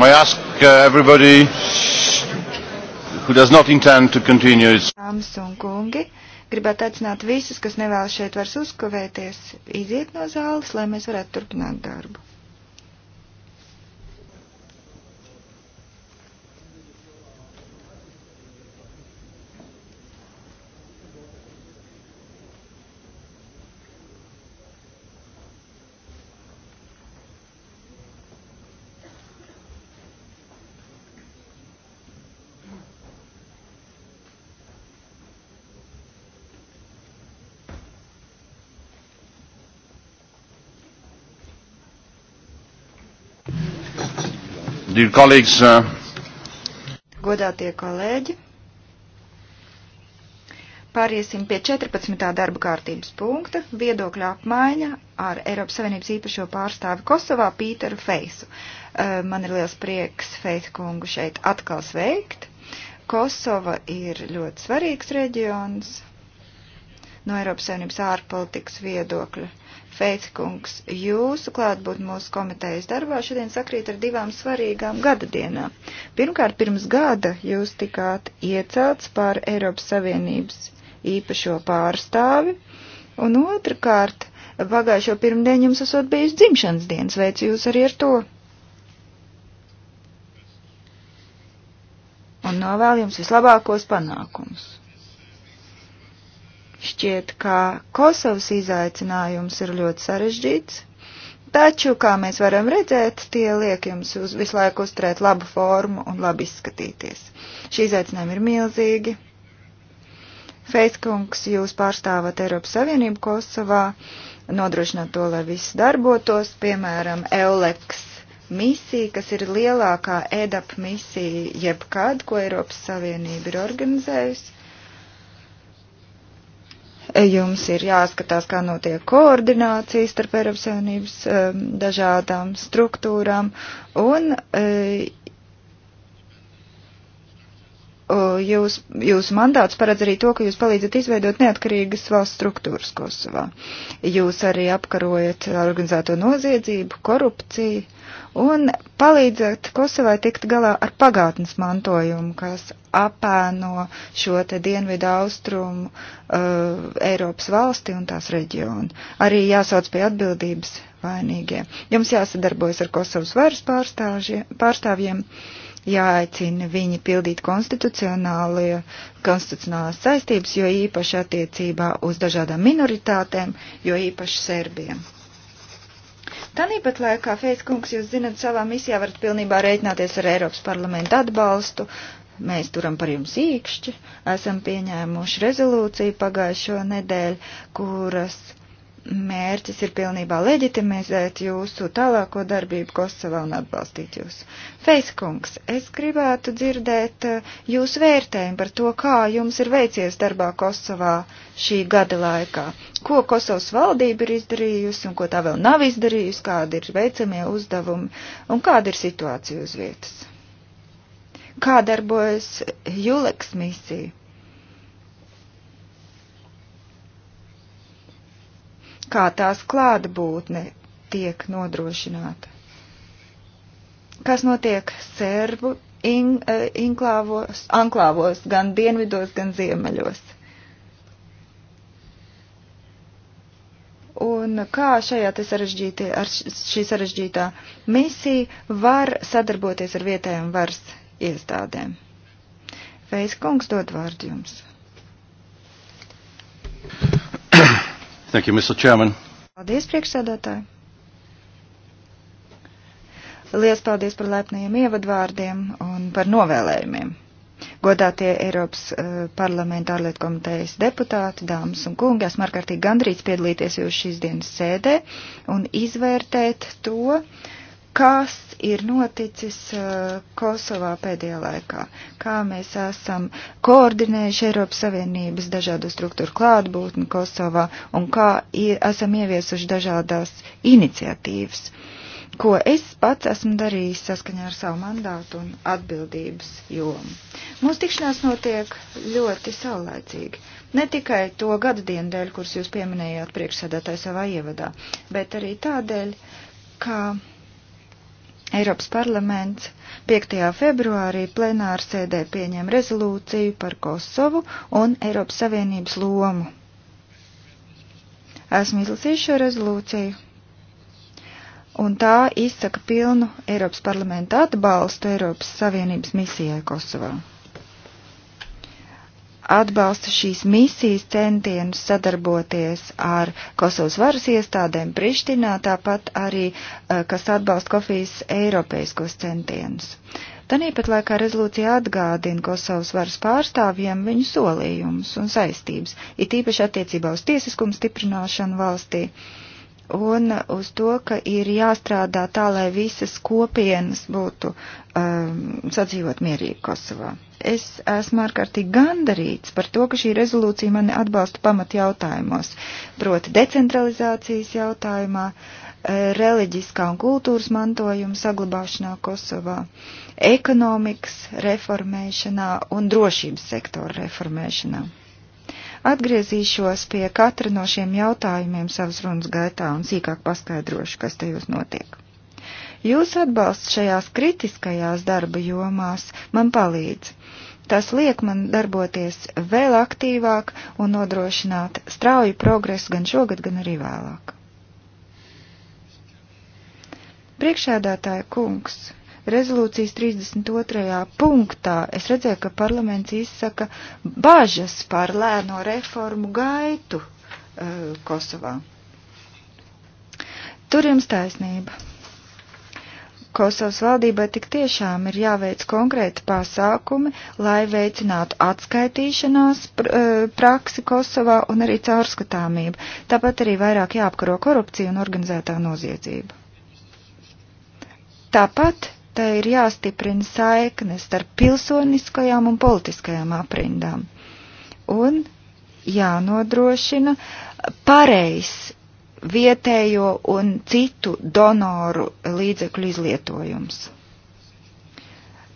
May I ask uh, everybody who does not intend to continue its... Dāmas un kungi, gribētu aicināt visus, kas nevēlas šeit vairs uzkavēties, iziet no zāles, lai mēs varētu turpināt darbu. dear colleagues. Uh... Godātie kolēģi. Pāriesim pie 14. darba kārtības punkta - viedokļa apmaiņa ar Eiropas Savienības īpašo pārstāvi Kosovā Pīteru Feisu. Uh, man ir liels prieks Feisa kungu šeit atkal sveikt. Kosova ir ļoti svarīgs reģions no Eiropas Savienības ārpolitikas viedokļa Feitskungs, jūsu klātbūt mūsu komitejas darbā šodien sakrīt ar divām svarīgām gada dienām. Pirmkārt, pirms gada jūs tikāt iecelts par Eiropas Savienības īpašo pārstāvi, un otrkārt, pagājušo pirmdien jums esot bijis dzimšanas dienas, veicu jūs arī ar to. Un novēl jums vislabākos panākumus. Šķiet, ka Kosovas izaicinājums ir ļoti sarežģīts, taču, kā mēs varam redzēt, tie liek jums uz, visu laiku uzturēt labu formu un labi izskatīties. Šī izaicinājuma ir milzīgi. Feiskungs, jūs pārstāvat Eiropas Savienību Kosovā, nodrošināt to, lai viss darbotos, piemēram, Euleks misija, kas ir lielākā EDAP misija jebkad, ko Eiropas Savienība ir organizējusi. Jums ir jāskatās, kā notiek koordinācija starp Eiropas Savienības dažādām struktūrām un e, Uh, jūs, jūsu mandāts paredz arī to, ka jūs palīdzat izveidot neatkarīgas valsts struktūras Kosovā. Jūs arī apkarojat organizēto noziedzību, korupciju un palīdzat Kosovai tikt galā ar pagātnes mantojumu, kas apēno šo te dienvidu austrumu uh, Eiropas valsti un tās reģionu. Arī jāsauc pie atbildības vainīgie. Jums jāsadarbojas ar Kosovas varas pārstāvjiem. pārstāvjiem uh, jāaicina viņi pildīt konstitucionālās saistības, jo īpaši attiecībā uz dažādām minoritātēm, jo īpaši serbiem. Tāpat laikā, Feiskungs, jūs zinat, savā misijā varat pilnībā rēķināties ar Eiropas parlamentu atbalstu. Mēs turam par jums īkšķi, esam pieņēmuši rezolūciju pagājušo nedēļu, kuras mērķis ir pilnībā leģitimizēt jūsu tālāko darbību Kosovā un atbalstīt jūs. Feiskungs, es gribētu dzirdēt eh, jūsu vērtējumu par to, kā jums ir veicies darbā Kosovā šī gada laikā. Ko Kosovas valdība ir izdarījusi un ko tā vēl nav izdarījusi, kādi ir veicamie uzdevumi un kāda ir situācija uz vietas. Kā darbojas Juleks misija? kā tās klātbūtne tiek nodrošināta. Kas notiek serbu in, e, inklāvos, anklāvos, gan dienvidos, gan ziemeļos? un kā šajā sarežģītā, ar šī sarežģītā misija var sadarboties ar vietējām varas iestādēm. Feiskungs dod vārdu jums. Thank you, Mr. Chairman. Paldies, priekšsēdētāji. Lielas paldies par lepniem ievadvārdiem un par novēlējumiem. Godātie Eiropas uh, parlamenta ārlietu komitejas deputāti, dāmas un kungi, esmu ārkārtīgi gandrīz piedalīties jūs šīs dienas sēdē un izvērtēt to, uh, kas ir noticis uh, Kosovā pēdējā laikā, kā mēs esam koordinējuši Eiropas Savienības dažādu struktūru klātbūtni Kosovā un kā esam ieviesuši dažādās iniciatīvas, ko es pats esmu darījis saskaņā ar savu mandātu un atbildības jomu. Mūsu tikšanās notiek ļoti saulēcīgi. Ne tikai to gadu dienu dēļ, kurus jūs pieminējāt priekšsēdētāju savā ievadā, bet arī tādēļ, ka Eiropas parlaments 5. februārī plenāra sēdē pieņem rezolūciju par Kosovu un Eiropas Savienības lomu. Esmu izlasījis šo rezolūciju, un tā izsaka pilnu Eiropas parlamenta atbalstu Eiropas Savienības misijai Kosovā atbalsta šīs misijas centienus sadarboties ar Kosovas varas iestādēm Prištinā, tāpat arī, eh, kas atbalsta Kofijas eiropeiskos centienus. Tanīpat laikā rezolūcija atgādina Kosovas varas pārstāvjiem viņu solījumus un saistības, it īpaši attiecībā uz tiesiskumu stiprināšanu valstī. Uh, un uz to, ka ir jāstrādā tā, lai visas kopienas būtu um, sadzīvot mierīgi Kosovā. Es esmu ārkārtīgi gandarīts par to, ka šī rezolūcija mani atbalsta pamat jautājumos, proti decentralizācijas jautājumā, eh, reliģiskā un kultūras mantojuma saglabāšanā Kosovā, ekonomikas reformēšanā un drošības sektora reformēšanā. Atgriezīšos pie katra no šiem jautājumiem savas runas gaitā un sīkāk paskaidrošu, kas tajos notiek. Jūsu atbalsts šajās kritiskajās darba jomās man palīdz. Tas liek man darboties vēl aktīvāk un nodrošināt strauju progresu gan šogad, gan arī vēlāk. Priekšēdātāja kungs, rezolūcijas 32. punktā es redzēju, ka parlaments izsaka bažas par lēno reformu gaitu uh, Kosovā. Tur jums taisnība. Kosovas valdībai tik tiešām ir jāveic konkrēti pasākumi, lai veicinātu atskaitīšanās pr uh, praksi Kosovā un arī caurskatāmību. Tāpat arī vairāk jāapkaro korupciju un organizētā noziedzība. Tāpat te ir jāstiprina saiknes starp pilsoniskajām un politiskajām aprindām. Un jānodrošina pareizs vietējo un citu donoru līdzekļu izlietojums.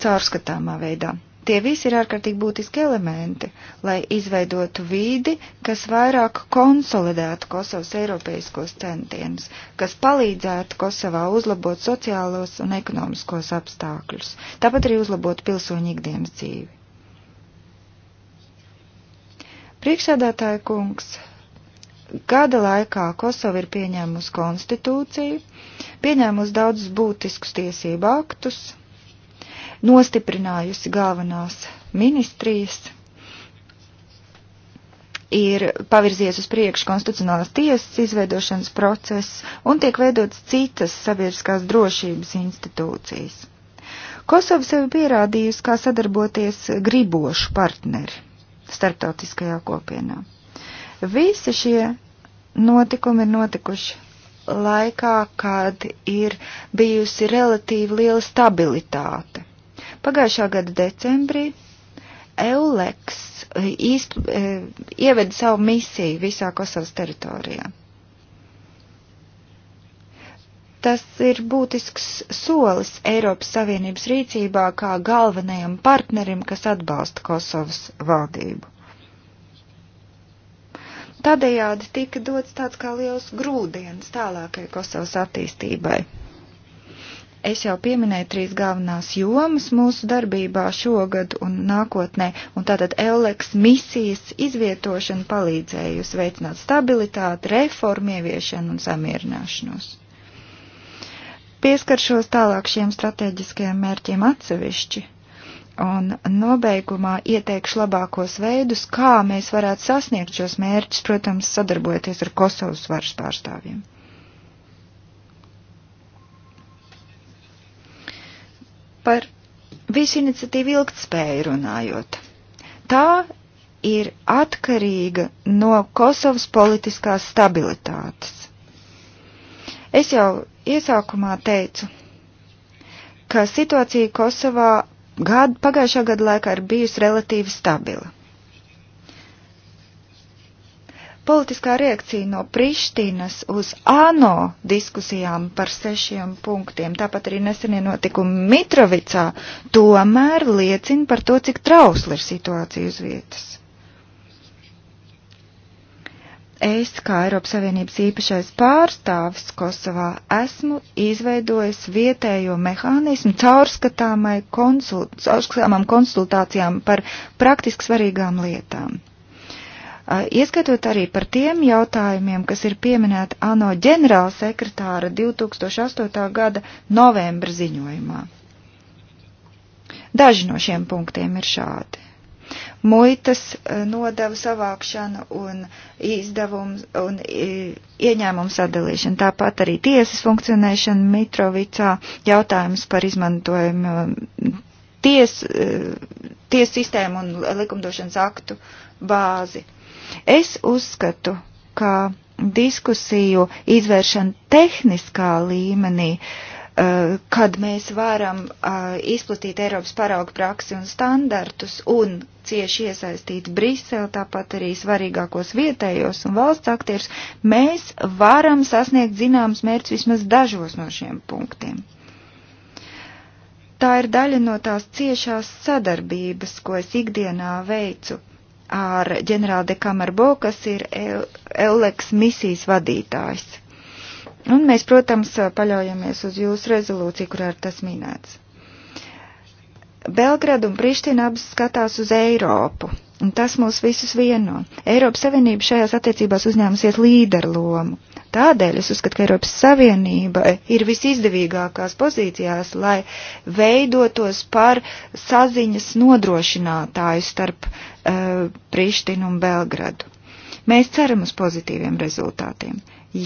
Caurskatāmā veidā. Tie visi ir ārkārtīgi būtiski elementi, lai izveidotu vīdi, kas vairāk konsolidētu Kosovas eiropeiskos centienus, kas palīdzētu Kosovā uzlabot sociālos un ekonomiskos apstākļus, tāpat arī uzlabot pilsoņu ikdienas dzīvi. Priekšsēdētāja kungs, gada laikā Kosova ir pieņēmusi konstitūciju, pieņēmusi daudzus būtiskus tiesību aktus, nostiprinājusi galvenās ministrijas, ir pavirzies uz priekšu konstitucionālās tiesas izveidošanas process un tiek veidotas citas sabiedriskās drošības institūcijas. Kosova sevi pierādījusi kā sadarboties gribošu partneri starptautiskajā kopienā. Visi šie notikumi ir notikuši laikā, kad ir bijusi relatīvi liela stabilitāte Pagājušā gada decembrī Euleks eh, īst, eh, ieveda savu misiju visā Kosovas teritorijā. Tas ir būtisks solis Eiropas Savienības rīcībā kā galvenajam partnerim, kas atbalsta Kosovas valdību. Tādējādi tika dots tāds kā liels grūdienis tālākai Kosovas attīstībai. Es jau pieminēju trīs galvenās jomas mūsu darbībā šogad un nākotnē, un tātad Eleks misijas izvietošana palīdzējusi veicināt stabilitāti, reformu ieviešanu un samierināšanos. Pieskaršos tālāk šiem strateģiskajiem mērķiem atsevišķi. Un nobeigumā ieteikšu labākos veidus, kā mēs varētu sasniegt šos mērķus, protams, sadarbojoties ar Kosovas varas pārstāvjiem. Par visu iniciatīvu ilgtspēju runājot. Tā ir atkarīga no Kosovas politiskās stabilitātes. Es jau iesākumā teicu, ka situācija Kosovā gadu, pagājušā gada laikā ir bijusi relatīvi stabila. Politiskā reakcija no Prištinas uz ANO diskusijām par sešiem punktiem, tāpat arī nesenie notikumi Mitrovicā, tomēr liecina par to, cik trausla ir situācija uz vietas es, kā Eiropas Savienības īpašais pārstāvis Kosovā, esmu izveidojis vietējo mehānismu caurskatāmām konsult, konsultācijām par praktiski svarīgām lietām. Ieskatot arī par tiem jautājumiem, kas ir pieminēti ANO ģenerāla sekretāra 2008. gada novembra ziņojumā. Daži no šiem punktiem ir šādi. Muitas e, nodevu savākšana un izdevums un e, ieņēmumu sadalīšana, tāpat arī tiesas funkcionēšana Mitrovicā, jautājums par izmantojumu ties, e, ties sistēmu un likumdošanas aktu bāzi. Es uzskatu, ka diskusiju izvēršana tehniskā līmenī, eh, kad mēs varam eh, izplatīt Eiropas paraugu praksi un standartus un cieši iesaistīt Briseli, tāpat arī svarīgākos vietējos un valsts aktierus, mēs varam sasniegt zināmas mērķus vismaz dažos no šiem punktiem tā ir daļa no tās ciešās sadarbības, ko es ikdienā veicu ar ģenerāli de Kamerbo, kas ir Euleks misijas vadītājs. Un mēs, protams, paļaujamies uz jūsu rezolūciju, kurā ir tas minēts. Belgrad un Priština abas skatās uz Eiropu. Un tas mūs visus vieno. Eiropas Savienība šajās attiecībās uzņēmusies līderlomu. Tādēļ es uzskatu, ka Eiropas Savienība ir visizdevīgākās pozīcijās, lai veidotos par saziņas nodrošinātāju starp uh, Prištinu un Belgradu. Mēs ceram uz pozitīviem rezultātiem.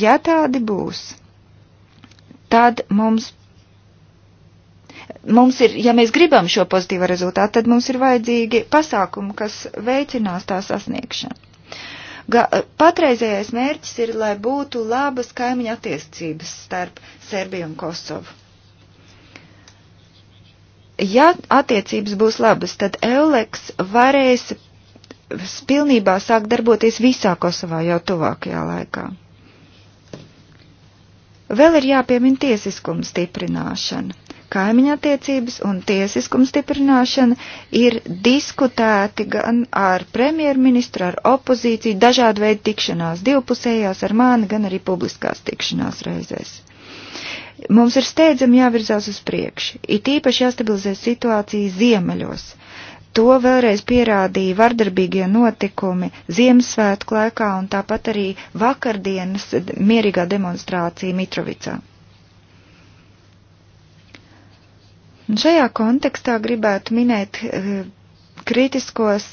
Ja tādi būs, tad mums Mums ir, ja mēs gribam šo pozitīvo rezultātu, tad mums ir vajadzīgi pasākumi, kas veicinās tā sasniegšanu. Ga, patreizējais mērķis ir, lai būtu labas kaimiņa attiecības starp Serbiju un Kosovu. Ja attiecības būs labas, tad Euleks varēs pilnībā sākt darboties visā Kosovā jau tuvākajā laikā. Vēl ir jāpiemina tiesiskuma stiprināšana kaimiņattiecības un tiesiskuma stiprināšana ir diskutēti gan ar premjerministru, ar opozīciju, dažādu veidu tikšanās, divpusējās ar mani, gan arī publiskās tikšanās reizēs. Mums ir steidzami jāvirzās uz priekšu, it īpaši jāstabilizē situācija ziemeļos. To vēlreiz pierādīja vardarbīgie notikumi Ziemassvētku laikā un tāpat arī vakardienas mierīgā demonstrācija Mitrovicā. Un šajā kontekstā gribētu minēt eh, kritiskos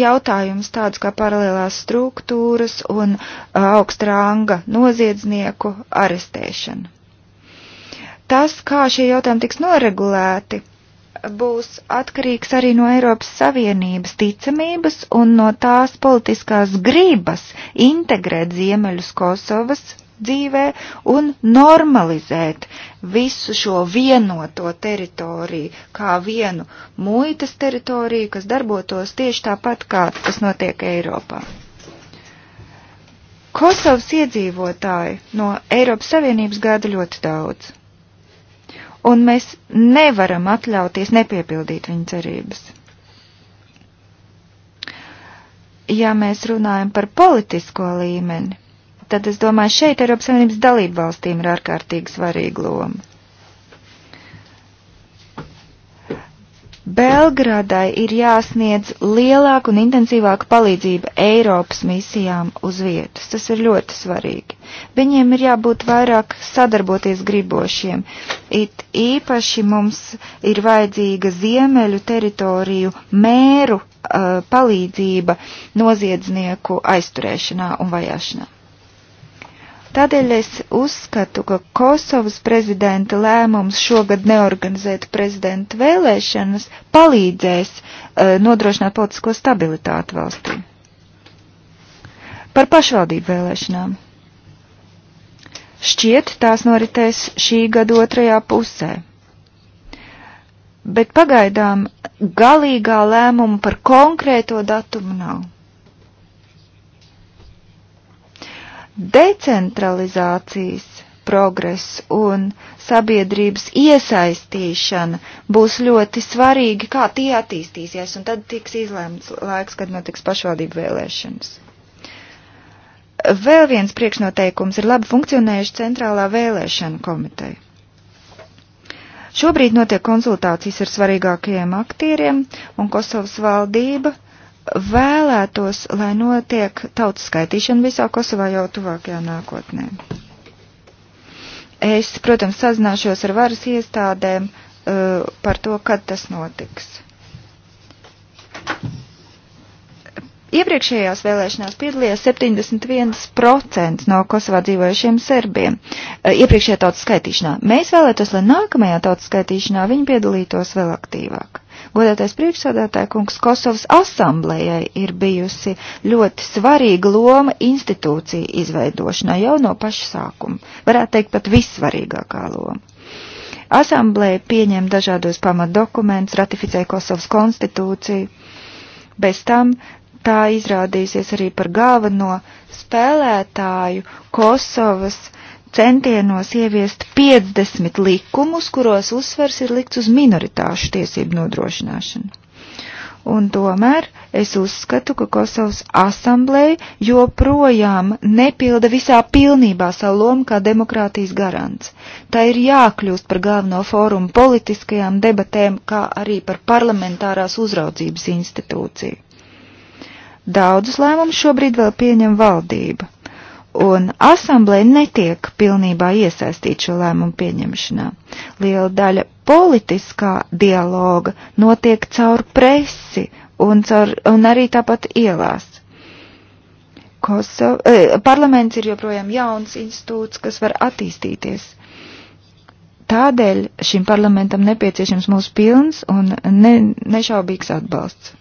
jautājumus tādus kā paralēlās struktūras un eh, augstranga noziedznieku arestēšana. Tas, kā šie jautājumi tiks noregulēti, būs atkarīgs arī no Eiropas Savienības ticamības un no tās politiskās gribas integrēt Ziemeļus Kosovas dzīvē un normalizēt visu šo vienoto teritoriju kā vienu muitas teritoriju, kas darbotos tieši tāpat, kā tas notiek Eiropā. Kosovas iedzīvotāji no Eiropas Savienības gada ļoti daudz, un mēs nevaram atļauties nepiepildīt viņu cerības ja mēs runājam par politisko līmeni, tad es domāju, šeit Eiropas Savienības dalību valstīm ir ārkārtīgi svarīga loma. Belgradai ir jāsniedz lielāka un intensīvāka palīdzība Eiropas misijām uz vietas. Tas ir ļoti svarīgi. Viņiem ir jābūt vairāk sadarboties gribošiem. It īpaši mums ir vajadzīga ziemeļu teritoriju mēru uh, palīdzība noziedznieku aizturēšanā un vajāšanā. Tādēļ es uzskatu, ka Kosovas prezidenta lēmums šogad neorganizēt prezidenta vēlēšanas palīdzēs uh, nodrošināt politisko stabilitāti valstī. Par pašvaldību vēlēšanām. Šķiet, tās noritēs šī gada otrajā pusē. Bet pagaidām galīgā lēmuma par konkrēto datumu nav. decentralizācijas progress un sabiedrības iesaistīšana būs ļoti svarīgi, kā tie attīstīsies, un tad tiks izlēmts laiks, kad notiks pašvaldību vēlēšanas. Vēl viens priekšnoteikums ir labi funkcionējuši centrālā vēlēšana komiteja. Šobrīd notiek konsultācijas ar svarīgākajiem aktieriem, un Kosovas valdība vēlētos, lai notiek tautas skaitīšana visā Kosovā jau tuvākajā nākotnē. Es, protams, sazināšos ar varas iestādēm uh, par to, kad tas notiks. Iepriekšējās vēlēšanās piedalījās 71% no Kosovā dzīvojušiem serbiem uh, iepriekšējā tautas skaitīšanā. Mēs vēlētos, lai nākamajā tautas skaitīšanā viņi piedalītos vēl aktīvāk. Godātais priekšsādātāja kungs Kosovas asamblējai ir bijusi ļoti svarīga loma institūciju izveidošanā jau no paša sākuma. Varētu teikt pat vissvarīgākā loma. Asamblēja pieņem dažādos pamatdokumentus, ratificē Kosovas konstitūciju. Bez tam tā izrādīsies arī par galveno spēlētāju Kosovas uh, centienos ieviest 50 likumus, kuros uzsvers ir likts uz minoritāšu tiesību nodrošināšanu. Un tomēr es uzskatu, ka Kosovas asamblēja joprojām nepilda visā pilnībā savu lomu kā demokrātijas garants. Tā ir jākļūst par galveno fórumu politiskajām debatēm, kā arī par parlamentārās uzraudzības institūciju. Daudzus lēmumus šobrīd vēl pieņem valdība un asamblē netiek pilnībā iesaistīt šo lēmumu pieņemšanā. Liela daļa politiskā dialoga notiek caur presi un, caur, un arī tāpat ielās. Kosovo, eh, parlaments ir joprojām jauns institūts, kas var attīstīties. Tādēļ šim parlamentam nepieciešams mūsu pilns un ne, nešaubīgs atbalsts.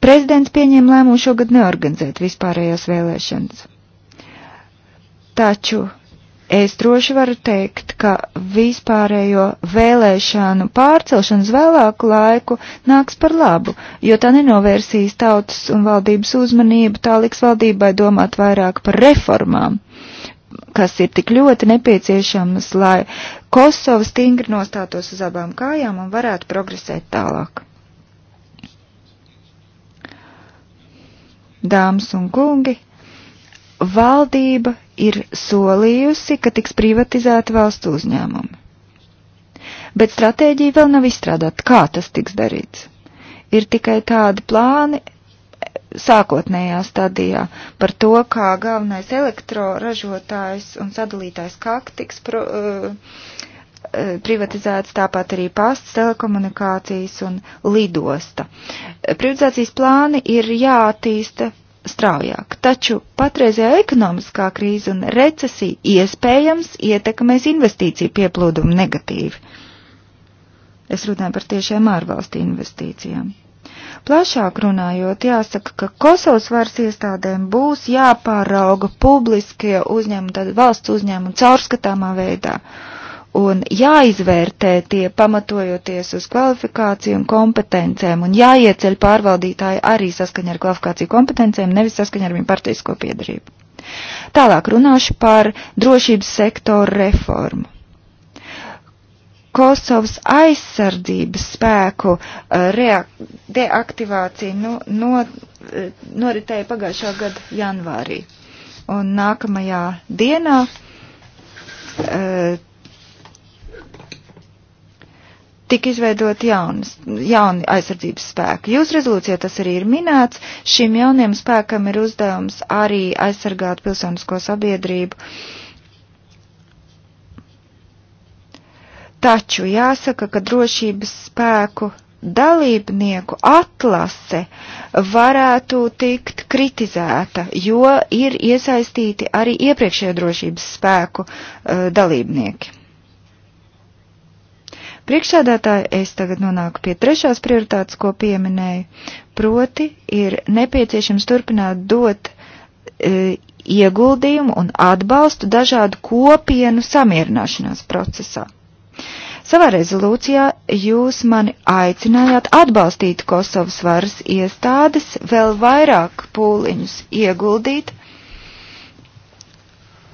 Prezidents pieņēma lēmumu šogad neorganizēt vispārējās vēlēšanas. Taču es droši varu teikt, ka vispārējo vēlēšanu pārcelšana uz vēlāku laiku nāks par labu, jo tā nenovērsīs tautas un valdības uzmanību, tā liks valdībai domāt vairāk par reformām kas ir tik ļoti nepieciešamas, lai Kosova stingri nostātos uz abām kājām un varētu progresēt tālāk. dāmas un kungi, valdība ir solījusi, ka tiks privatizēta valsts uzņēmumi. Bet stratēģija vēl nav izstrādāta, kā tas tiks darīts. Ir tikai tādi plāni sākotnējā stadijā par to, kā galvenais elektroražotājs un sadalītājs kā tiks pro, uh, privatizēts tāpat arī pasts, telekomunikācijas un lidosta. Privatizācijas plāni ir jātīsta straujāk, taču patreizējā ekonomiskā krīze un recesija iespējams ietekmēs investīciju pieplūdumu negatīvi. Es runāju par tiešām ārvalstu investīcijām. Plašāk runājot, jāsaka, ka Kosovas varas iestādēm būs jāpārauga publiskie uzņēmumi, tad valsts uzņēmumi caurskatāmā veidā. Uh, un jāizvērtē tie pamatojoties uz kvalifikāciju un kompetencēm, un jāieceļ pārvaldītāji arī saskaņā ar kvalifikāciju kompetencēm, nevis saskaņā ar viņu partijasko piedarību. Tālāk runāšu par drošības sektoru reformu. Kosovas aizsardzības spēku uh, deaktivācija nu, no, uh, noritēja pagājušā gada janvārī. Un nākamajā dienā uh, tika izveidot jaunas, jauni aizsardzības spēki. Jūsu rezolūcijā tas arī ir minēts. Šim jauniem spēkam ir uzdevums arī aizsargāt pilsonisko sabiedrību. Taču jāsaka, ka drošības spēku dalībnieku atlase varētu tikt kritizēta, jo ir iesaistīti arī iepriekšējo drošības spēku uh, dalībnieki. Priekšsēdētāji, es tagad nonāku pie trešās prioritātes, ko pieminēju, proti ir nepieciešams turpināt dot e, ieguldījumu un atbalstu dažādu kopienu samierināšanās procesā. Savā rezolūcijā jūs mani aicinājāt atbalstīt Kosovas varas iestādes, vēl vairāk pūliņus ieguldīt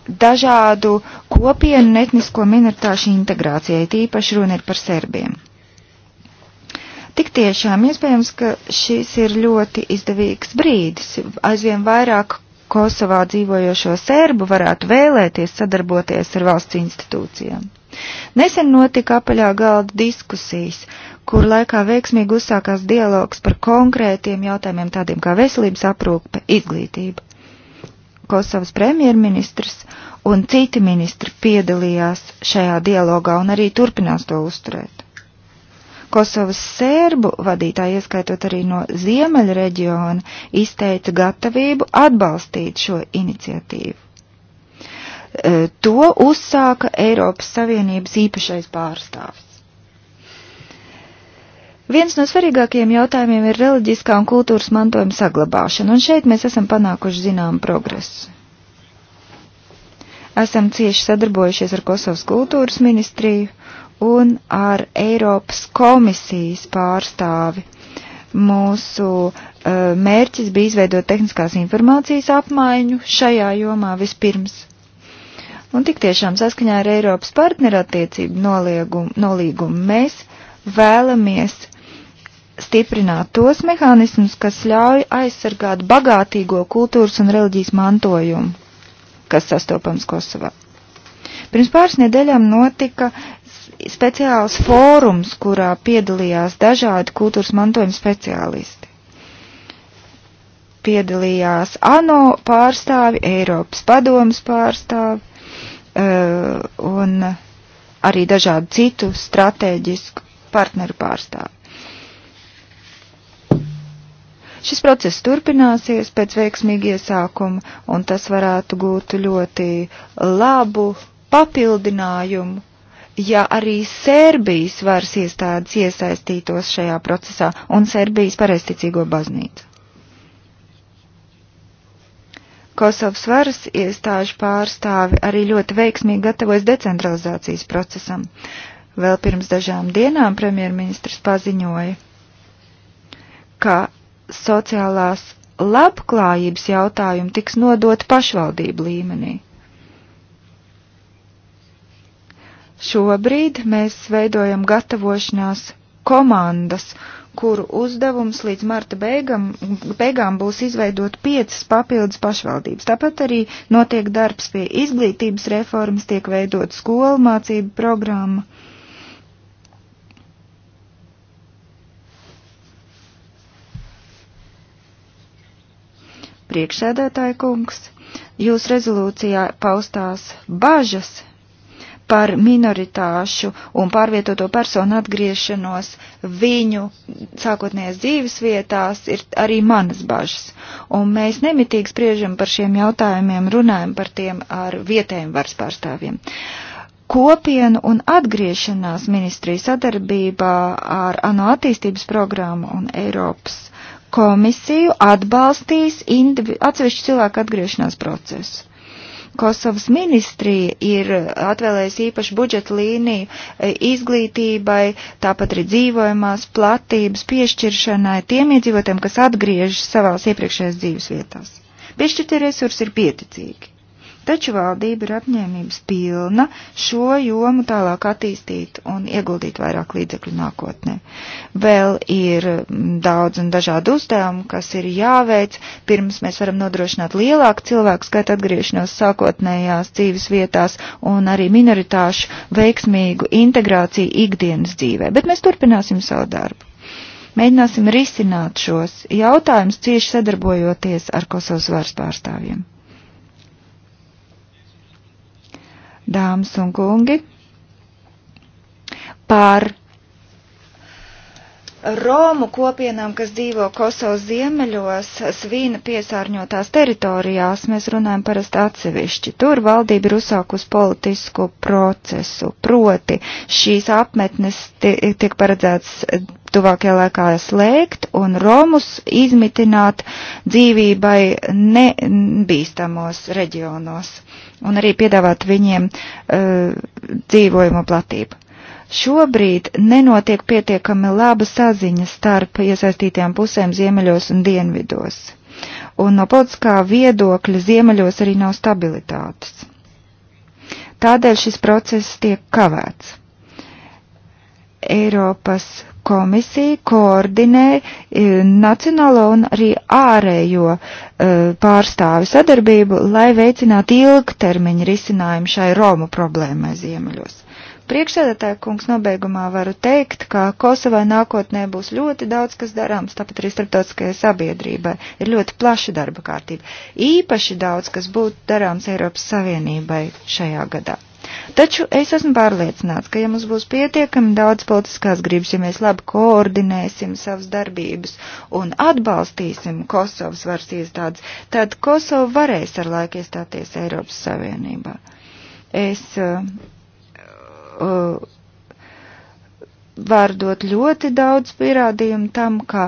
dažādu kopienu un etnisko minoritāšu integrācijai, tīpaši runa ir par serbiem. Tik tiešām iespējams, ka šis ir ļoti izdevīgs brīdis. Aizvien vairāk Kosovā dzīvojošo serbu varētu vēlēties sadarboties ar valsts institūcijām. Nesen notika apaļā galda diskusijas, kur laikā veiksmīgi uzsākās dialogs par konkrētiem jautājumiem tādiem kā veselības aprūpe, izglītība. Kosovas premjerministrs un citi ministri piedalījās šajā dialogā un arī turpinās to uzturēt. Kosovas sērbu vadītāji, ieskaitot arī no ziemeļa reģiona, izteica gatavību atbalstīt šo iniciatīvu. E, to uzsāka Eiropas Savienības īpašais pārstāvis. Viens no svarīgākajiem jautājumiem ir reliģiskā un kultūras mantojuma saglabāšana, un šeit mēs esam panākuši zinām progresu. Esam cieši sadarbojušies ar Kosovas kultūras ministriju un ar Eiropas komisijas pārstāvi. Mūsu uh, mērķis bija izveidot tehniskās informācijas apmaiņu šajā jomā vispirms. Un tik tiešām saskaņā ar Eiropas partnerattiecību nolīgumu mēs vēlamies stiprināt tos mehānismus, kas ļauj aizsargāt bagātīgo kultūras un reliģijas mantojumu, kas sastopams Kosovā. Pirms pāris nedēļām notika speciāls fórums, kurā piedalījās dažādi kultūras mantojuma speciālisti. Piedalījās ANO pārstāvi, Eiropas padomas pārstāvi uh, un arī dažādu citu strateģisku partneru pārstāvi Šis process turpināsies pēc veiksmīga iesākuma, un tas varētu gūt ļoti labu papildinājumu, ja arī Sērbijas varas iestādes iesaistītos šajā procesā un Sērbijas pareisticīgo baznīcu. Kosovas varas iestāžu pārstāvi arī ļoti veiksmīgi gatavojas decentralizācijas procesam. Vēl pirms dažām dienām premjerministrs paziņoja, ka sociālās labklājības jautājumi tiks nodot pašvaldību līmenī. Šobrīd mēs veidojam gatavošanās komandas, kuru uzdevums līdz marta beigam, beigām būs izveidot piecas papildus pašvaldības. Tāpat arī notiek darbs pie izglītības reformas, tiek veidot skolu mācību programma. Priekšsēdētāja kungs, jūs rezolūcijā paustās bažas par minoritāšu un pārvietoto personu atgriešanos viņu sākotnējās dzīves vietās ir arī manas bažas. Un mēs nemitīgi spriežam par šiem jautājumiem, runājam par tiem ar vietējiem varas pārstāvjiem. Kopienu un atgriešanās ministrija sadarbībā ar ANO attīstības programmu un Eiropas komisiju atbalstīs atsevišķu cilvēku atgriešanās procesu. Kosovas ministrija ir atvēlējusi īpašu budžeta līniju e, izglītībai, tāpat arī dzīvojumās platības piešķiršanai tiem iedzīvotājiem, kas atgriežas savās iepriekšējās dzīves vietās. Piešķirtie resursi ir pieticīgi. Taču valdība ir apņēmības pilna šo jomu tālāk attīstīt un ieguldīt vairāk līdzekļu nākotnē. Vēl ir mm, daudz un dažādu uzdevumu, kas ir jāveic, pirms mēs varam nodrošināt lielāku cilvēku skaitu atgriešanos sākotnējās dzīves vietās un arī minoritāšu veiksmīgu integrāciju ikdienas dzīvē. Bet mēs turpināsim savu darbu. Mēģināsim risināt šos jautājumus cieši sadarbojoties ar Kosovas varas pārstāvjiem. dāmas un kungi, par Romu kopienām, kas dzīvo Kosovas ziemeļos, svīna piesārņotās teritorijās, mēs runājam parasti atsevišķi. Tur valdība ir uzsākus politisku procesu, proti šīs apmetnes tiek paredzēts tuvākajā laikā slēgt un Romus izmitināt dzīvībai nebīstamos reģionos un arī piedāvāt viņiem uh, dzīvojumu platību. Šobrīd nenotiek pietiekami laba saziņa starp iesaistītajām pusēm ziemeļos un dienvidos, un no politiskā viedokļa ziemeļos arī nav stabilitātes. Tādēļ šis process tiek kavēts. Eiropas komisija koordinē e, nacionālo un arī ārējo e, pārstāvi sadarbību, lai veicinātu ilgtermiņa risinājumu šai Romu problēmai ziemeļos. Priekšsēdētāja kungs nobeigumā varu teikt, ka Kosovai nākotnē būs ļoti daudz, kas darāms, tāpat arī starptautiskajai sabiedrībai ir ļoti plaša darba kārtība. Īpaši daudz, kas būtu darāms Eiropas Savienībai šajā gadā. Taču es esmu pārliecināts, ka ja mums būs pietiekami daudz politiskās gribas, ja mēs labi koordinēsim savas darbības un atbalstīsim Kosovas varas iestādes, tad Kosova varēs ar laiku iestāties Eiropas Savienībā. Es uh, Uh, var dot ļoti daudz pierādījumu tam, ka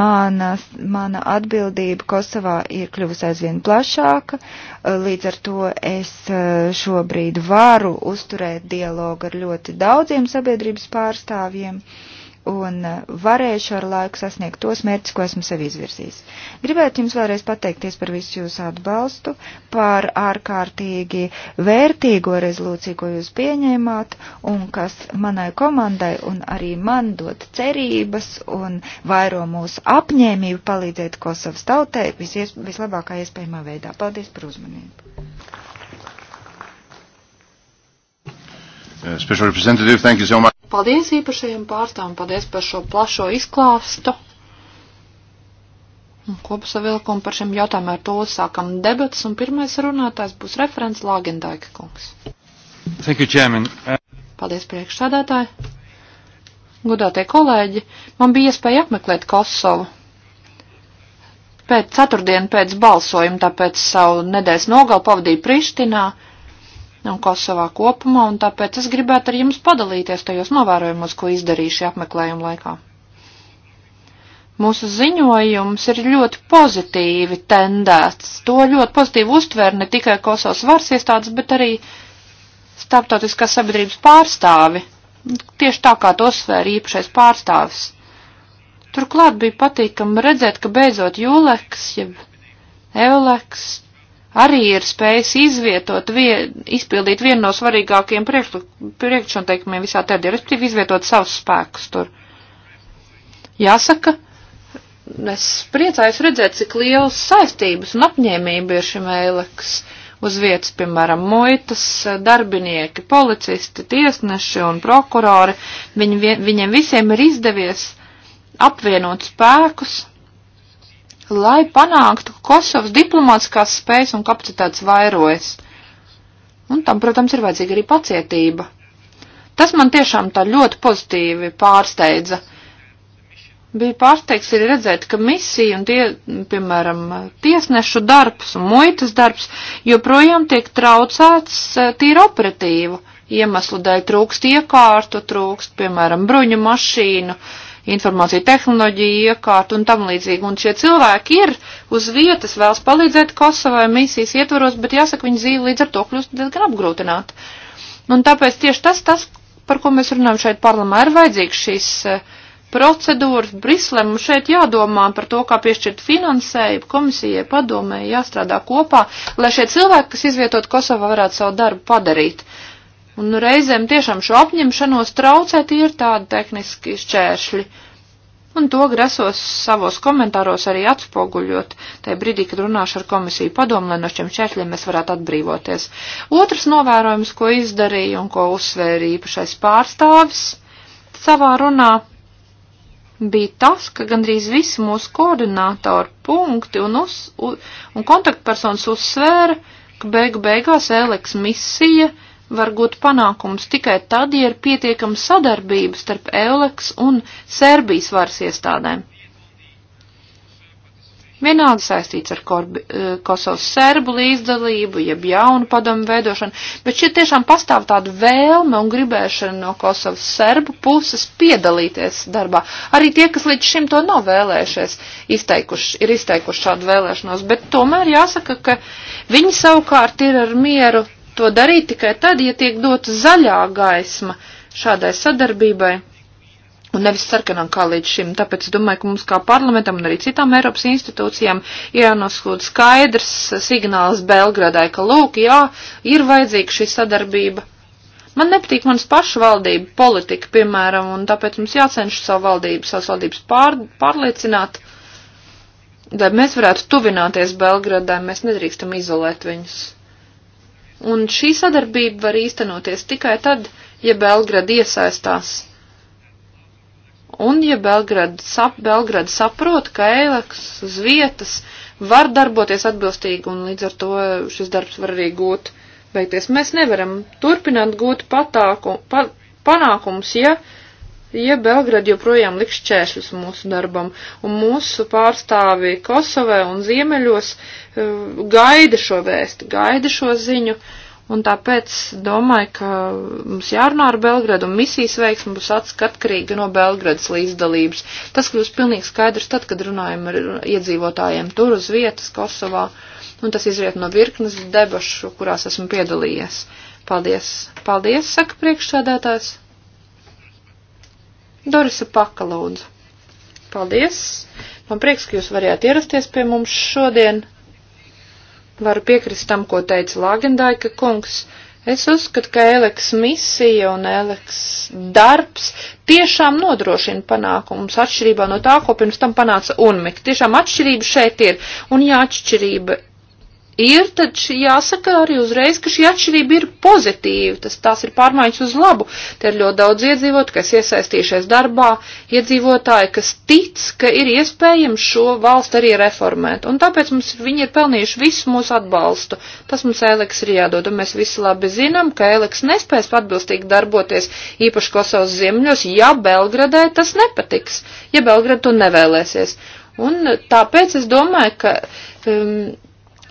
manas, mana atbildība Kosovā ir kļuvusi aizvien plašāka, uh, līdz ar to es uh, šobrīd varu uzturēt dialogu ar ļoti daudziem sabiedrības pārstāvjiem. Uh, un eh, varēšu ar laiku sasniegt tos mērķus, ko esmu sev izvirzījis. Gribētu jums vēlreiz pateikties par visu jūsu atbalstu, par ārkārtīgi vērtīgo rezolūciju, ko jūs pieņēmāt, un kas manai komandai un arī man dod cerības un vairo mūsu apņēmību palīdzēt Kosovas tautai visies, vislabākā iespējamā veidā. Paldies par uzmanību! Uh, special Representative, thank you so much. Paldies īpašajiem pārstāvam, paldies par šo plašo izklāstu. Kopsavilkumu par šiem jautājumiem ar to sākam debats, un pirmais runātājs būs referents Lāgendaika kungs. Thank you, Chairman. Paldies priekšsādātāji. Gudātie kolēģi, man bija iespēja apmeklēt Kosovu pēc ceturtdienu pēc balsojuma, tāpēc savu nedēļas nogalu pavadīju Prištinā un nu, Kosovā kopumā, un tāpēc es gribētu ar jums padalīties tajos novērojumos, ko izdarīšu apmeklējuma laikā. Mūsu ziņojums ir ļoti pozitīvi tendēts. To ļoti pozitīvi uztver ne tikai Kosovas varas iestādes, bet arī starptautiskās sabiedrības pārstāvi. Tieši tā kā to svēr īpašais pārstāvis. Turklāt bija patīkami redzēt, ka beidzot Juleks, jeb Euleks, arī ir spējis izvietot, vie, izpildīt vienu no svarīgākajiem priekšnotikumiem visā tēdē, respektīvi izvietot savus spēkus tur. Jāsaka, es priecājos redzēt, cik liels saistības un apņēmība ir šim Eileks uz vietas, piemēram, muitas darbinieki, policisti, tiesneši un prokurori. Viņi, viņiem visiem ir izdevies apvienot spēkus lai panāktu, ka Kosovas diplomātiskās spējas un kapacitātes vairojas. Un tam, protams, ir vajadzīga arī pacietība. Tas man tiešām tā ļoti pozitīvi pārsteidza. Bija pārsteigts arī redzēt, ka misija un tie, piemēram, tiesnešu darbs un muitas darbs joprojām tiek traucēts e, tīri operatīvu iemeslu dēļ trūkst iekārtu, trūkst, piemēram, bruņu mašīnu, uh, informācija tehnoloģija iekārt un tam līdzīgi. Un šie cilvēki ir uz vietas, vēlas palīdzēt Kosovai misijas ietvaros, bet jāsaka, viņa dzīve līdz ar to kļūst diezgan apgrūtināta. Un tāpēc tieši tas, tas, par ko mēs runājam šeit parlamā, ir vajadzīgs šīs eh, procedūras Brislē. Mums šeit jādomā par to, kā piešķirt finansējumu komisijai, padomē, jāstrādā kopā, lai šie cilvēki, kas izvietot Kosovā, varētu savu darbu padarīt. Un nu, reizēm tiešām šo apņemšanos traucē tie ir tādi tehniski šķēršļi. Un to grasos savos komentāros arī atspoguļot, tajā brīdī, kad runāšu ar komisiju padomu, lai no šiem šķēršļiem mēs varētu atbrīvoties. Otrs novērojums, ko izdarīja un ko uzsvēra īpašais pārstāvis savā runā, bija tas, ka gandrīz visi mūsu koordinātori punkti un, uz, un kontaktpersonas uzsvēra, ka beigu beigās Eleks misija var gūt panākums tikai tad, ja ir pietiekama sadarbība starp Euleks un Serbijas varas iestādēm. Vienalga saistīts ar Korbi, eh, Kosovas serbu līdzdalību, jeb jaunu padomu veidošanu, bet šeit tiešām pastāv tāda vēlme un gribēšana no Kosovas serbu puses piedalīties darbā. Arī tie, kas līdz šim to nav vēlējušies, izteikuši, ir izteikuši šādu vēlēšanos, bet tomēr jāsaka, ka viņi savukārt ir ar mieru to darīt tikai tad, ja tiek dota zaļā gaisma šādai sadarbībai un nevis sarkanam kā līdz šim. Tāpēc es domāju, ka mums kā parlamentam un arī citām Eiropas institūcijām jānoskūd skaidrs signāls Belgradai, ka lūk, jā, ir vajadzīga šī sadarbība. Man nepatīk manas pašu valdību politika, piemēram, un tāpēc mums jācenšas savu valdību, savas valdības pār, pārliecināt, lai mēs varētu tuvināties Belgradai, mēs nedrīkstam izolēt viņus. Un šī sadarbība var īstenoties tikai tad, ja Belgrada iesaistās. Un ja Belgrada, sap, Belgrada saprot, ka Eileks uz vietas var darboties atbilstīgi un līdz ar to šis darbs var arī gūt beigties. Mēs nevaram turpināt gūt patāku, pa, panākums, ja uh, ja Belgrad joprojām liks šķēršļus mūsu darbam, un mūsu pārstāvi Kosovē un Ziemeļos eh, gaida šo vēstu, gaida šo ziņu, un tāpēc domāju, ka mums jārunā ar Belgradu, un misijas veiksme būs atkarīga no Belgradas līdzdalības. Tas kļūst pilnīgi skaidrs tad, kad runājam ar iedzīvotājiem tur uz vietas Kosovā, un tas izriet no virknes debašu, kurās esmu piedalījies. Paldies, paldies, saka priekšsēdētājs. Dorisa Paka lūdzu. Paldies! Man prieks, ka jūs varējāt ierasties pie mums šodien. Varu piekrist tam, ko teica Lāgendaika kungs. Es uzskatu, ka Eleks misija un Eleks darbs tiešām nodrošina panākumus atšķirībā no tā, ko pirms tam panāca UNMIK. Tiešām atšķirība šeit ir, un ja atšķirība ir, tad jāsaka arī uzreiz, ka šī atšķirība ir pozitīva, tas tās ir pārmaiņas uz labu. Te ir ļoti daudz iedzīvot, kas iesaistījušies darbā, iedzīvotāji, kas tic, ka ir iespējams šo valstu arī reformēt. Un tāpēc mums viņi ir pelnījuši visu mūsu atbalstu. Tas mums Eliks ir jādod, un mēs visi labi zinām, ka Eliks nespēs atbilstīgi darboties īpaši Kosovas ziemļos, ja Belgradai tas nepatiks, ja Belgrad to nevēlēsies. Un tāpēc es domāju, ka um,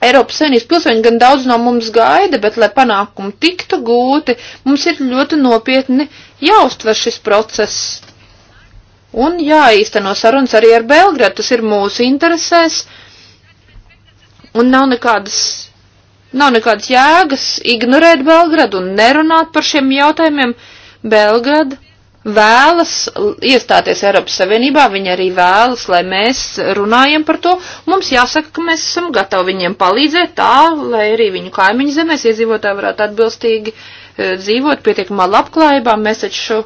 Eiropas Savienības pilsoņi gan daudz no mums gaida, bet, lai panākumi tiktu gūti, mums ir ļoti nopietni jāuztver šis process. Un jāīsteno sarunas arī ar Belgradu, tas ir mūsu interesēs. Un nav nekādas, nav nekādas jēgas ignorēt Belgradu un nerunāt par šiem jautājumiem. Belgrada vēlas iestāties Eiropas Savienībā, viņi arī vēlas, lai mēs runājam par to. Mums jāsaka, ka mēs esam gatavi viņiem palīdzēt tā, lai arī viņu kaimiņu zemēs iedzīvotāji varētu atbilstīgi eh, dzīvot pietiekamā labklājībā. Mēs taču,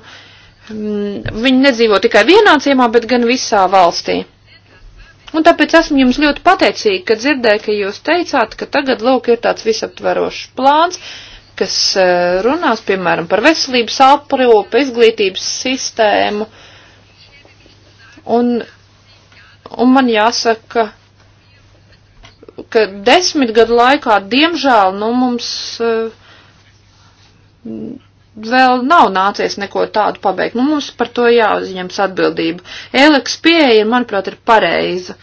mm, viņi nedzīvo tikai vienā ciemā, bet gan visā valstī. Un tāpēc esmu jums ļoti pateicīga, ka dzirdēju, ka jūs teicāt, ka tagad, lūk, ir tāds visaptverošs plāns, uh, kas eh, runās, piemēram, par veselības aprūpu, izglītības sistēmu. Un, un man jāsaka, ka desmit gadu laikā, diemžēl, nu mums eh, vēl nav nācies neko tādu pabeigt. Nu, mums par to jāuzņems atbildība. Eliks pieeja, manuprāt, ir pareiza.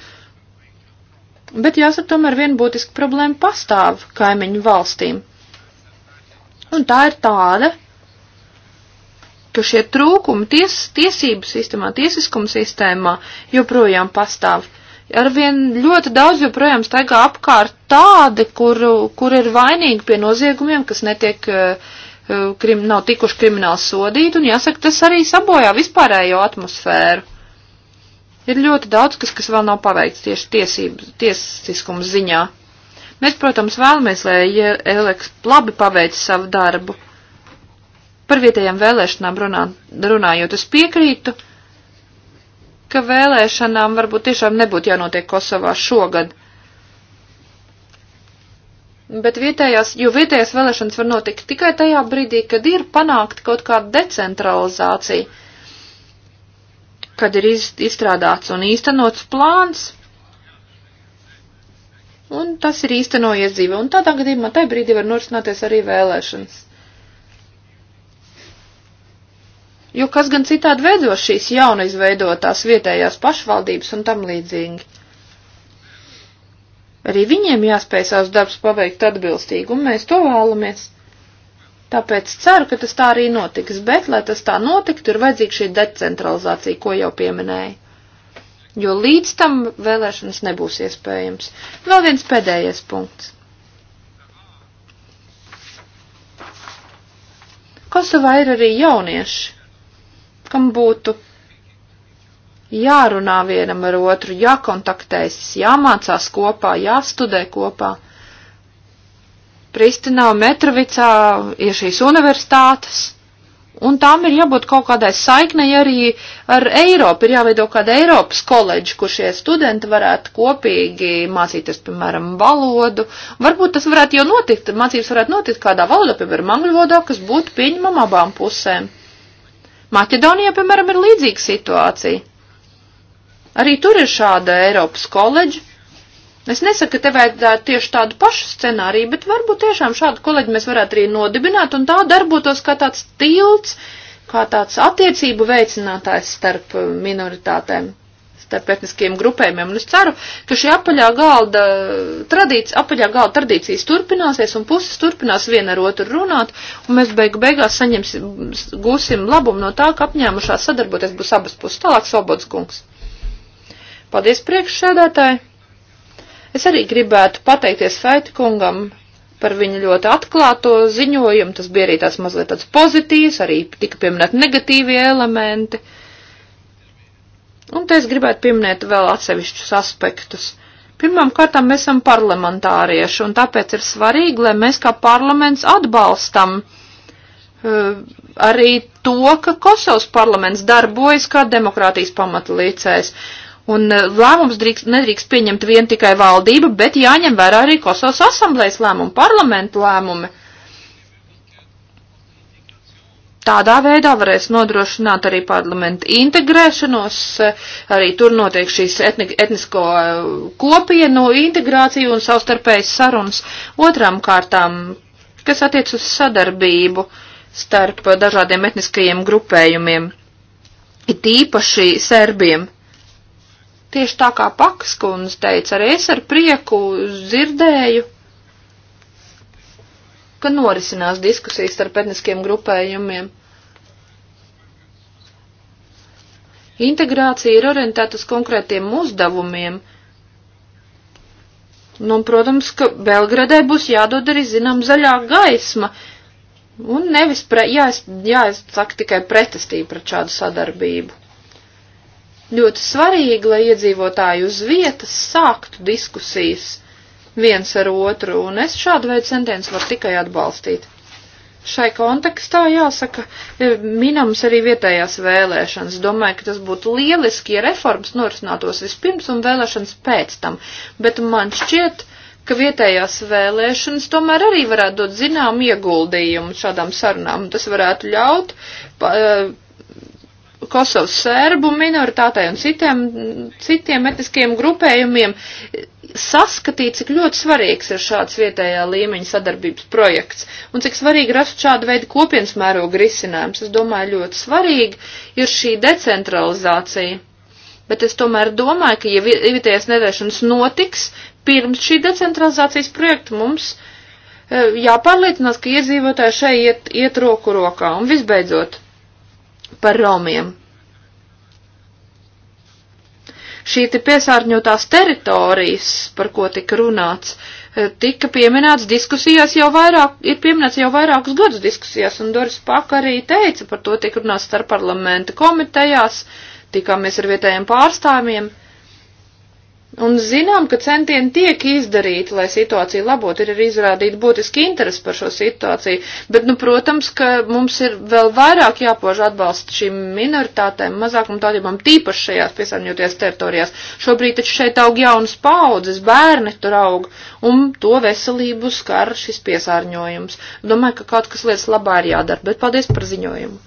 Bet jāsaka, tomēr viena būtiska problēma pastāv kaimiņu valstīm. Un tā ir tāda, ka šie trūkumi ties, tiesību sistēmā, tiesiskuma sistēmā joprojām pastāv. Arvien ļoti daudz joprojām staigā apkārt tādi, kur, kur ir vainīgi pie noziegumiem, kas netiek, eh, eh, krim, nav tikuši krimināli sodīti, un jāsaka, tas arī sabojā vispārējo atmosfēru. Ir ļoti daudz, kas, kas vēl nav paveikts tieši tiesības, tiesiskums ziņā. Mēs, protams, vēlamies, lai Eleks labi paveic savu darbu. Par vietējām vēlēšanām runā, runājot, es piekrītu, ka vēlēšanām varbūt tiešām nebūtu jānotiek Kosovā šogad. Bet vietējās, jo vietējās vēlēšanas var notikt tikai tajā brīdī, kad ir panākta kaut kāda decentralizācija, kad ir iz, izstrādāts un īstenots plāns, Un tas ir īstenojies dzīve. Un tādā gadījumā tajā brīdī var norisināties arī vēlēšanas. Jo kas gan citādi veido šīs jaunizveidotās vietējās pašvaldības un tam līdzīgi? Arī viņiem jāspēj savus darbus paveikt atbilstīgi, un mēs to vēlamies. Tāpēc ceru, ka tas tā arī notiks, bet, lai tas tā notiktu, ir vajadzīga šī decentralizācija, ko jau pieminēju jo līdz tam vēlēšanas nebūs iespējams. Vēl viens pēdējais punkts. Kosovā ir arī jaunieši, kam būtu jārunā vienam ar otru, jākontaktējas, jāmācās kopā, jāstudē kopā. Pristinā un Metrovicā ir šīs universitātes, Un tām ir jābūt kaut kādai saiknei arī ar Eiropu. Ir jāveido kāda Eiropas koledža, kur šie studenti varētu kopīgi mācīties, piemēram, valodu. Varbūt tas varētu jau notikt, mācības varētu notikt kādā valodā, piemēram, angļu valodā, kas būtu pieņemama abām pusēm. Maķedonijā, piemēram, ir līdzīga situācija. Arī tur ir šāda Eiropas koledža Es nesaku, ka te vajadzētu tieši tādu pašu scenāriju, bet varbūt tiešām šādu kolēģi mēs varētu arī nodibināt un tā darbotos kā tāds tilts, kā tāds attiecību veicinātājs starp uh, minoritātēm, starp etniskiem grupējumiem. Un es ceru, ka šī apaļā galda, uh, tradīci, apaļā galda tradīcijas turpināsies un puses turpinās viena ar otru runāt, un mēs beigu beigās saņemsim, gūsim labumu no tā, ka apņēmušās sadarboties būs abas puses. Tālāk Sobods kungs. Paldies priekšsēdētāji! Es arī gribētu pateikties Faita kungam par viņu ļoti atklāto ziņojumu. Tas bija arī tāds mazliet tāds pozitīvs, arī tika pieminēt negatīvie elementi. Un te es gribētu pieminēt vēl atsevišķus aspektus. Pirmām kārtām mēs esam parlamentārieši, un tāpēc ir svarīgi, lai mēs kā parlaments atbalstam uh, arī to, ka Kosovas parlaments darbojas kā demokrātijas pamatlicējs. Uh, Un e, lēmums drīkst, nedrīkst pieņemt vien tikai valdība, bet jāņem vērā arī Kosovas asamblējas lēmumi, parlamentu lēmumi. Tādā veidā varēs nodrošināt arī parlamentu integrēšanos, e, arī tur notiek šīs etni, etnisko e, kopienu integrāciju un savstarpējas sarunas. Otrām kārtām, kas attiec uz sadarbību starp dažādiem etniskajiem grupējumiem, it īpaši serbiem Tieši tā kā Pakskundze teica, arī es ar prieku dzirdēju, ka norisinās diskusijas starp etniskiem grupējumiem. Integrācija ir orientēta uz konkrētiem uzdevumiem. Nu, protams, ka Belgradē būs jādod arī, zinām, zaļā gaisma. Un nevis, pre, jā, es, jā, es saku tikai pretestību pret šādu sadarbību ļoti svarīgi, lai iedzīvotāji uz vietas sāktu diskusijas viens ar otru, un es šādu veidu centienus varu tikai atbalstīt. Šai kontekstā jāsaka, e, minams arī vietējās vēlēšanas. Domāju, ka tas būtu lieliski, ja reformas norisinātos vispirms un vēlēšanas pēc tam, bet man šķiet, ka vietējās vēlēšanas tomēr arī varētu dot zinām ieguldījumu šādām sarunām. Tas varētu ļaut pa, e, Kosovas sērbu minoritātei un citiem, citiem etniskiem grupējumiem saskatīt, cik ļoti svarīgs ir šāds vietējā līmeņa sadarbības projekts un cik svarīgi rast šādu veidu kopienas mēroga risinājums. Es domāju, ļoti svarīgi ir šī decentralizācija. Bet es tomēr domāju, ka, ja vietējās nedēļas notiks, pirms šī decentralizācijas projekta mums e, jāpārliecinās, ka iedzīvotāji šeit iet, iet roku rokā. Un visbeidzot, par romiem. Šī te piesārņotās teritorijas, par ko tika runāts, eh, tika pieminēts diskusijās jau vairāk, ir pieminēts jau vairākus gadus diskusijās, un Doris Paka arī teica, par to tika runāts starp parlamenta komitejās, tikāmies ar vietējiem pārstāvjiem. Uh, Un zinām, ka centieni tiek izdarīti, lai situācija labot, ir arī izrādīta būtiski interesi par šo situāciju, bet, nu, protams, ka mums ir vēl vairāk jāpož atbalsta šīm minoritātēm, mazākam tādībām tīpaši šajās piesārņoties teritorijās. Šobrīd taču šeit aug jaunas paudzes, bērni tur aug, un to veselību skar šis piesārņojums. Domāju, ka kaut kas lietas labā ir jādara, bet paldies par ziņojumu.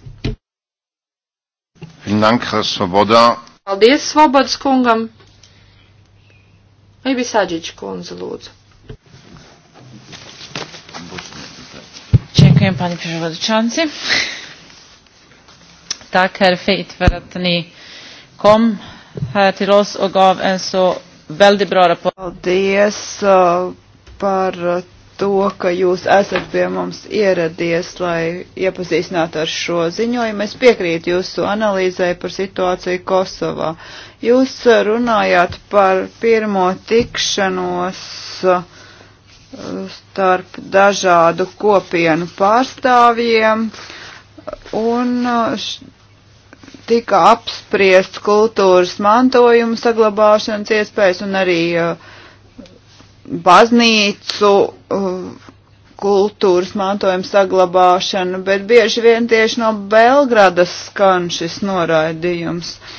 Paldies, Svobodas kungam! Ibisāģiķa kundze, lūdzu. Dziękuję Panie Przewodniczący. Tack herr Fit för att ni kom här till oss och gav en så väldigt bra rapport. Paldies par to, ka jūs esat pie mums ieradies, lai iepazīstinātu ar šo ziņojumu. Es piekrītu jūsu analīzē par situāciju Kosovā. Jūs runājāt par pirmo tikšanos uh, starp dažādu kopienu pārstāvjiem un uh, tika apspriests kultūras mantojuma saglabāšanas iespējas un arī uh, baznīcu kultūras mantojuma saglabāšana, bet bieži vien tieši no Belgradas skan šis noraidījums. Uh,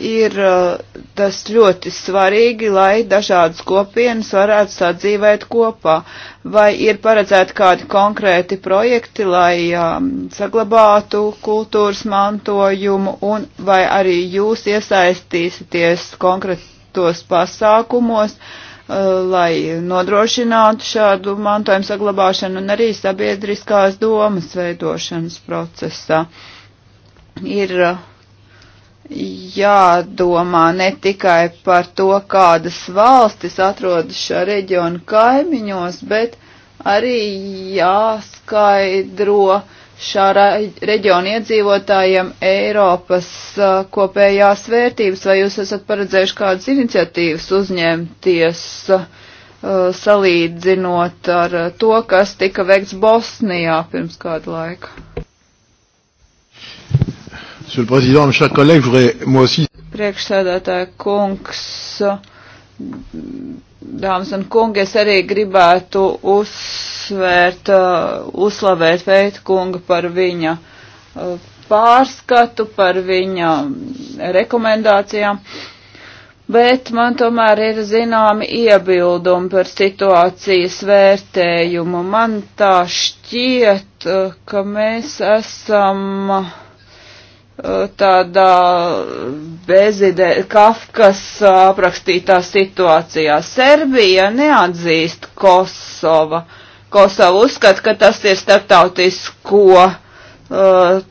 ir uh, tas ļoti svarīgi, lai dažādas kopienas varētu sadzīvēt kopā. Vai ir paredzēti kādi konkrēti projekti, lai um, saglabātu kultūras mantojumu, un vai arī jūs iesaistīsieties konkrētos pasākumos, uh, lai nodrošinātu šādu mantojumu saglabāšanu un arī sabiedriskās domas veidošanas procesā? Ir uh, jādomā ne tikai par to, kādas valstis atrodas šā reģiona kaimiņos, bet arī jāskaidro šā reģiona iedzīvotājiem Eiropas kopējās vērtības, vai jūs esat paredzējuši kādas iniciatīvas uzņemties salīdzinot ar to, kas tika veikts Bosnijā pirms kādu laiku. Monsieur le Président, mes chers collègues, je voudrais moi aussi. Priekšsēdētāja kungs, dāmas un kungi, es arī gribētu uzsvērt, uzslavēt veidu kunga par viņa eh, pārskatu, par viņa rekomendācijām. Bet man tomēr ir zināmi iebildumi par situācijas vērtējumu. Man tā šķiet, eh, ka mēs esam uh, Eh, tādā bezide, Kafkas aprakstītā situācijā. Serbija neatzīst Kosova. Kosova uzskata, ka tas ir starptautisko uh,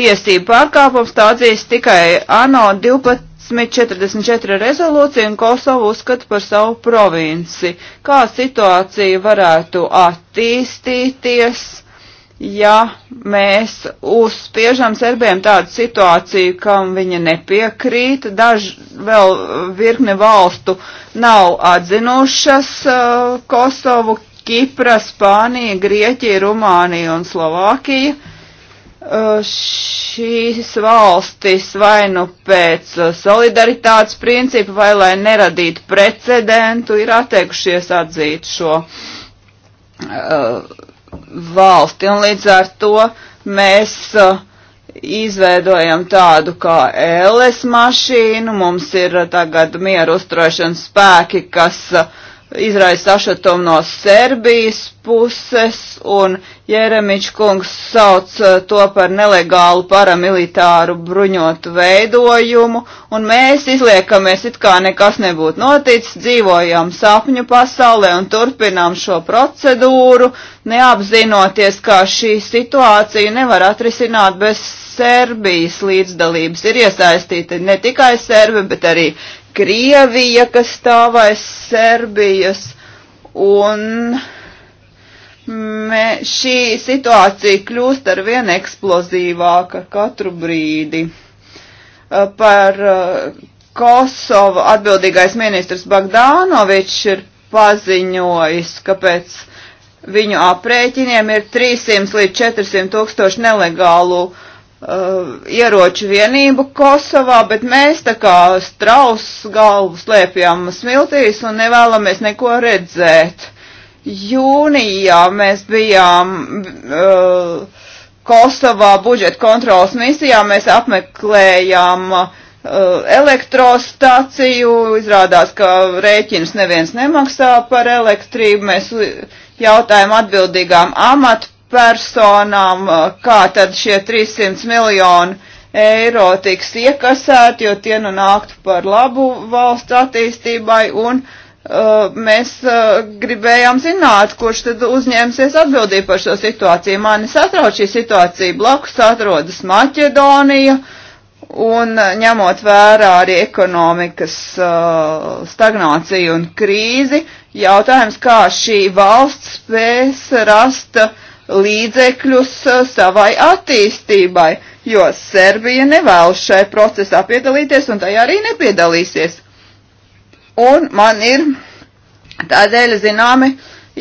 tiesību pārkāpums, tā atzīst tikai ANO 1244 rezolūciju un Kosovu uzskata par savu provinci. Kā situācija varētu attīstīties? ja mēs uzspiežam serbiem tādu situāciju, kam viņi nepiekrīt, daži vēl virkne valstu nav atzinušas uh, Kosovu, Kipra, Spānija, Grieķija, Rumānija un Slovākija. Uh, šīs valstis vai nu pēc uh, solidaritātes principa vai lai neradītu precedentu ir atteikušies atzīt šo uh, valsti. Un līdz ar to mēs uh, izveidojam tādu kā LS mašīnu, mums ir uh, tagad mieru uzturēšanas spēki, kas uh, izraisa ašatumu no Serbijas puses, un Jeremičs kungs sauc eh, to par nelegālu paramilitāru bruņotu veidojumu, un mēs izliekamies it kā nekas nebūtu noticis, dzīvojam sapņu pasaulē un turpinām šo procedūru, neapzinoties, kā šī situācija nevar atrisināt bez Serbijas līdzdalības. Ir iesaistīti ne tikai Serbi, bet arī Krievija, kas stāv aiz Serbijas, un me, šī situācija kļūst ar vien eksplozīvāka katru brīdi. Par Kosovu atbildīgais ministrs Bagdānovičs ir paziņojis, ka pēc viņu aprēķiniem ir 300 līdz 400 tūkstoši nelegālu uh, uh, ieroču vienību Kosovā, bet mēs tā kā strauss galvu slēpjam smiltīs un nevēlamies neko redzēt. Jūnijā mēs bijām uh, Kosovā budžeta kontrolas misijā, mēs apmeklējām uh, elektrostaciju, izrādās, ka rēķins neviens nemaksā par elektrību, mēs uh, jautājām atbildīgām amatu personām, uh, kā tad šie 300 miljoni eiro tiks iekasēti, jo tie nu nāktu par labu valsts attīstībai un uh, Mēs uh, gribējām zināt, kurš tad uzņēmsies atbildību par šo situāciju. Mani satrauc šī situācija. Blakus atrodas Maķedonija, un uh, ņemot vērā arī ekonomikas uh, stagnāciju un krīzi, jautājums, kā šī valsts spēs rast uh, līdzekļus uh, savai attīstībai, jo Serbija nevēlas šai procesā piedalīties un tajā arī nepiedalīsies. Un man ir tādēļ zināmi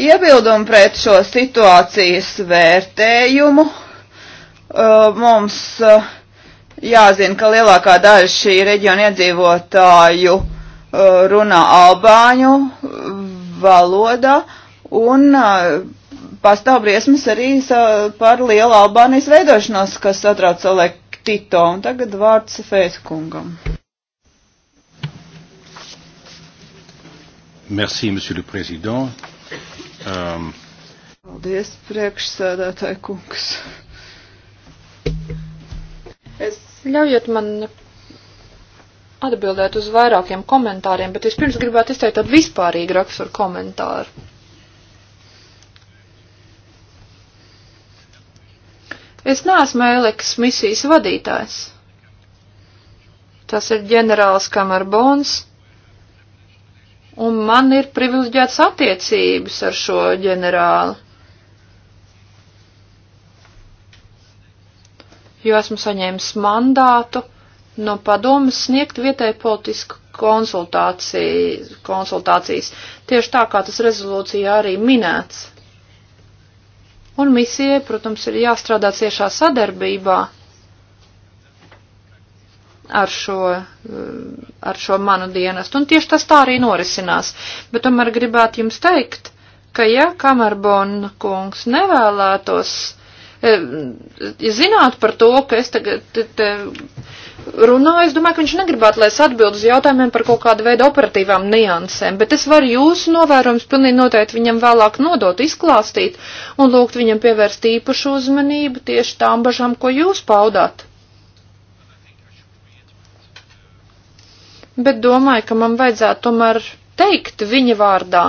iebildumi pret šo situācijas vērtējumu. Uh, mums uh, jāzina, ka lielākā daļa šī reģiona iedzīvotāju runā albāņu valodā un pastāv briesmas arī par lielu Albānijas veidošanos, kas satrauc cilvēku Tito. Un tagad vārds Fēskungam. Merci, monsieur le président. Um... Paldies, priekšsēdētāji kungs. Es ļaujot man atbildēt uz vairākiem komentāriem, bet vispirms gribētu izteikt tādu vispārīgu raksturu komentāru. Es neesmu Eliks misijas vadītājs. Tas ir ģenerālis Kamarbons, un man ir privileģēts attiecības ar šo ģenerāli. Jo esmu saņēmis mandātu no padomas sniegt vietēju politisku konsultācijas. Tieši tā kā tas rezolūcijā arī minēts. Un misijai, protams, ir jāstrādā ciešā sadarbībā ar šo, eh, ar šo manu dienestu. Un tieši tas tā arī norisinās. Bet tomēr gribētu jums teikt, ka ja Kamerbona kungs nevēlētos, ja eh, zinātu par to, ka es tagad te, te runāju, es domāju, ka viņš negribētu, lai es atbildu uz jautājumiem par kaut kādu veidu operatīvām niansēm, bet es varu jūsu novērojums pilnīgi noteikti viņam vēlāk nodot, izklāstīt un lūgt viņam pievērst īpašu uzmanību tieši tām bažām, ko jūs paudāt. Bet domāju, ka man vajadzētu tomēr teikt viņa vārdā,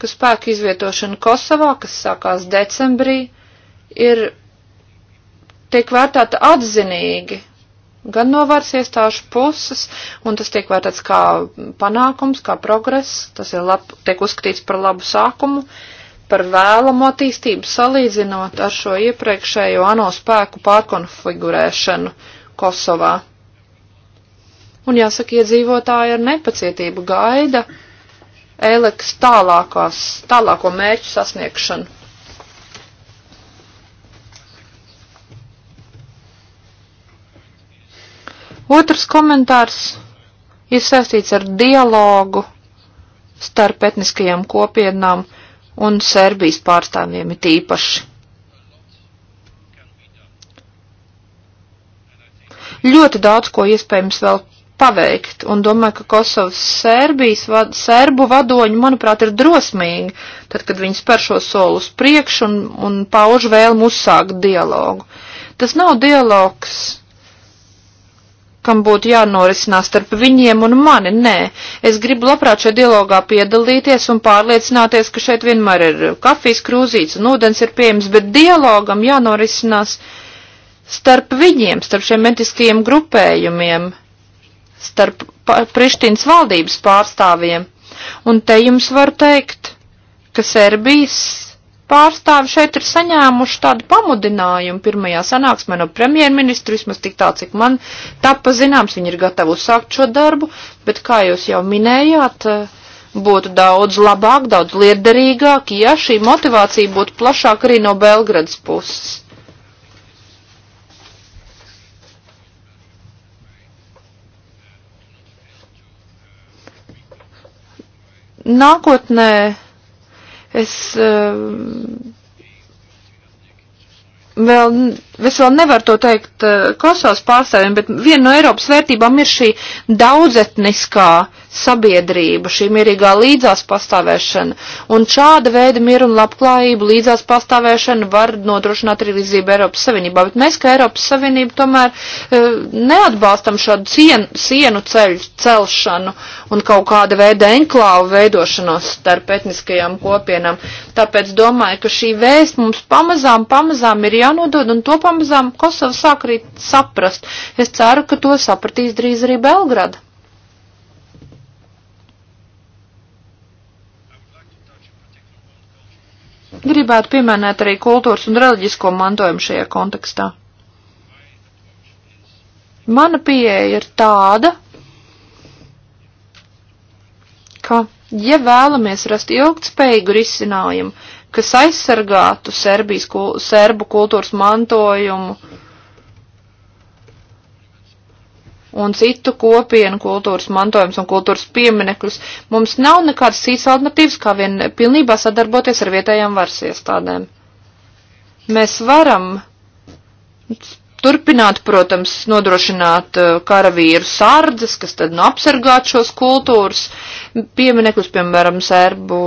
ka spēku izvietošana Kosovā, kas sākās decembrī, ir tiek vērtēta atzinīgi gan no varas iestāžu puses, un tas tiek vērtēts kā panākums, kā progress, tas ir lab, tiek uzskatīts par labu sākumu, par vēlamu attīstību salīdzinot ar šo iepriekšējo ANO spēku pārkonfigurēšanu Kosovā. Un jāsaka, iedzīvotāji ar nepacietību gaida Eleks tālākās, tālāko mērķu sasniegšanu. Otrs komentārs ir saistīts ar dialogu starp etniskajām kopienām un Serbijas pārstāvjiem it īpaši. Ļoti daudz ko iespējams vēl paveikt, un domāju, ka Kosovas Serbijas, vad, Serbu vadoņi, manuprāt, ir drosmīgi, tad, kad viņi spēr šo soli uz priekšu un, un pauž vēlmu uzsākt dialogu. Tas nav dialogs kam būtu jānorisinās starp viņiem un mani. Nē, es gribu labprāt šajā dialogā piedalīties un pārliecināties, ka šeit vienmēr ir kafijas krūzīts un ūdens ir pieejams, bet dialogam jānorisinās starp viņiem, starp šiem etiskajiem grupējumiem, starp Prištīnas valdības pārstāvjiem. Un te jums var teikt, ka Serbijas pārstāvi šeit ir saņēmuši tādu pamudinājumu pirmajā sanāksmē no premjerministra, vismaz tik tā, cik man tapa zināms, viņi ir gatavi uzsākt šo darbu, bet kā jūs jau minējāt, eh, būtu daudz labāk, daudz liederīgāk, ja šī motivācija būtu plašāk arī no Belgradas puses. Nākotnē Es eh, vēl Es vēl nevaru to teikt eh, Kosovas pārstāvjiem, bet viena no Eiropas vērtībām ir šī daudzetniskā sabiedrība, šī mierīgā līdzās pastāvēšana. Un šāda veida mieru un labklājību līdzās pastāvēšana var nodrošināt arī līdzību Eiropas Savienībā. Bet mēs, kā Eiropas Savienība, tomēr eh, neatbalstam šādu cien, sienu ceļu celšanu un kaut kāda veida enklāvu veidošanos starp etniskajām kopienām. Tāpēc domāju, ka šī vēst mums pamazām, pamazām ir jānodod un to pamazām pamazām Kosova sāk arī saprast. Es ceru, ka to sapratīs drīz arī Belgrada. Gribētu pieminēt arī kultūras un reliģisko mantojumu šajā kontekstā. Mana pieeja ir tāda, ka, ja vēlamies rast ilgtspējīgu risinājumu, kas aizsargātu Serbijas, serbu kultūras mantojumu un citu kopienu kultūras mantojums un kultūras pieminekļus. Mums nav nekādas cits alternatīvas, kā vien pilnībā sadarboties ar vietējām varas iestādēm. Mēs varam turpināt, protams, nodrošināt uh, karavīru sardzes, kas tad nu apsargāt šos kultūras pieminekļus, piemēram, serbu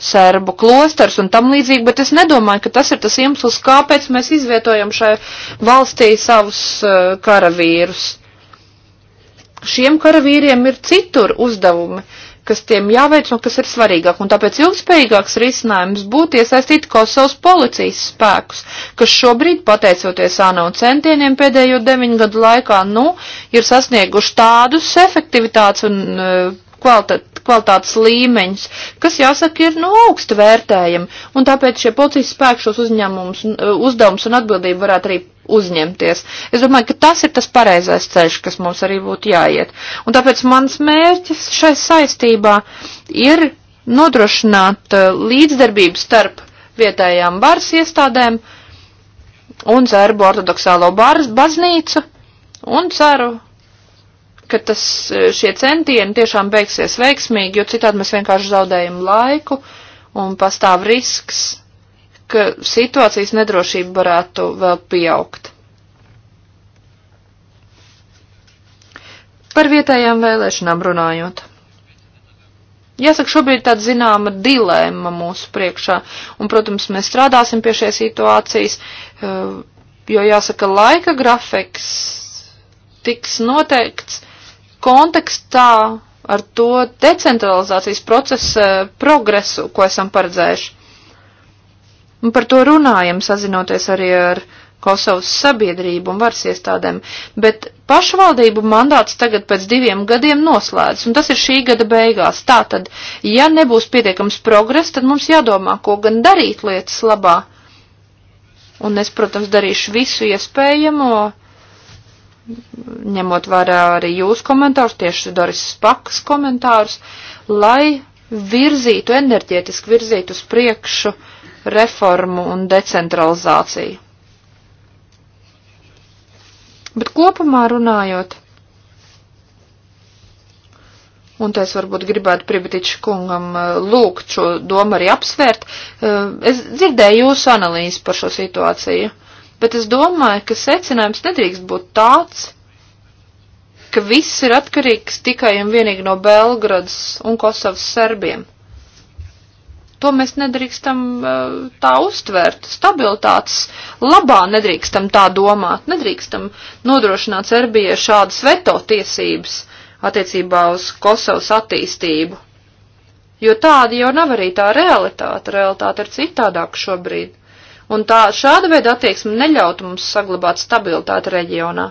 serbu klosters un tam līdzīgi, bet es nedomāju, ka tas ir tas iemesls, kāpēc mēs izvietojam šai valstī savus uh, karavīrus. Šiem karavīriem ir citur uzdevumi, kas tiem jāveic un kas ir svarīgāk, un tāpēc ilgspējīgāks risinājums būtu iesaistīt Kosovas policijas spēkus, kas šobrīd, pateicoties ANO centieniem pēdējo deviņu gadu laikā, nu, ir sasnieguši tādus efektivitātes un uh, kvalitātes kvalitātes līmeņus, kas, jāsaka, ir no nu, augsta vērtējami, un tāpēc šie policijas spēki šos uzņēmumus, eh, uzdevums un atbildību varētu arī uzņemties. Es domāju, ka tas ir tas pareizais ceļš, kas mums arī būtu jāiet. Un tāpēc mans mērķis šai saistībā ir nodrošināt eh, līdzdarbību starp vietējām varas iestādēm un Zerbu ortodoksālo baznīcu un ceru, ka tas, eh, šie centieni tiešām beigsies veiksmīgi, jo citādi mēs vienkārši zaudējam laiku un pastāv risks, ka situācijas nedrošība varētu vēl pieaugt. Par vietējām vēlēšanām runājot. Jāsaka, šobrīd tāda zināma dilēma mūsu priekšā, un, protams, mēs strādāsim pie šīs situācijas, eh, jo, jāsaka, laika grafiks tiks noteikts kontekstā ar to decentralizācijas procesa progresu, ko esam paredzējuši. Un par to runājam, sazinoties arī ar Kosovas sabiedrību un varas iestādēm, bet pašvaldību mandāts tagad pēc diviem gadiem noslēdz, un tas ir šī gada beigās. Tātad, ja nebūs pietiekams progress, tad mums jādomā, ko gan darīt lietas labā. Un es, protams, darīšu visu iespējamo, ņemot vērā arī jūsu komentārus, tieši Doris Spakas komentārus, lai virzītu, enerģētiski virzītu uz priekšu reformu un decentralizāciju. Bet kopumā runājot, un es varbūt gribētu Pribitiču kungam eh, lūgt šo domu arī apsvērt, eh, es dzirdēju jūsu analīzi par šo situāciju bet es domāju, ka secinājums nedrīkst būt tāds, ka viss ir atkarīgs tikai un vienīgi no Belgradas un Kosovas serbiem. To mēs nedrīkstam eh, tā uztvert. Stabilitātes labā nedrīkstam tā domāt. Nedrīkstam nodrošināt Serbijai šādas veto tiesības attiecībā uz Kosovas attīstību. Jo tāda jau nav arī tā realitāte. Realitāte ir citādāka šobrīd un tā šāda veida attieksme neļautu mums saglabāt stabilitāti reģionā.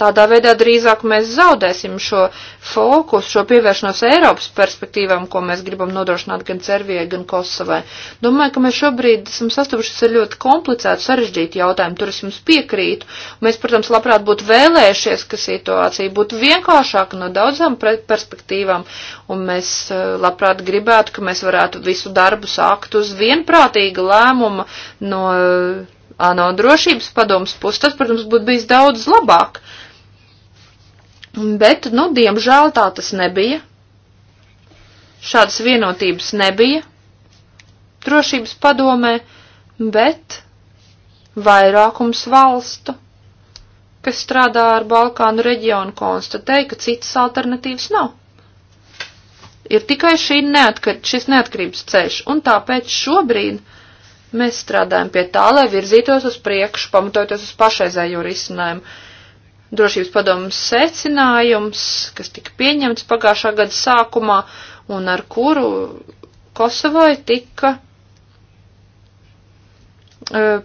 Tādā veidā drīzāk mēs zaudēsim šo fokusu, šo pievēršanos Eiropas perspektīvām, ko mēs gribam nodrošināt gan Servijai, gan Kosovai. Domāju, ka mēs šobrīd esam sastapušies ar ļoti komplicētu, sarežģītu jautājumu, tur es jums piekrītu. Mēs, protams, labprāt būtu vēlējušies, ka situācija būtu vienkāršāka no daudzām perspektīvām, un mēs eh, labprāt gribētu, ka mēs varētu visu darbu sākt uz vienprātīga lēmuma no eh, ANO drošības padomas puses. Tas, protams, būtu bijis daudz labāk Bet, nu, diemžēl tā tas nebija. Šādas vienotības nebija drošības padomē, bet vairākums valstu, kas strādā ar Balkānu reģionu, konstatēja, ka citas alternatīvas nav. Ir tikai šī neatkar, šis neatkarības ceļš, un tāpēc šobrīd mēs strādājam pie tā, lai virzītos uz priekšu, pamatojoties uz pašreizējo risinājumu drošības padomus secinājums, kas tika pieņemts pagājušā gada sākumā un ar kuru Kosovai tika e,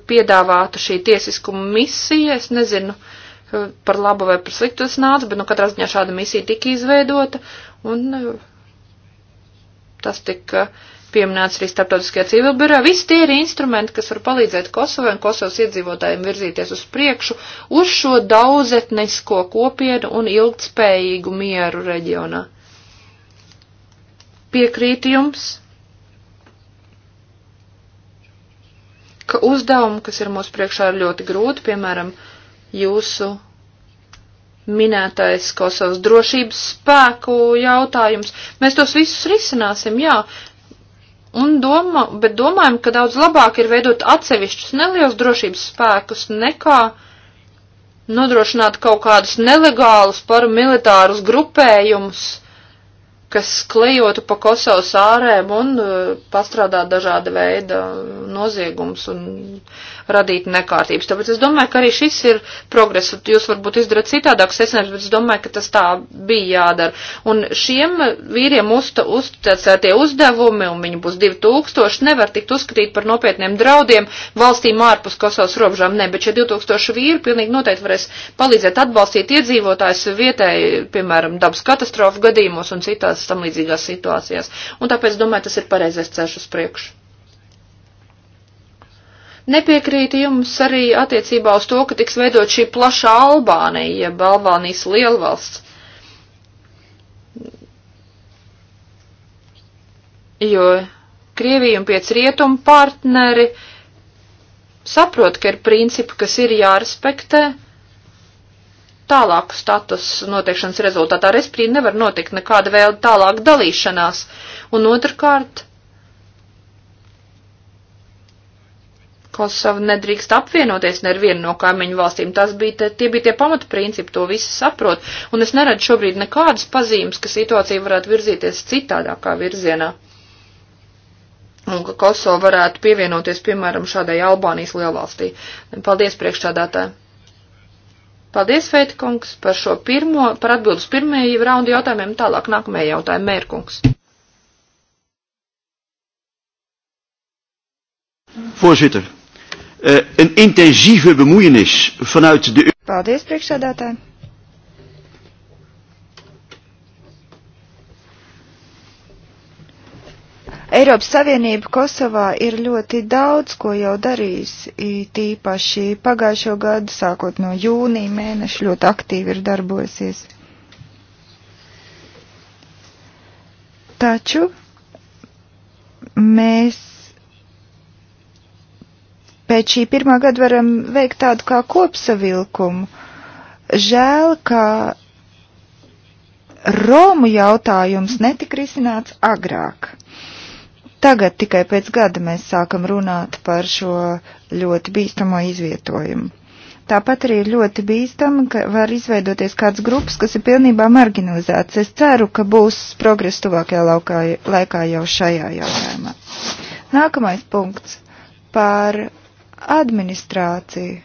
piedāvātu šī tiesiskuma misija. Es nezinu e, par labu vai par sliktu tas nāca, bet nu katrā ziņā šāda misija tika izveidota un e, tas tika uh, pieminēts arī starptautiskajā civilbirā. Visi tie ir instrumenti, kas var palīdzēt Kosovai un Kosovas iedzīvotājiem virzīties uz priekšu uz šo daudzetnisko kopienu un ilgtspējīgu mieru reģionā. Piekrīt jums, ka uzdevumi, kas ir mūsu priekšā, ir ļoti grūti, piemēram, jūsu minētais Kosovas drošības spēku jautājums. Mēs tos visus risināsim, jā, Un domā, bet domājam, ka daudz labāk ir veidot atsevišķus nelielus drošības spēkus nekā nodrošināt kaut kādus nelegālus paramilitārus grupējumus, kas klejotu pa Kosovas ārēm un uh, eh, pastrādā dažāda veida eh, noziegums un uh, radīt nekārtības. Tāpēc es domāju, ka arī šis ir progress. Jūs varbūt izdarat citādākus secinājumus, bet es domāju, ka tas tā bija jādara. Un šiem vīriem uzticētie uzdevumi, un viņi būs 2000, nevar tikt uzskatīt par nopietniem draudiem valstīm ārpus Kosovas robežām. Nē, bet šie 2000 vīri pilnīgi noteikti varēs palīdzēt atbalstīt iedzīvotājs vietēji, piemēram, dabas katastrofu gadījumos un citās tam līdzīgās situācijās. Un tāpēc, domāju, tas ir pareizais ceļš uz priekšu. Nepiekrītu jums arī attiecībā uz to, ka tiks veidot šī plaša Albānija, jeb Albānijas lielvalsts. Jo Krievija un piec rietumu partneri saprot, ka ir principi, kas ir jārespektē tālāku status noteikšanas rezultātā. Respektīvi nevar notikt nekāda vēl tālāka dalīšanās. Un otrkārt, Kosova nedrīkst apvienoties nevienu no kaimiņu valstīm. Tas bija, te, tie bija tie pamatprincipi, to visi saprot, un es neredzu šobrīd nekādas pazīmes, ka situācija varētu virzīties citādākā virzienā. Un ka Kosova varētu pievienoties, piemēram, šādai Albānijas lielvalstī. Paldies priekšstādātājai. Paldies, Feita kungs, par šo pirmo, par atbildu uz pirmajai raundu jautājumiem. Tālāk nākamajai jautājumai, Mērkungs. Voorzitter, uh, een intensieve bemoeienis vanuit de... Paldies, priekšsēdētāji. Eiropas Savienība Kosovā ir ļoti daudz, ko jau darījis, tīpaši pagājušo gadu, sākot no jūnija mēneša, ļoti aktīvi ir darbosies. Taču mēs pēc šī pirmā gada varam veikt tādu kā kopsavilkumu. Žēl, ka Romu jautājums netika risināts agrāk. Tagad tikai pēc gada mēs sākam runāt par šo ļoti bīstamo izvietojumu. Tāpat arī ir ļoti bīstami, ka var izveidoties kāds grupas, kas ir pilnībā marginalizēts. Es ceru, ka būs progress tuvākajā laukā, laikā jau šajā jautājumā. Nākamais punkts par administrāciju.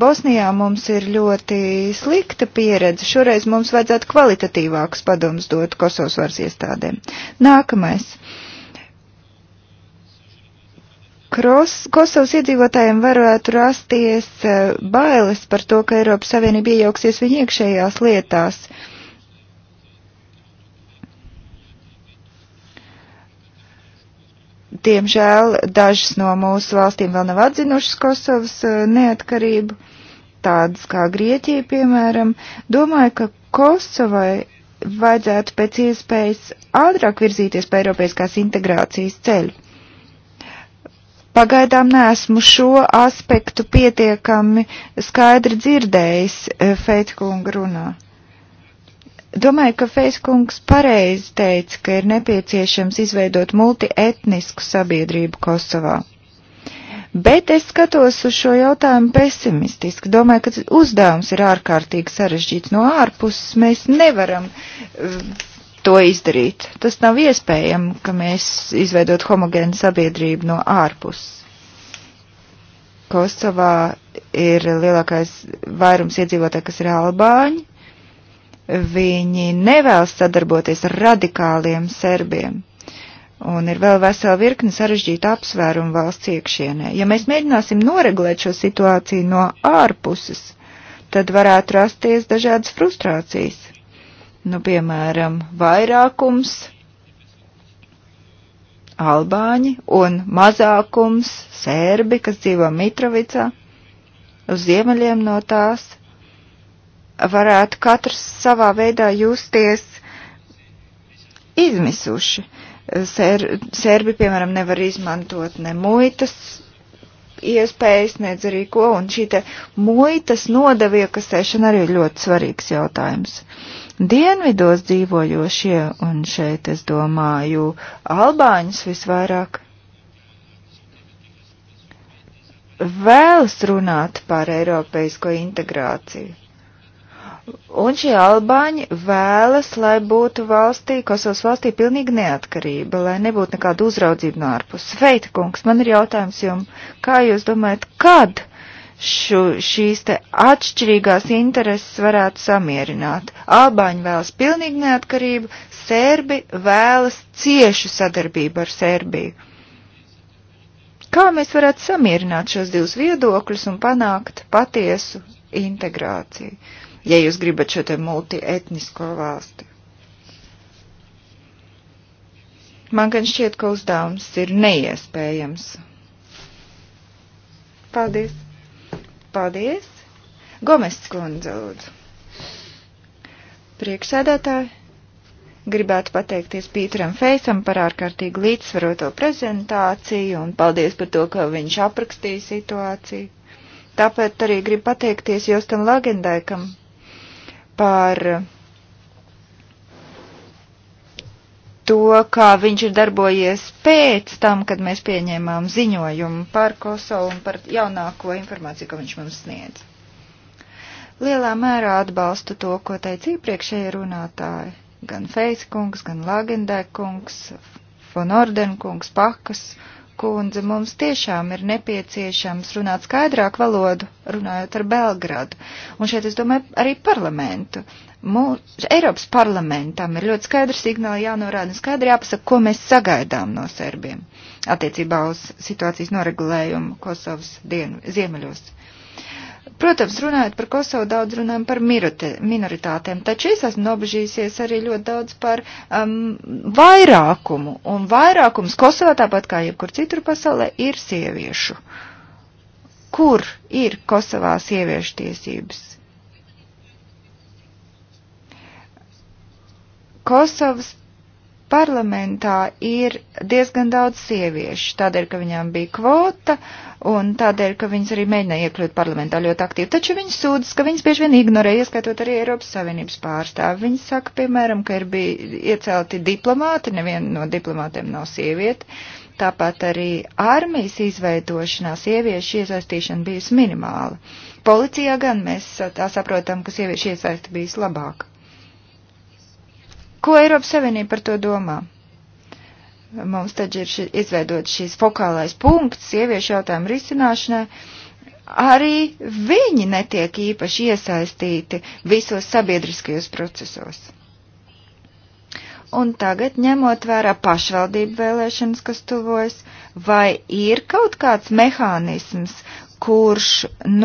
Bosnijā mums ir ļoti slikta pieredze. Šoreiz mums vajadzētu kvalitatīvākus padomus dot Kosovas varas iestādēm. Nākamais. Kros, Kosovas iedzīvotājiem varētu rasties eh, bailes par to, ka Eiropas Savienība iejauksies viņu iekšējās lietās. Uh, Diemžēl dažas no mūsu valstīm vēl nav atzinušas Kosovas eh, neatkarību, tādas kā Grieķija, piemēram. Domāju, ka Kosovai vajadzētu pēc iespējas ātrāk virzīties pa Eiropieskās integrācijas ceļu. Pagaidām neesmu šo aspektu pietiekami skaidri dzirdējis eh, Feitkunga runā. Domāju, ka Feiskungs pareizi teica, ka ir nepieciešams izveidot multietnisku sabiedrību Kosovā. Bet es skatos uz šo jautājumu pesimistiski. Domāju, ka uzdevums ir ārkārtīgi sarežģīts. No ārpuses mēs nevaram eh, to izdarīt. Tas nav iespējams, ka mēs izveidot homogēnu sabiedrību no ārpuses. Kosovā ir lielākais vairums iedzīvotāji, kas ir albāņi Viņi nevēlas sadarboties ar radikāliem serbiem. Un ir vēl vesela virkne sarežģīta apsvēruma valsts iekšienē. Ja mēs mēģināsim noregulēt šo situāciju no ārpuses, tad varētu rasties dažādas frustrācijas. Nu, piemēram, vairākums albāņi un mazākums sērbi, kas dzīvo Mitrovicā, uz ziemeļiem no tās varētu katrs savā veidā justies izmisuši. Ser, serbi, piemēram, nevar izmantot ne muitas iespējas, nedz arī ko, un šī te muitas nodeva iekasēšana arī ir ļoti svarīgs jautājums. Dienvidos dzīvojošie, un šeit es domāju Albāņus visvairāk, vēlas runāt par eiropeisko integrāciju Un šie albāņi vēlas, lai būtu valstī, Kosovas valstī pilnīga neatkarība, lai nebūtu nekāda uzraudzība no ārpuses. Sveita, kungs, man ir jautājums jums, kā jūs domājat, kad šu, šīs te atšķirīgās intereses varētu samierināt? Albāņi vēlas pilnīgu neatkarību, Sērbi vēlas ciešu sadarbību ar Sērbiju. Kā mēs varētu samierināt šos divus viedokļus un panākt patiesu integrāciju? ja jūs gribat šo te multietnisko valsti. Man gan šķiet, ka uzdevums ir neiespējams. Paldies! Paldies! Gomes skundze lūdzu. Priekšsēdētāji, gribētu pateikties Pīteram Feisam par ārkārtīgi līdzsvaroto prezentāciju un paldies par to, ka viņš aprakstīja situāciju. Tāpēc arī gribu pateikties Jostam Lagendaikam par to, kā viņš ir darbojies pēc tam, kad mēs pieņēmām ziņojumu par Kosovu un par jaunāko informāciju, ko viņš mums sniedz. Lielā mērā atbalstu to, ko teica iepriekšēji runātāji, gan Feiskungs, gan Lagendē kungs, Von Orden kungs, Pakas. Uh, kundze, mums tiešām ir nepieciešams runāt skaidrāk valodu, runājot ar Belgradu. Un šeit, es domāju, arī parlamentu. Mūs, Eiropas parlamentam ir ļoti skaidri signāli jānorāda un skaidri jāpasaka, ko mēs sagaidām no serbiem attiecībā uz situācijas noregulējumu Kosovas dienu, ziemeļos. Uh, Protams, runājot par Kosovu, daudz runājam par mirute, minoritātēm, taču es esmu nobežījusies arī ļoti daudz par um, vairākumu. Un vairākums Kosovā, tāpat kā jebkur citur pasaulē, ir sieviešu. Kur ir Kosovā sieviešu tiesības? Kosovas parlamentā ir diezgan daudz sieviešu, tādēļ, ka viņām bija kvota un tādēļ, ka viņas arī mēģināja iekļūt parlamentā ļoti aktīvi. Taču viņas sūdzas, ka viņas bieži vien ignorē, ieskaitot arī Eiropas Savienības pārstāvi. Viņas saka, piemēram, ka ir bija iecelti diplomāti, neviena no diplomātiem nav sieviete. Tāpat arī armijas izveidošanā sieviešu iesaistīšana bijusi minimāla. Policijā gan mēs tā saprotam, ka sieviešu iesaisti bijusi labāka. Ko Eiropas Savienība par to domā? Mums taču ir ši, izveidot šīs fokālais punkts sieviešu jautājumu risināšanai arī viņi netiek īpaši iesaistīti visos sabiedriskajos procesos. Un tagad, ņemot vērā pašvaldību vēlēšanas, kas tuvojas, vai ir kaut kāds mehānisms, kurš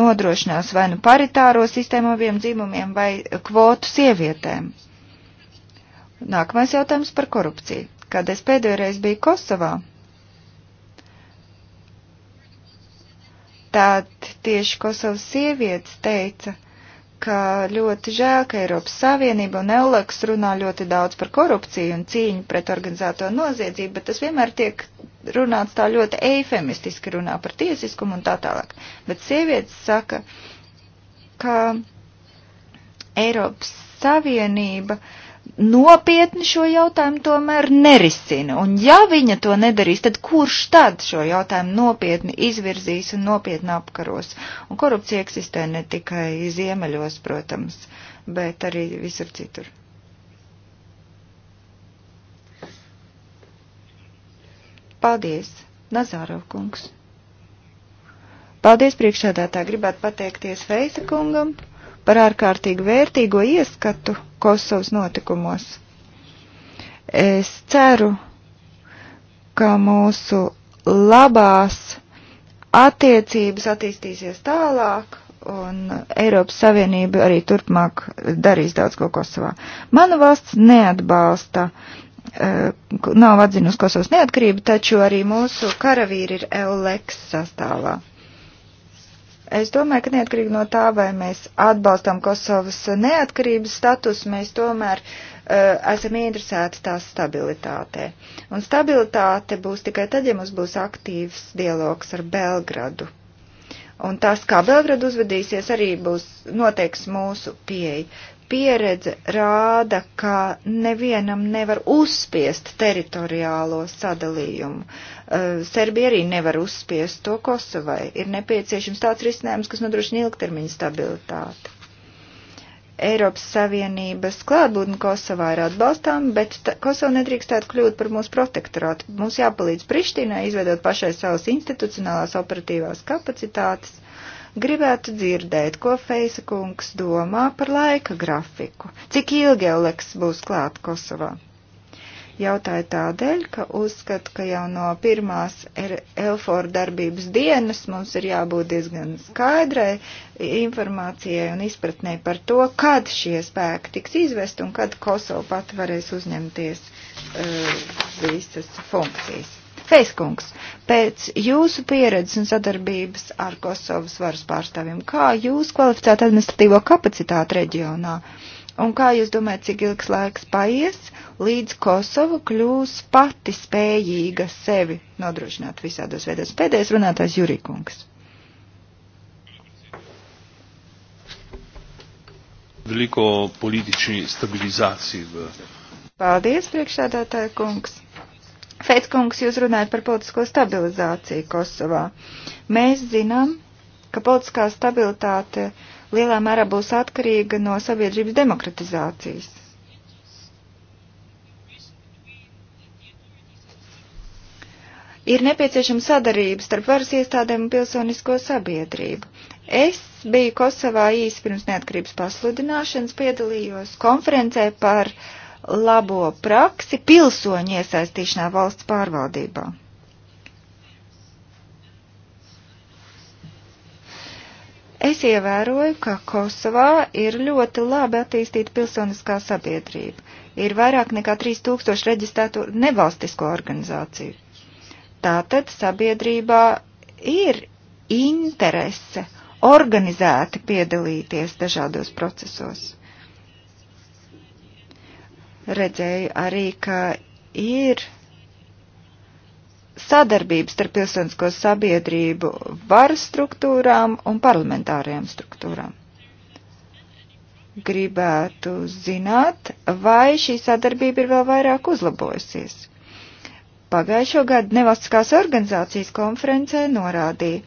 nodrošinās vai nu paritāro sistēmu abiem dzimumiem vai kvotu sievietēm? Uh, Nākamais jautājums par korupciju. Kad es pēdējoreiz biju Kosovā, tad tieši Kosovas sievietes teica, ka ļoti žēl, ka Eiropas Savienība un Eulaks runā ļoti daudz par korupciju un cīņu pret organizēto noziedzību, bet tas vienmēr tiek runāts tā ļoti eifemistiski, runā par tiesiskumu un tā tālāk. Bet sievietes saka, ka Eiropas Savienība uh, nopietni šo jautājumu tomēr nerisina. Un ja viņa to nedarīs, tad kurš tad šo jautājumu nopietni izvirzīs un nopietni apkaros? Un korupcija eksistē ne tikai ziemeļos, protams, bet arī visur citur. Paldies, Nazārov kungs. Paldies priekšādātā, gribētu pateikties Feisa kungam par ārkārtīgi vērtīgo ieskatu Kosovas notikumos. Es ceru, ka mūsu labās attiecības attīstīsies tālāk un Eiropas Savienība arī turpmāk darīs daudz ko Kosovā. Mana valsts neatbalsta, eh, nav atzinusi Kosovas neatkarību, taču arī mūsu karavīri ir Euleks sastāvā. Es domāju, ka neatkarīgi no tā, vai mēs atbalstam Kosovas neatkarības status, mēs tomēr uh, esam ieinteresēti tās stabilitātē. Un stabilitāte būs tikai tad, ja mums būs aktīvs dialogs ar Belgradu. Un tas, kā Belgrada uzvedīsies, arī būs noteiks mūsu pieeja pieredze rāda, ka nevienam nevar uzspiest teritoriālo sadalījumu. Eh, Serbija arī nevar uzspiest to Kosovai. Ir nepieciešams tāds risinājums, kas nodrošina ilgtermiņa stabilitāti. Eiropas Savienības klātbūtne Kosovā ir atbalstām, bet Kosova nedrīkstētu kļūt par mūsu protektorātu. Mums jāpalīdz Prištinai izveidot pašai savas institucionālās operatīvās kapacitātes Gribētu dzirdēt, ko Feisa kungs domā par laika grafiku. Cik ilgi Eleks būs klāt Kosovā? Jautāju tādēļ, ka uzskatu, ka jau no pirmās Elfora darbības dienas mums ir jābūt diezgan skaidrai informācijai un izpratnē par to, kad šie spēki tiks izvest un kad Kosova pat varēs uzņemties uh, visas funkcijas. Feiskungs, pēc jūsu pieredzes un sadarbības ar Kosovas varas pārstāvjiem, kā jūs kvalificētu administratīvo kapacitāti reģionā? Un kā jūs domājat, cik ilgs laiks paies, līdz Kosova kļūs pati spējīga sevi nodrošināt visādos veidos? Pēdējais runātājs Jurikungs. veliko politični stabilizaciji v. Paldies, priekšsēdētāja kungs. Feitskungs, jūs runājat par politisko stabilizāciju Kosovā. Mēs zinām, ka politiskā stabilitāte lielā mērā būs atkarīga no sabiedrības demokratizācijas. Ir nepieciešama sadarība starp varas iestādēm un pilsonisko sabiedrību. Es biju Kosovā īsi pirms neatkarības pasludināšanas, piedalījos konferencē par uh, labo praksi pilsoņu iesaistīšanā valsts pārvaldībā. Es ievēroju, ka Kosovā ir ļoti labi attīstīta pilsoniskā sabiedrība. Ir vairāk nekā 3000 reģistrētu nevalstisko organizāciju. Tātad sabiedrībā ir interese organizēti piedalīties dažādos procesos redzēju arī, ka ir sadarbības starp pilsonisko sabiedrību varas struktūrām un parlamentārajām struktūrām. Gribētu zināt, vai šī sadarbība ir vēl vairāk uzlabojusies. Pagājušo gadu nevalstiskās organizācijas konferencē norādīja,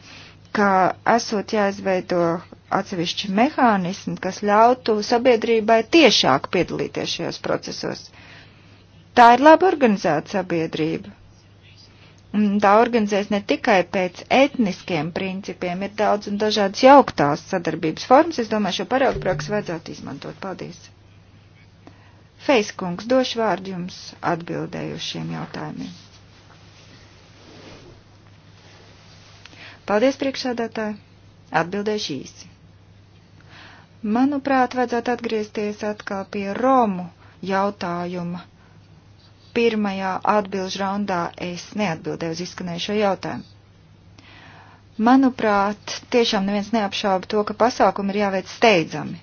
ka esot jāizveido atsevišķi mehānismi, kas ļautu sabiedrībai tiešāk piedalīties šajos procesos. Tā ir labi organizēta sabiedrība. Un tā organizēs ne tikai pēc etniskiem principiem, ir daudz un dažādas jauktās sadarbības formas. Es domāju, šo paraugu praksi vajadzētu izmantot. Paldies! Feiskungs, došu vārdu jums atbildējušiem jautājumiem. Paldies, priekšsādātāji! Atbildēšu īsi. Manuprāt, vajadzētu atgriezties atkal pie Romu jautājuma. Pirmajā atbilžu raundā es neatbildēju uz izskanējušo jautājumu. Manuprāt, tiešām neviens neapšauba to, ka pasākumi ir jāveic steidzami.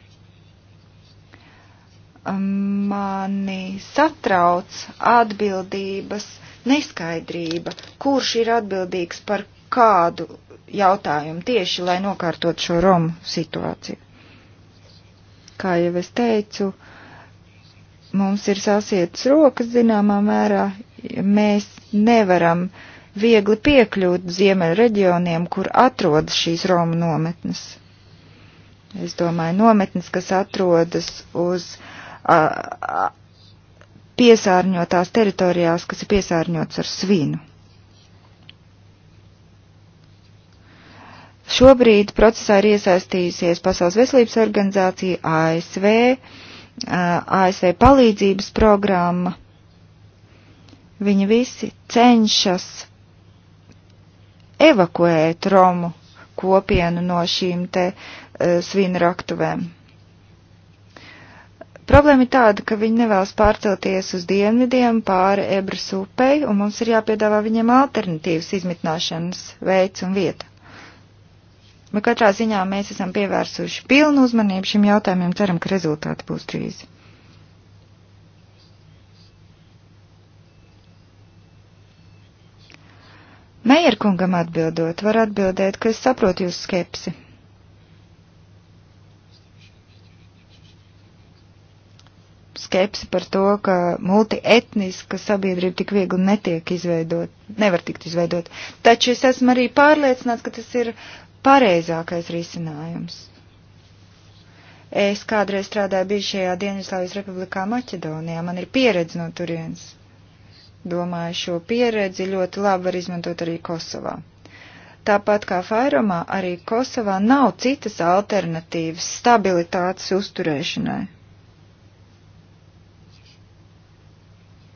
Mani satrauc atbildības neskaidrība, kurš ir atbildīgs par kādu jautājumu tieši, lai nokārtot šo Romu situāciju. Kā jau es teicu, mums ir sasietas rokas zināmā mērā, mēs nevaram viegli piekļūt ziemeļu reģioniem, kur atrodas šīs Roma nometnes. Es domāju, nometnes, kas atrodas uz a, a, piesārņotās teritorijās, kas ir piesārņots ar svinu. Šobrīd procesā ir iesaistījusies Pasaules veselības organizācija, ASV, ASV palīdzības programma. Viņi visi cenšas evakuēt Romu kopienu no šīm te uh, e, svinraktuvēm. Problēma ir tāda, ka viņi nevēlas pārcelties uz dienvidiem pāri Ebras upei, un mums ir jāpiedāvā viņiem alternatīvas izmitināšanas veids un vieta. Bet katrā ziņā mēs esam pievērsuši pilnu uzmanību šim jautājumam, ceram, ka rezultāti būs drīz. Meierkungam atbildot, var atbildēt, ka es saprotu jūsu skepsi. Skepsi par to, ka multietniska sabiedrība tik viegli netiek izveidot, nevar tikt izveidot. Taču es esmu arī pārliecināts, ka tas ir pareizākais risinājums. Es kādreiz strādāju bijušajā Dienvidslāvijas republikā Maķedonijā, man ir pieredze no turienes. Domāju, šo pieredzi ļoti labi var izmantot arī Kosovā. Tāpat kā Fairomā, arī Kosovā nav citas alternatīvas stabilitātes uzturēšanai.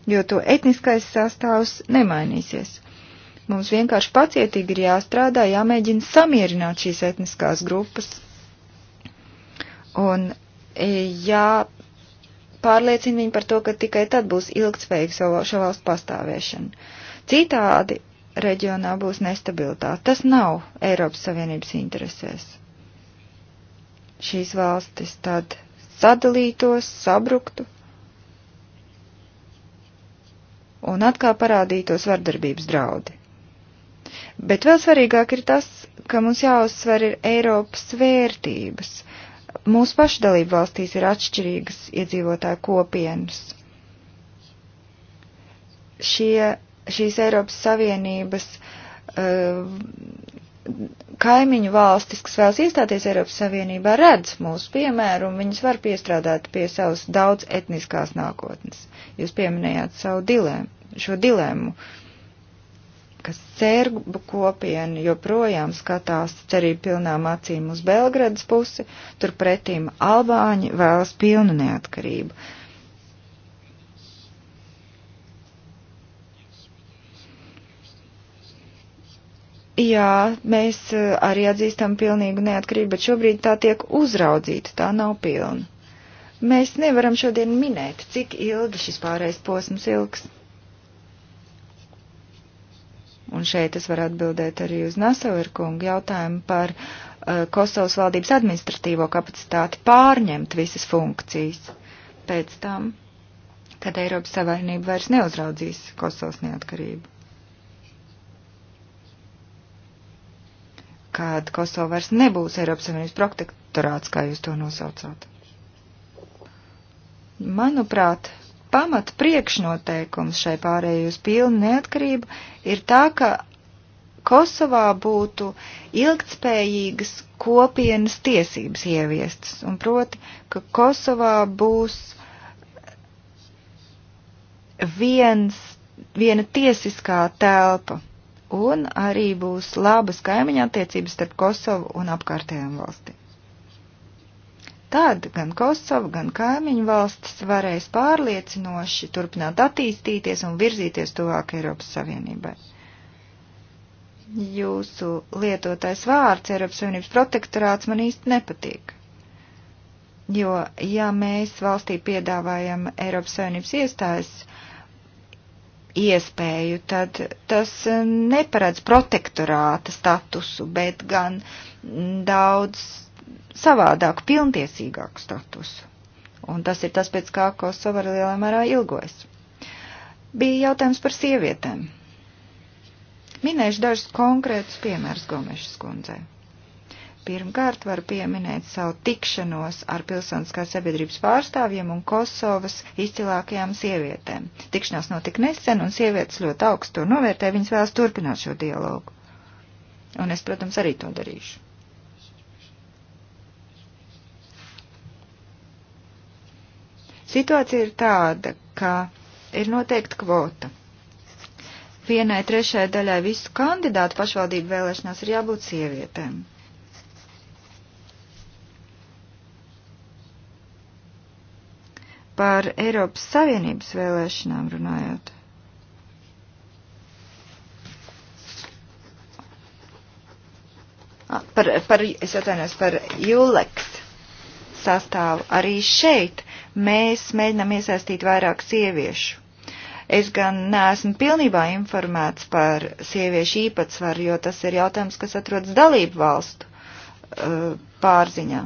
Jo to etniskais sastāvs nemainīsies. Mums vienkārši pacietīgi ir jāstrādā, jāmēģina samierināt šīs etniskās grupas. Un e, jāpārliecina viņu par to, ka tikai tad būs ilgtspējīga šo valstu pastāvēšana. Citādi reģionā būs nestabilitāte. Tas nav Eiropas Savienības interesēs. Šīs valstis tad sadalītos, sabruktu un atkal parādītos vardarbības draudi. Bet vēl svarīgāk ir tas, ka mums jāuzsver ir Eiropas vērtības. Mūsu pašu dalību valstīs ir atšķirīgas iedzīvotāju kopienas. Šie, šīs Eiropas Savienības uh, kaimiņu valstis, kas vēlas iestāties Eiropas Savienībā, redz mūsu piemēru un viņas var piestrādāt pie savas daudz etniskās nākotnes. Jūs pieminējāt savu dilēmu, šo dilēmu. Uh, kas cērbu kopiena joprojām skatās cerību pilnām acīm uz Belgradas pusi, turpretīm Albāņi vēlas pilnu neatkarību. Jā, mēs eh, arī atzīstam pilnīgu neatkarību, bet šobrīd tā tiek uzraudzīta, tā nav pilna. Mēs nevaram šodien minēt, cik ilgi šis pārējais posms ilgs. Un šeit es varu atbildēt arī uz Nasever kungu jautājumu par uh, Kosovas valdības administratīvo kapacitāti pārņemt visas funkcijas pēc tam, kad Eiropas Savainība vairs neuzraudzīs Kosovas neatkarību. Kad Kosova vairs nebūs Eiropas Savienības protektorāts, kā jūs to nosaucāt. Manuprāt, pamat priekšnoteikums šai pārējai uz pilnu neatkarību ir tā, ka Kosovā būtu ilgtspējīgas kopienas tiesības ieviestas, un proti, ka Kosovā būs viens, viena tiesiskā telpa, un arī būs labas kaimiņa attiecības starp Kosovu un apkārtējām valstīm. Tad gan Kosova, gan kaimiņu valstis varēs pārliecinoši turpināt attīstīties un virzīties tuvāk Eiropas Savienībai. Jūsu lietotais vārds Eiropas Savienības protektorāts man īsti nepatīk. Jo, ja mēs valstī piedāvājam Eiropas Savienības iestājas, iespēju, tad tas neparedz protektorāta statusu, bet gan daudz savādāku, pilntiesīgāku statusu. Un tas ir tas, pēc kā Kosova arī lielā mērā ilgojas. Bija jautājums par sievietēm. Minēšu dažus konkrētus piemērus Gomešas kundzei. Pirmkārt, varu pieminēt savu tikšanos ar pilsoniskās sabiedrības pārstāvjiem un Kosovas izcilākajām sievietēm. Tikšanās notika nesen, un sievietes ļoti augstu novērtē, viņas vēlas turpināt šo dialogu. Un es, protams, arī to darīšu. Situācija ir tāda, ka ir noteikta kvota. Vienai trešai daļai visu kandidātu pašvaldību vēlēšanās ir jābūt sievietēm. Par Eiropas Savienības vēlēšanām runājot. Par, par, es atvainojos par Juleks sastāvu arī šeit mēs mēģinām iesaistīt vairāk sieviešu. Es gan neesmu pilnībā informēts par sieviešu īpatsvaru, jo tas ir jautājums, kas atrodas dalību valstu uh, pārziņā.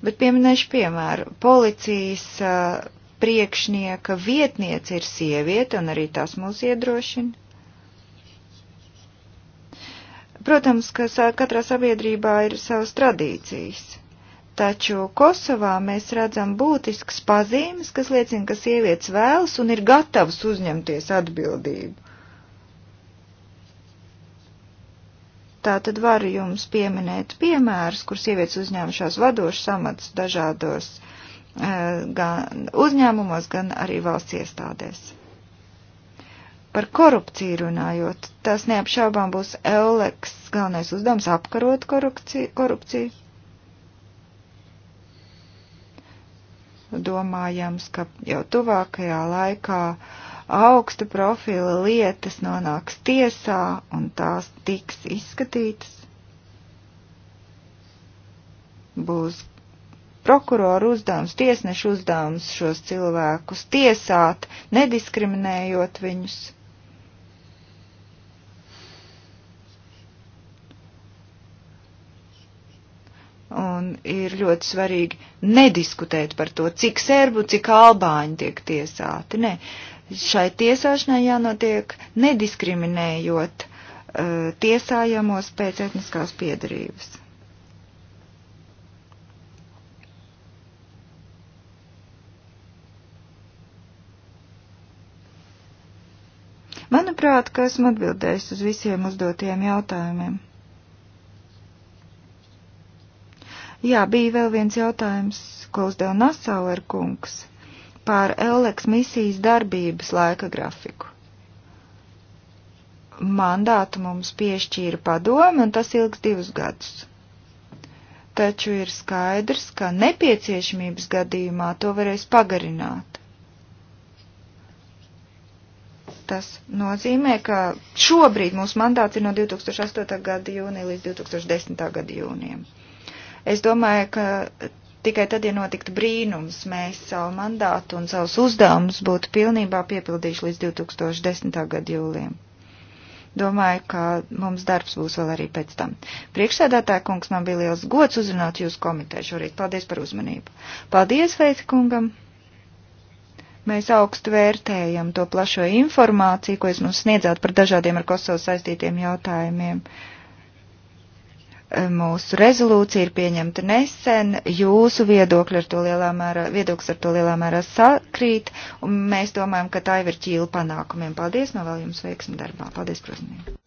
Bet pieminēšu piemēru. Policijas uh, priekšnieka vietniece ir sieviete, un arī tas mūs iedrošina. Protams, ka katrā sabiedrībā ir savas tradīcijas Taču Kosovā mēs redzam būtisks pazīmes, kas liecina, ka sievietes vēlas un ir gatavas uzņemties atbildību. Tā tad varu jums pieminēt piemērus, kur sievietes uzņēmušās vadošas amats dažādos eh, gan uzņēmumos, gan arī valsts iestādēs. Par korupciju runājot, tas neapšaubām būs Euleks galvenais uzdevums apkarot korupciju. korupciju domājams, ka jau tuvākajā laikā augsta profila lietas nonāks tiesā un tās tiks izskatītas. Būs prokuroru uzdevums, tiesnešu uzdevums šos cilvēkus tiesāt, nediskriminējot viņus. Un ir ļoti svarīgi nediskutēt par to, cik serbu, cik albāņu tiek tiesāti. Nē, šai tiesāšanai jānotiek nediskriminējot uh, tiesājamos pēc etniskās piedarības. Manuprāt, ka esmu atbildējis uz visiem uzdotiem jautājumiem. Jā, bija vēl viens jautājums, ko uzdeva Nasauer kungs par Eleks misijas darbības laika grafiku. Mandātu mums piešķīra padomi, un tas ilgs divus gadus. Taču ir skaidrs, ka nepieciešamības gadījumā to varēs pagarināt tas nozīmē, ka šobrīd mūsu mandāts ir no 2008. gada jūnija līdz 2010. gada jūnijam. Es domāju, ka tikai tad, ja notiktu brīnums, mēs savu mandātu un savus uzdevumus būtu pilnībā piepildījuši līdz 2010. gada jūlijam. Domāju, ka mums darbs būs vēl arī pēc tam. Priekšsēdētāja kungs, man bija liels gods uzrunāt jūsu komiteju šorīt. Paldies par uzmanību. Paldies, Veita kungam! Mēs augstu vērtējam to plašo informāciju, ko jūs mums sniedzāt par dažādiem ar Kosovu saistītiem jautājumiem. Uh, mūsu rezolūcija ir pieņemta nesen, jūsu viedokļi ar to lielā mērā, viedoklis ar to lielā mērā sakrīt, un mēs domājam, ka tā jau ir ķīla panākumiem. Paldies, novēl jums veiksmi darbā. Paldies, prozumīgi.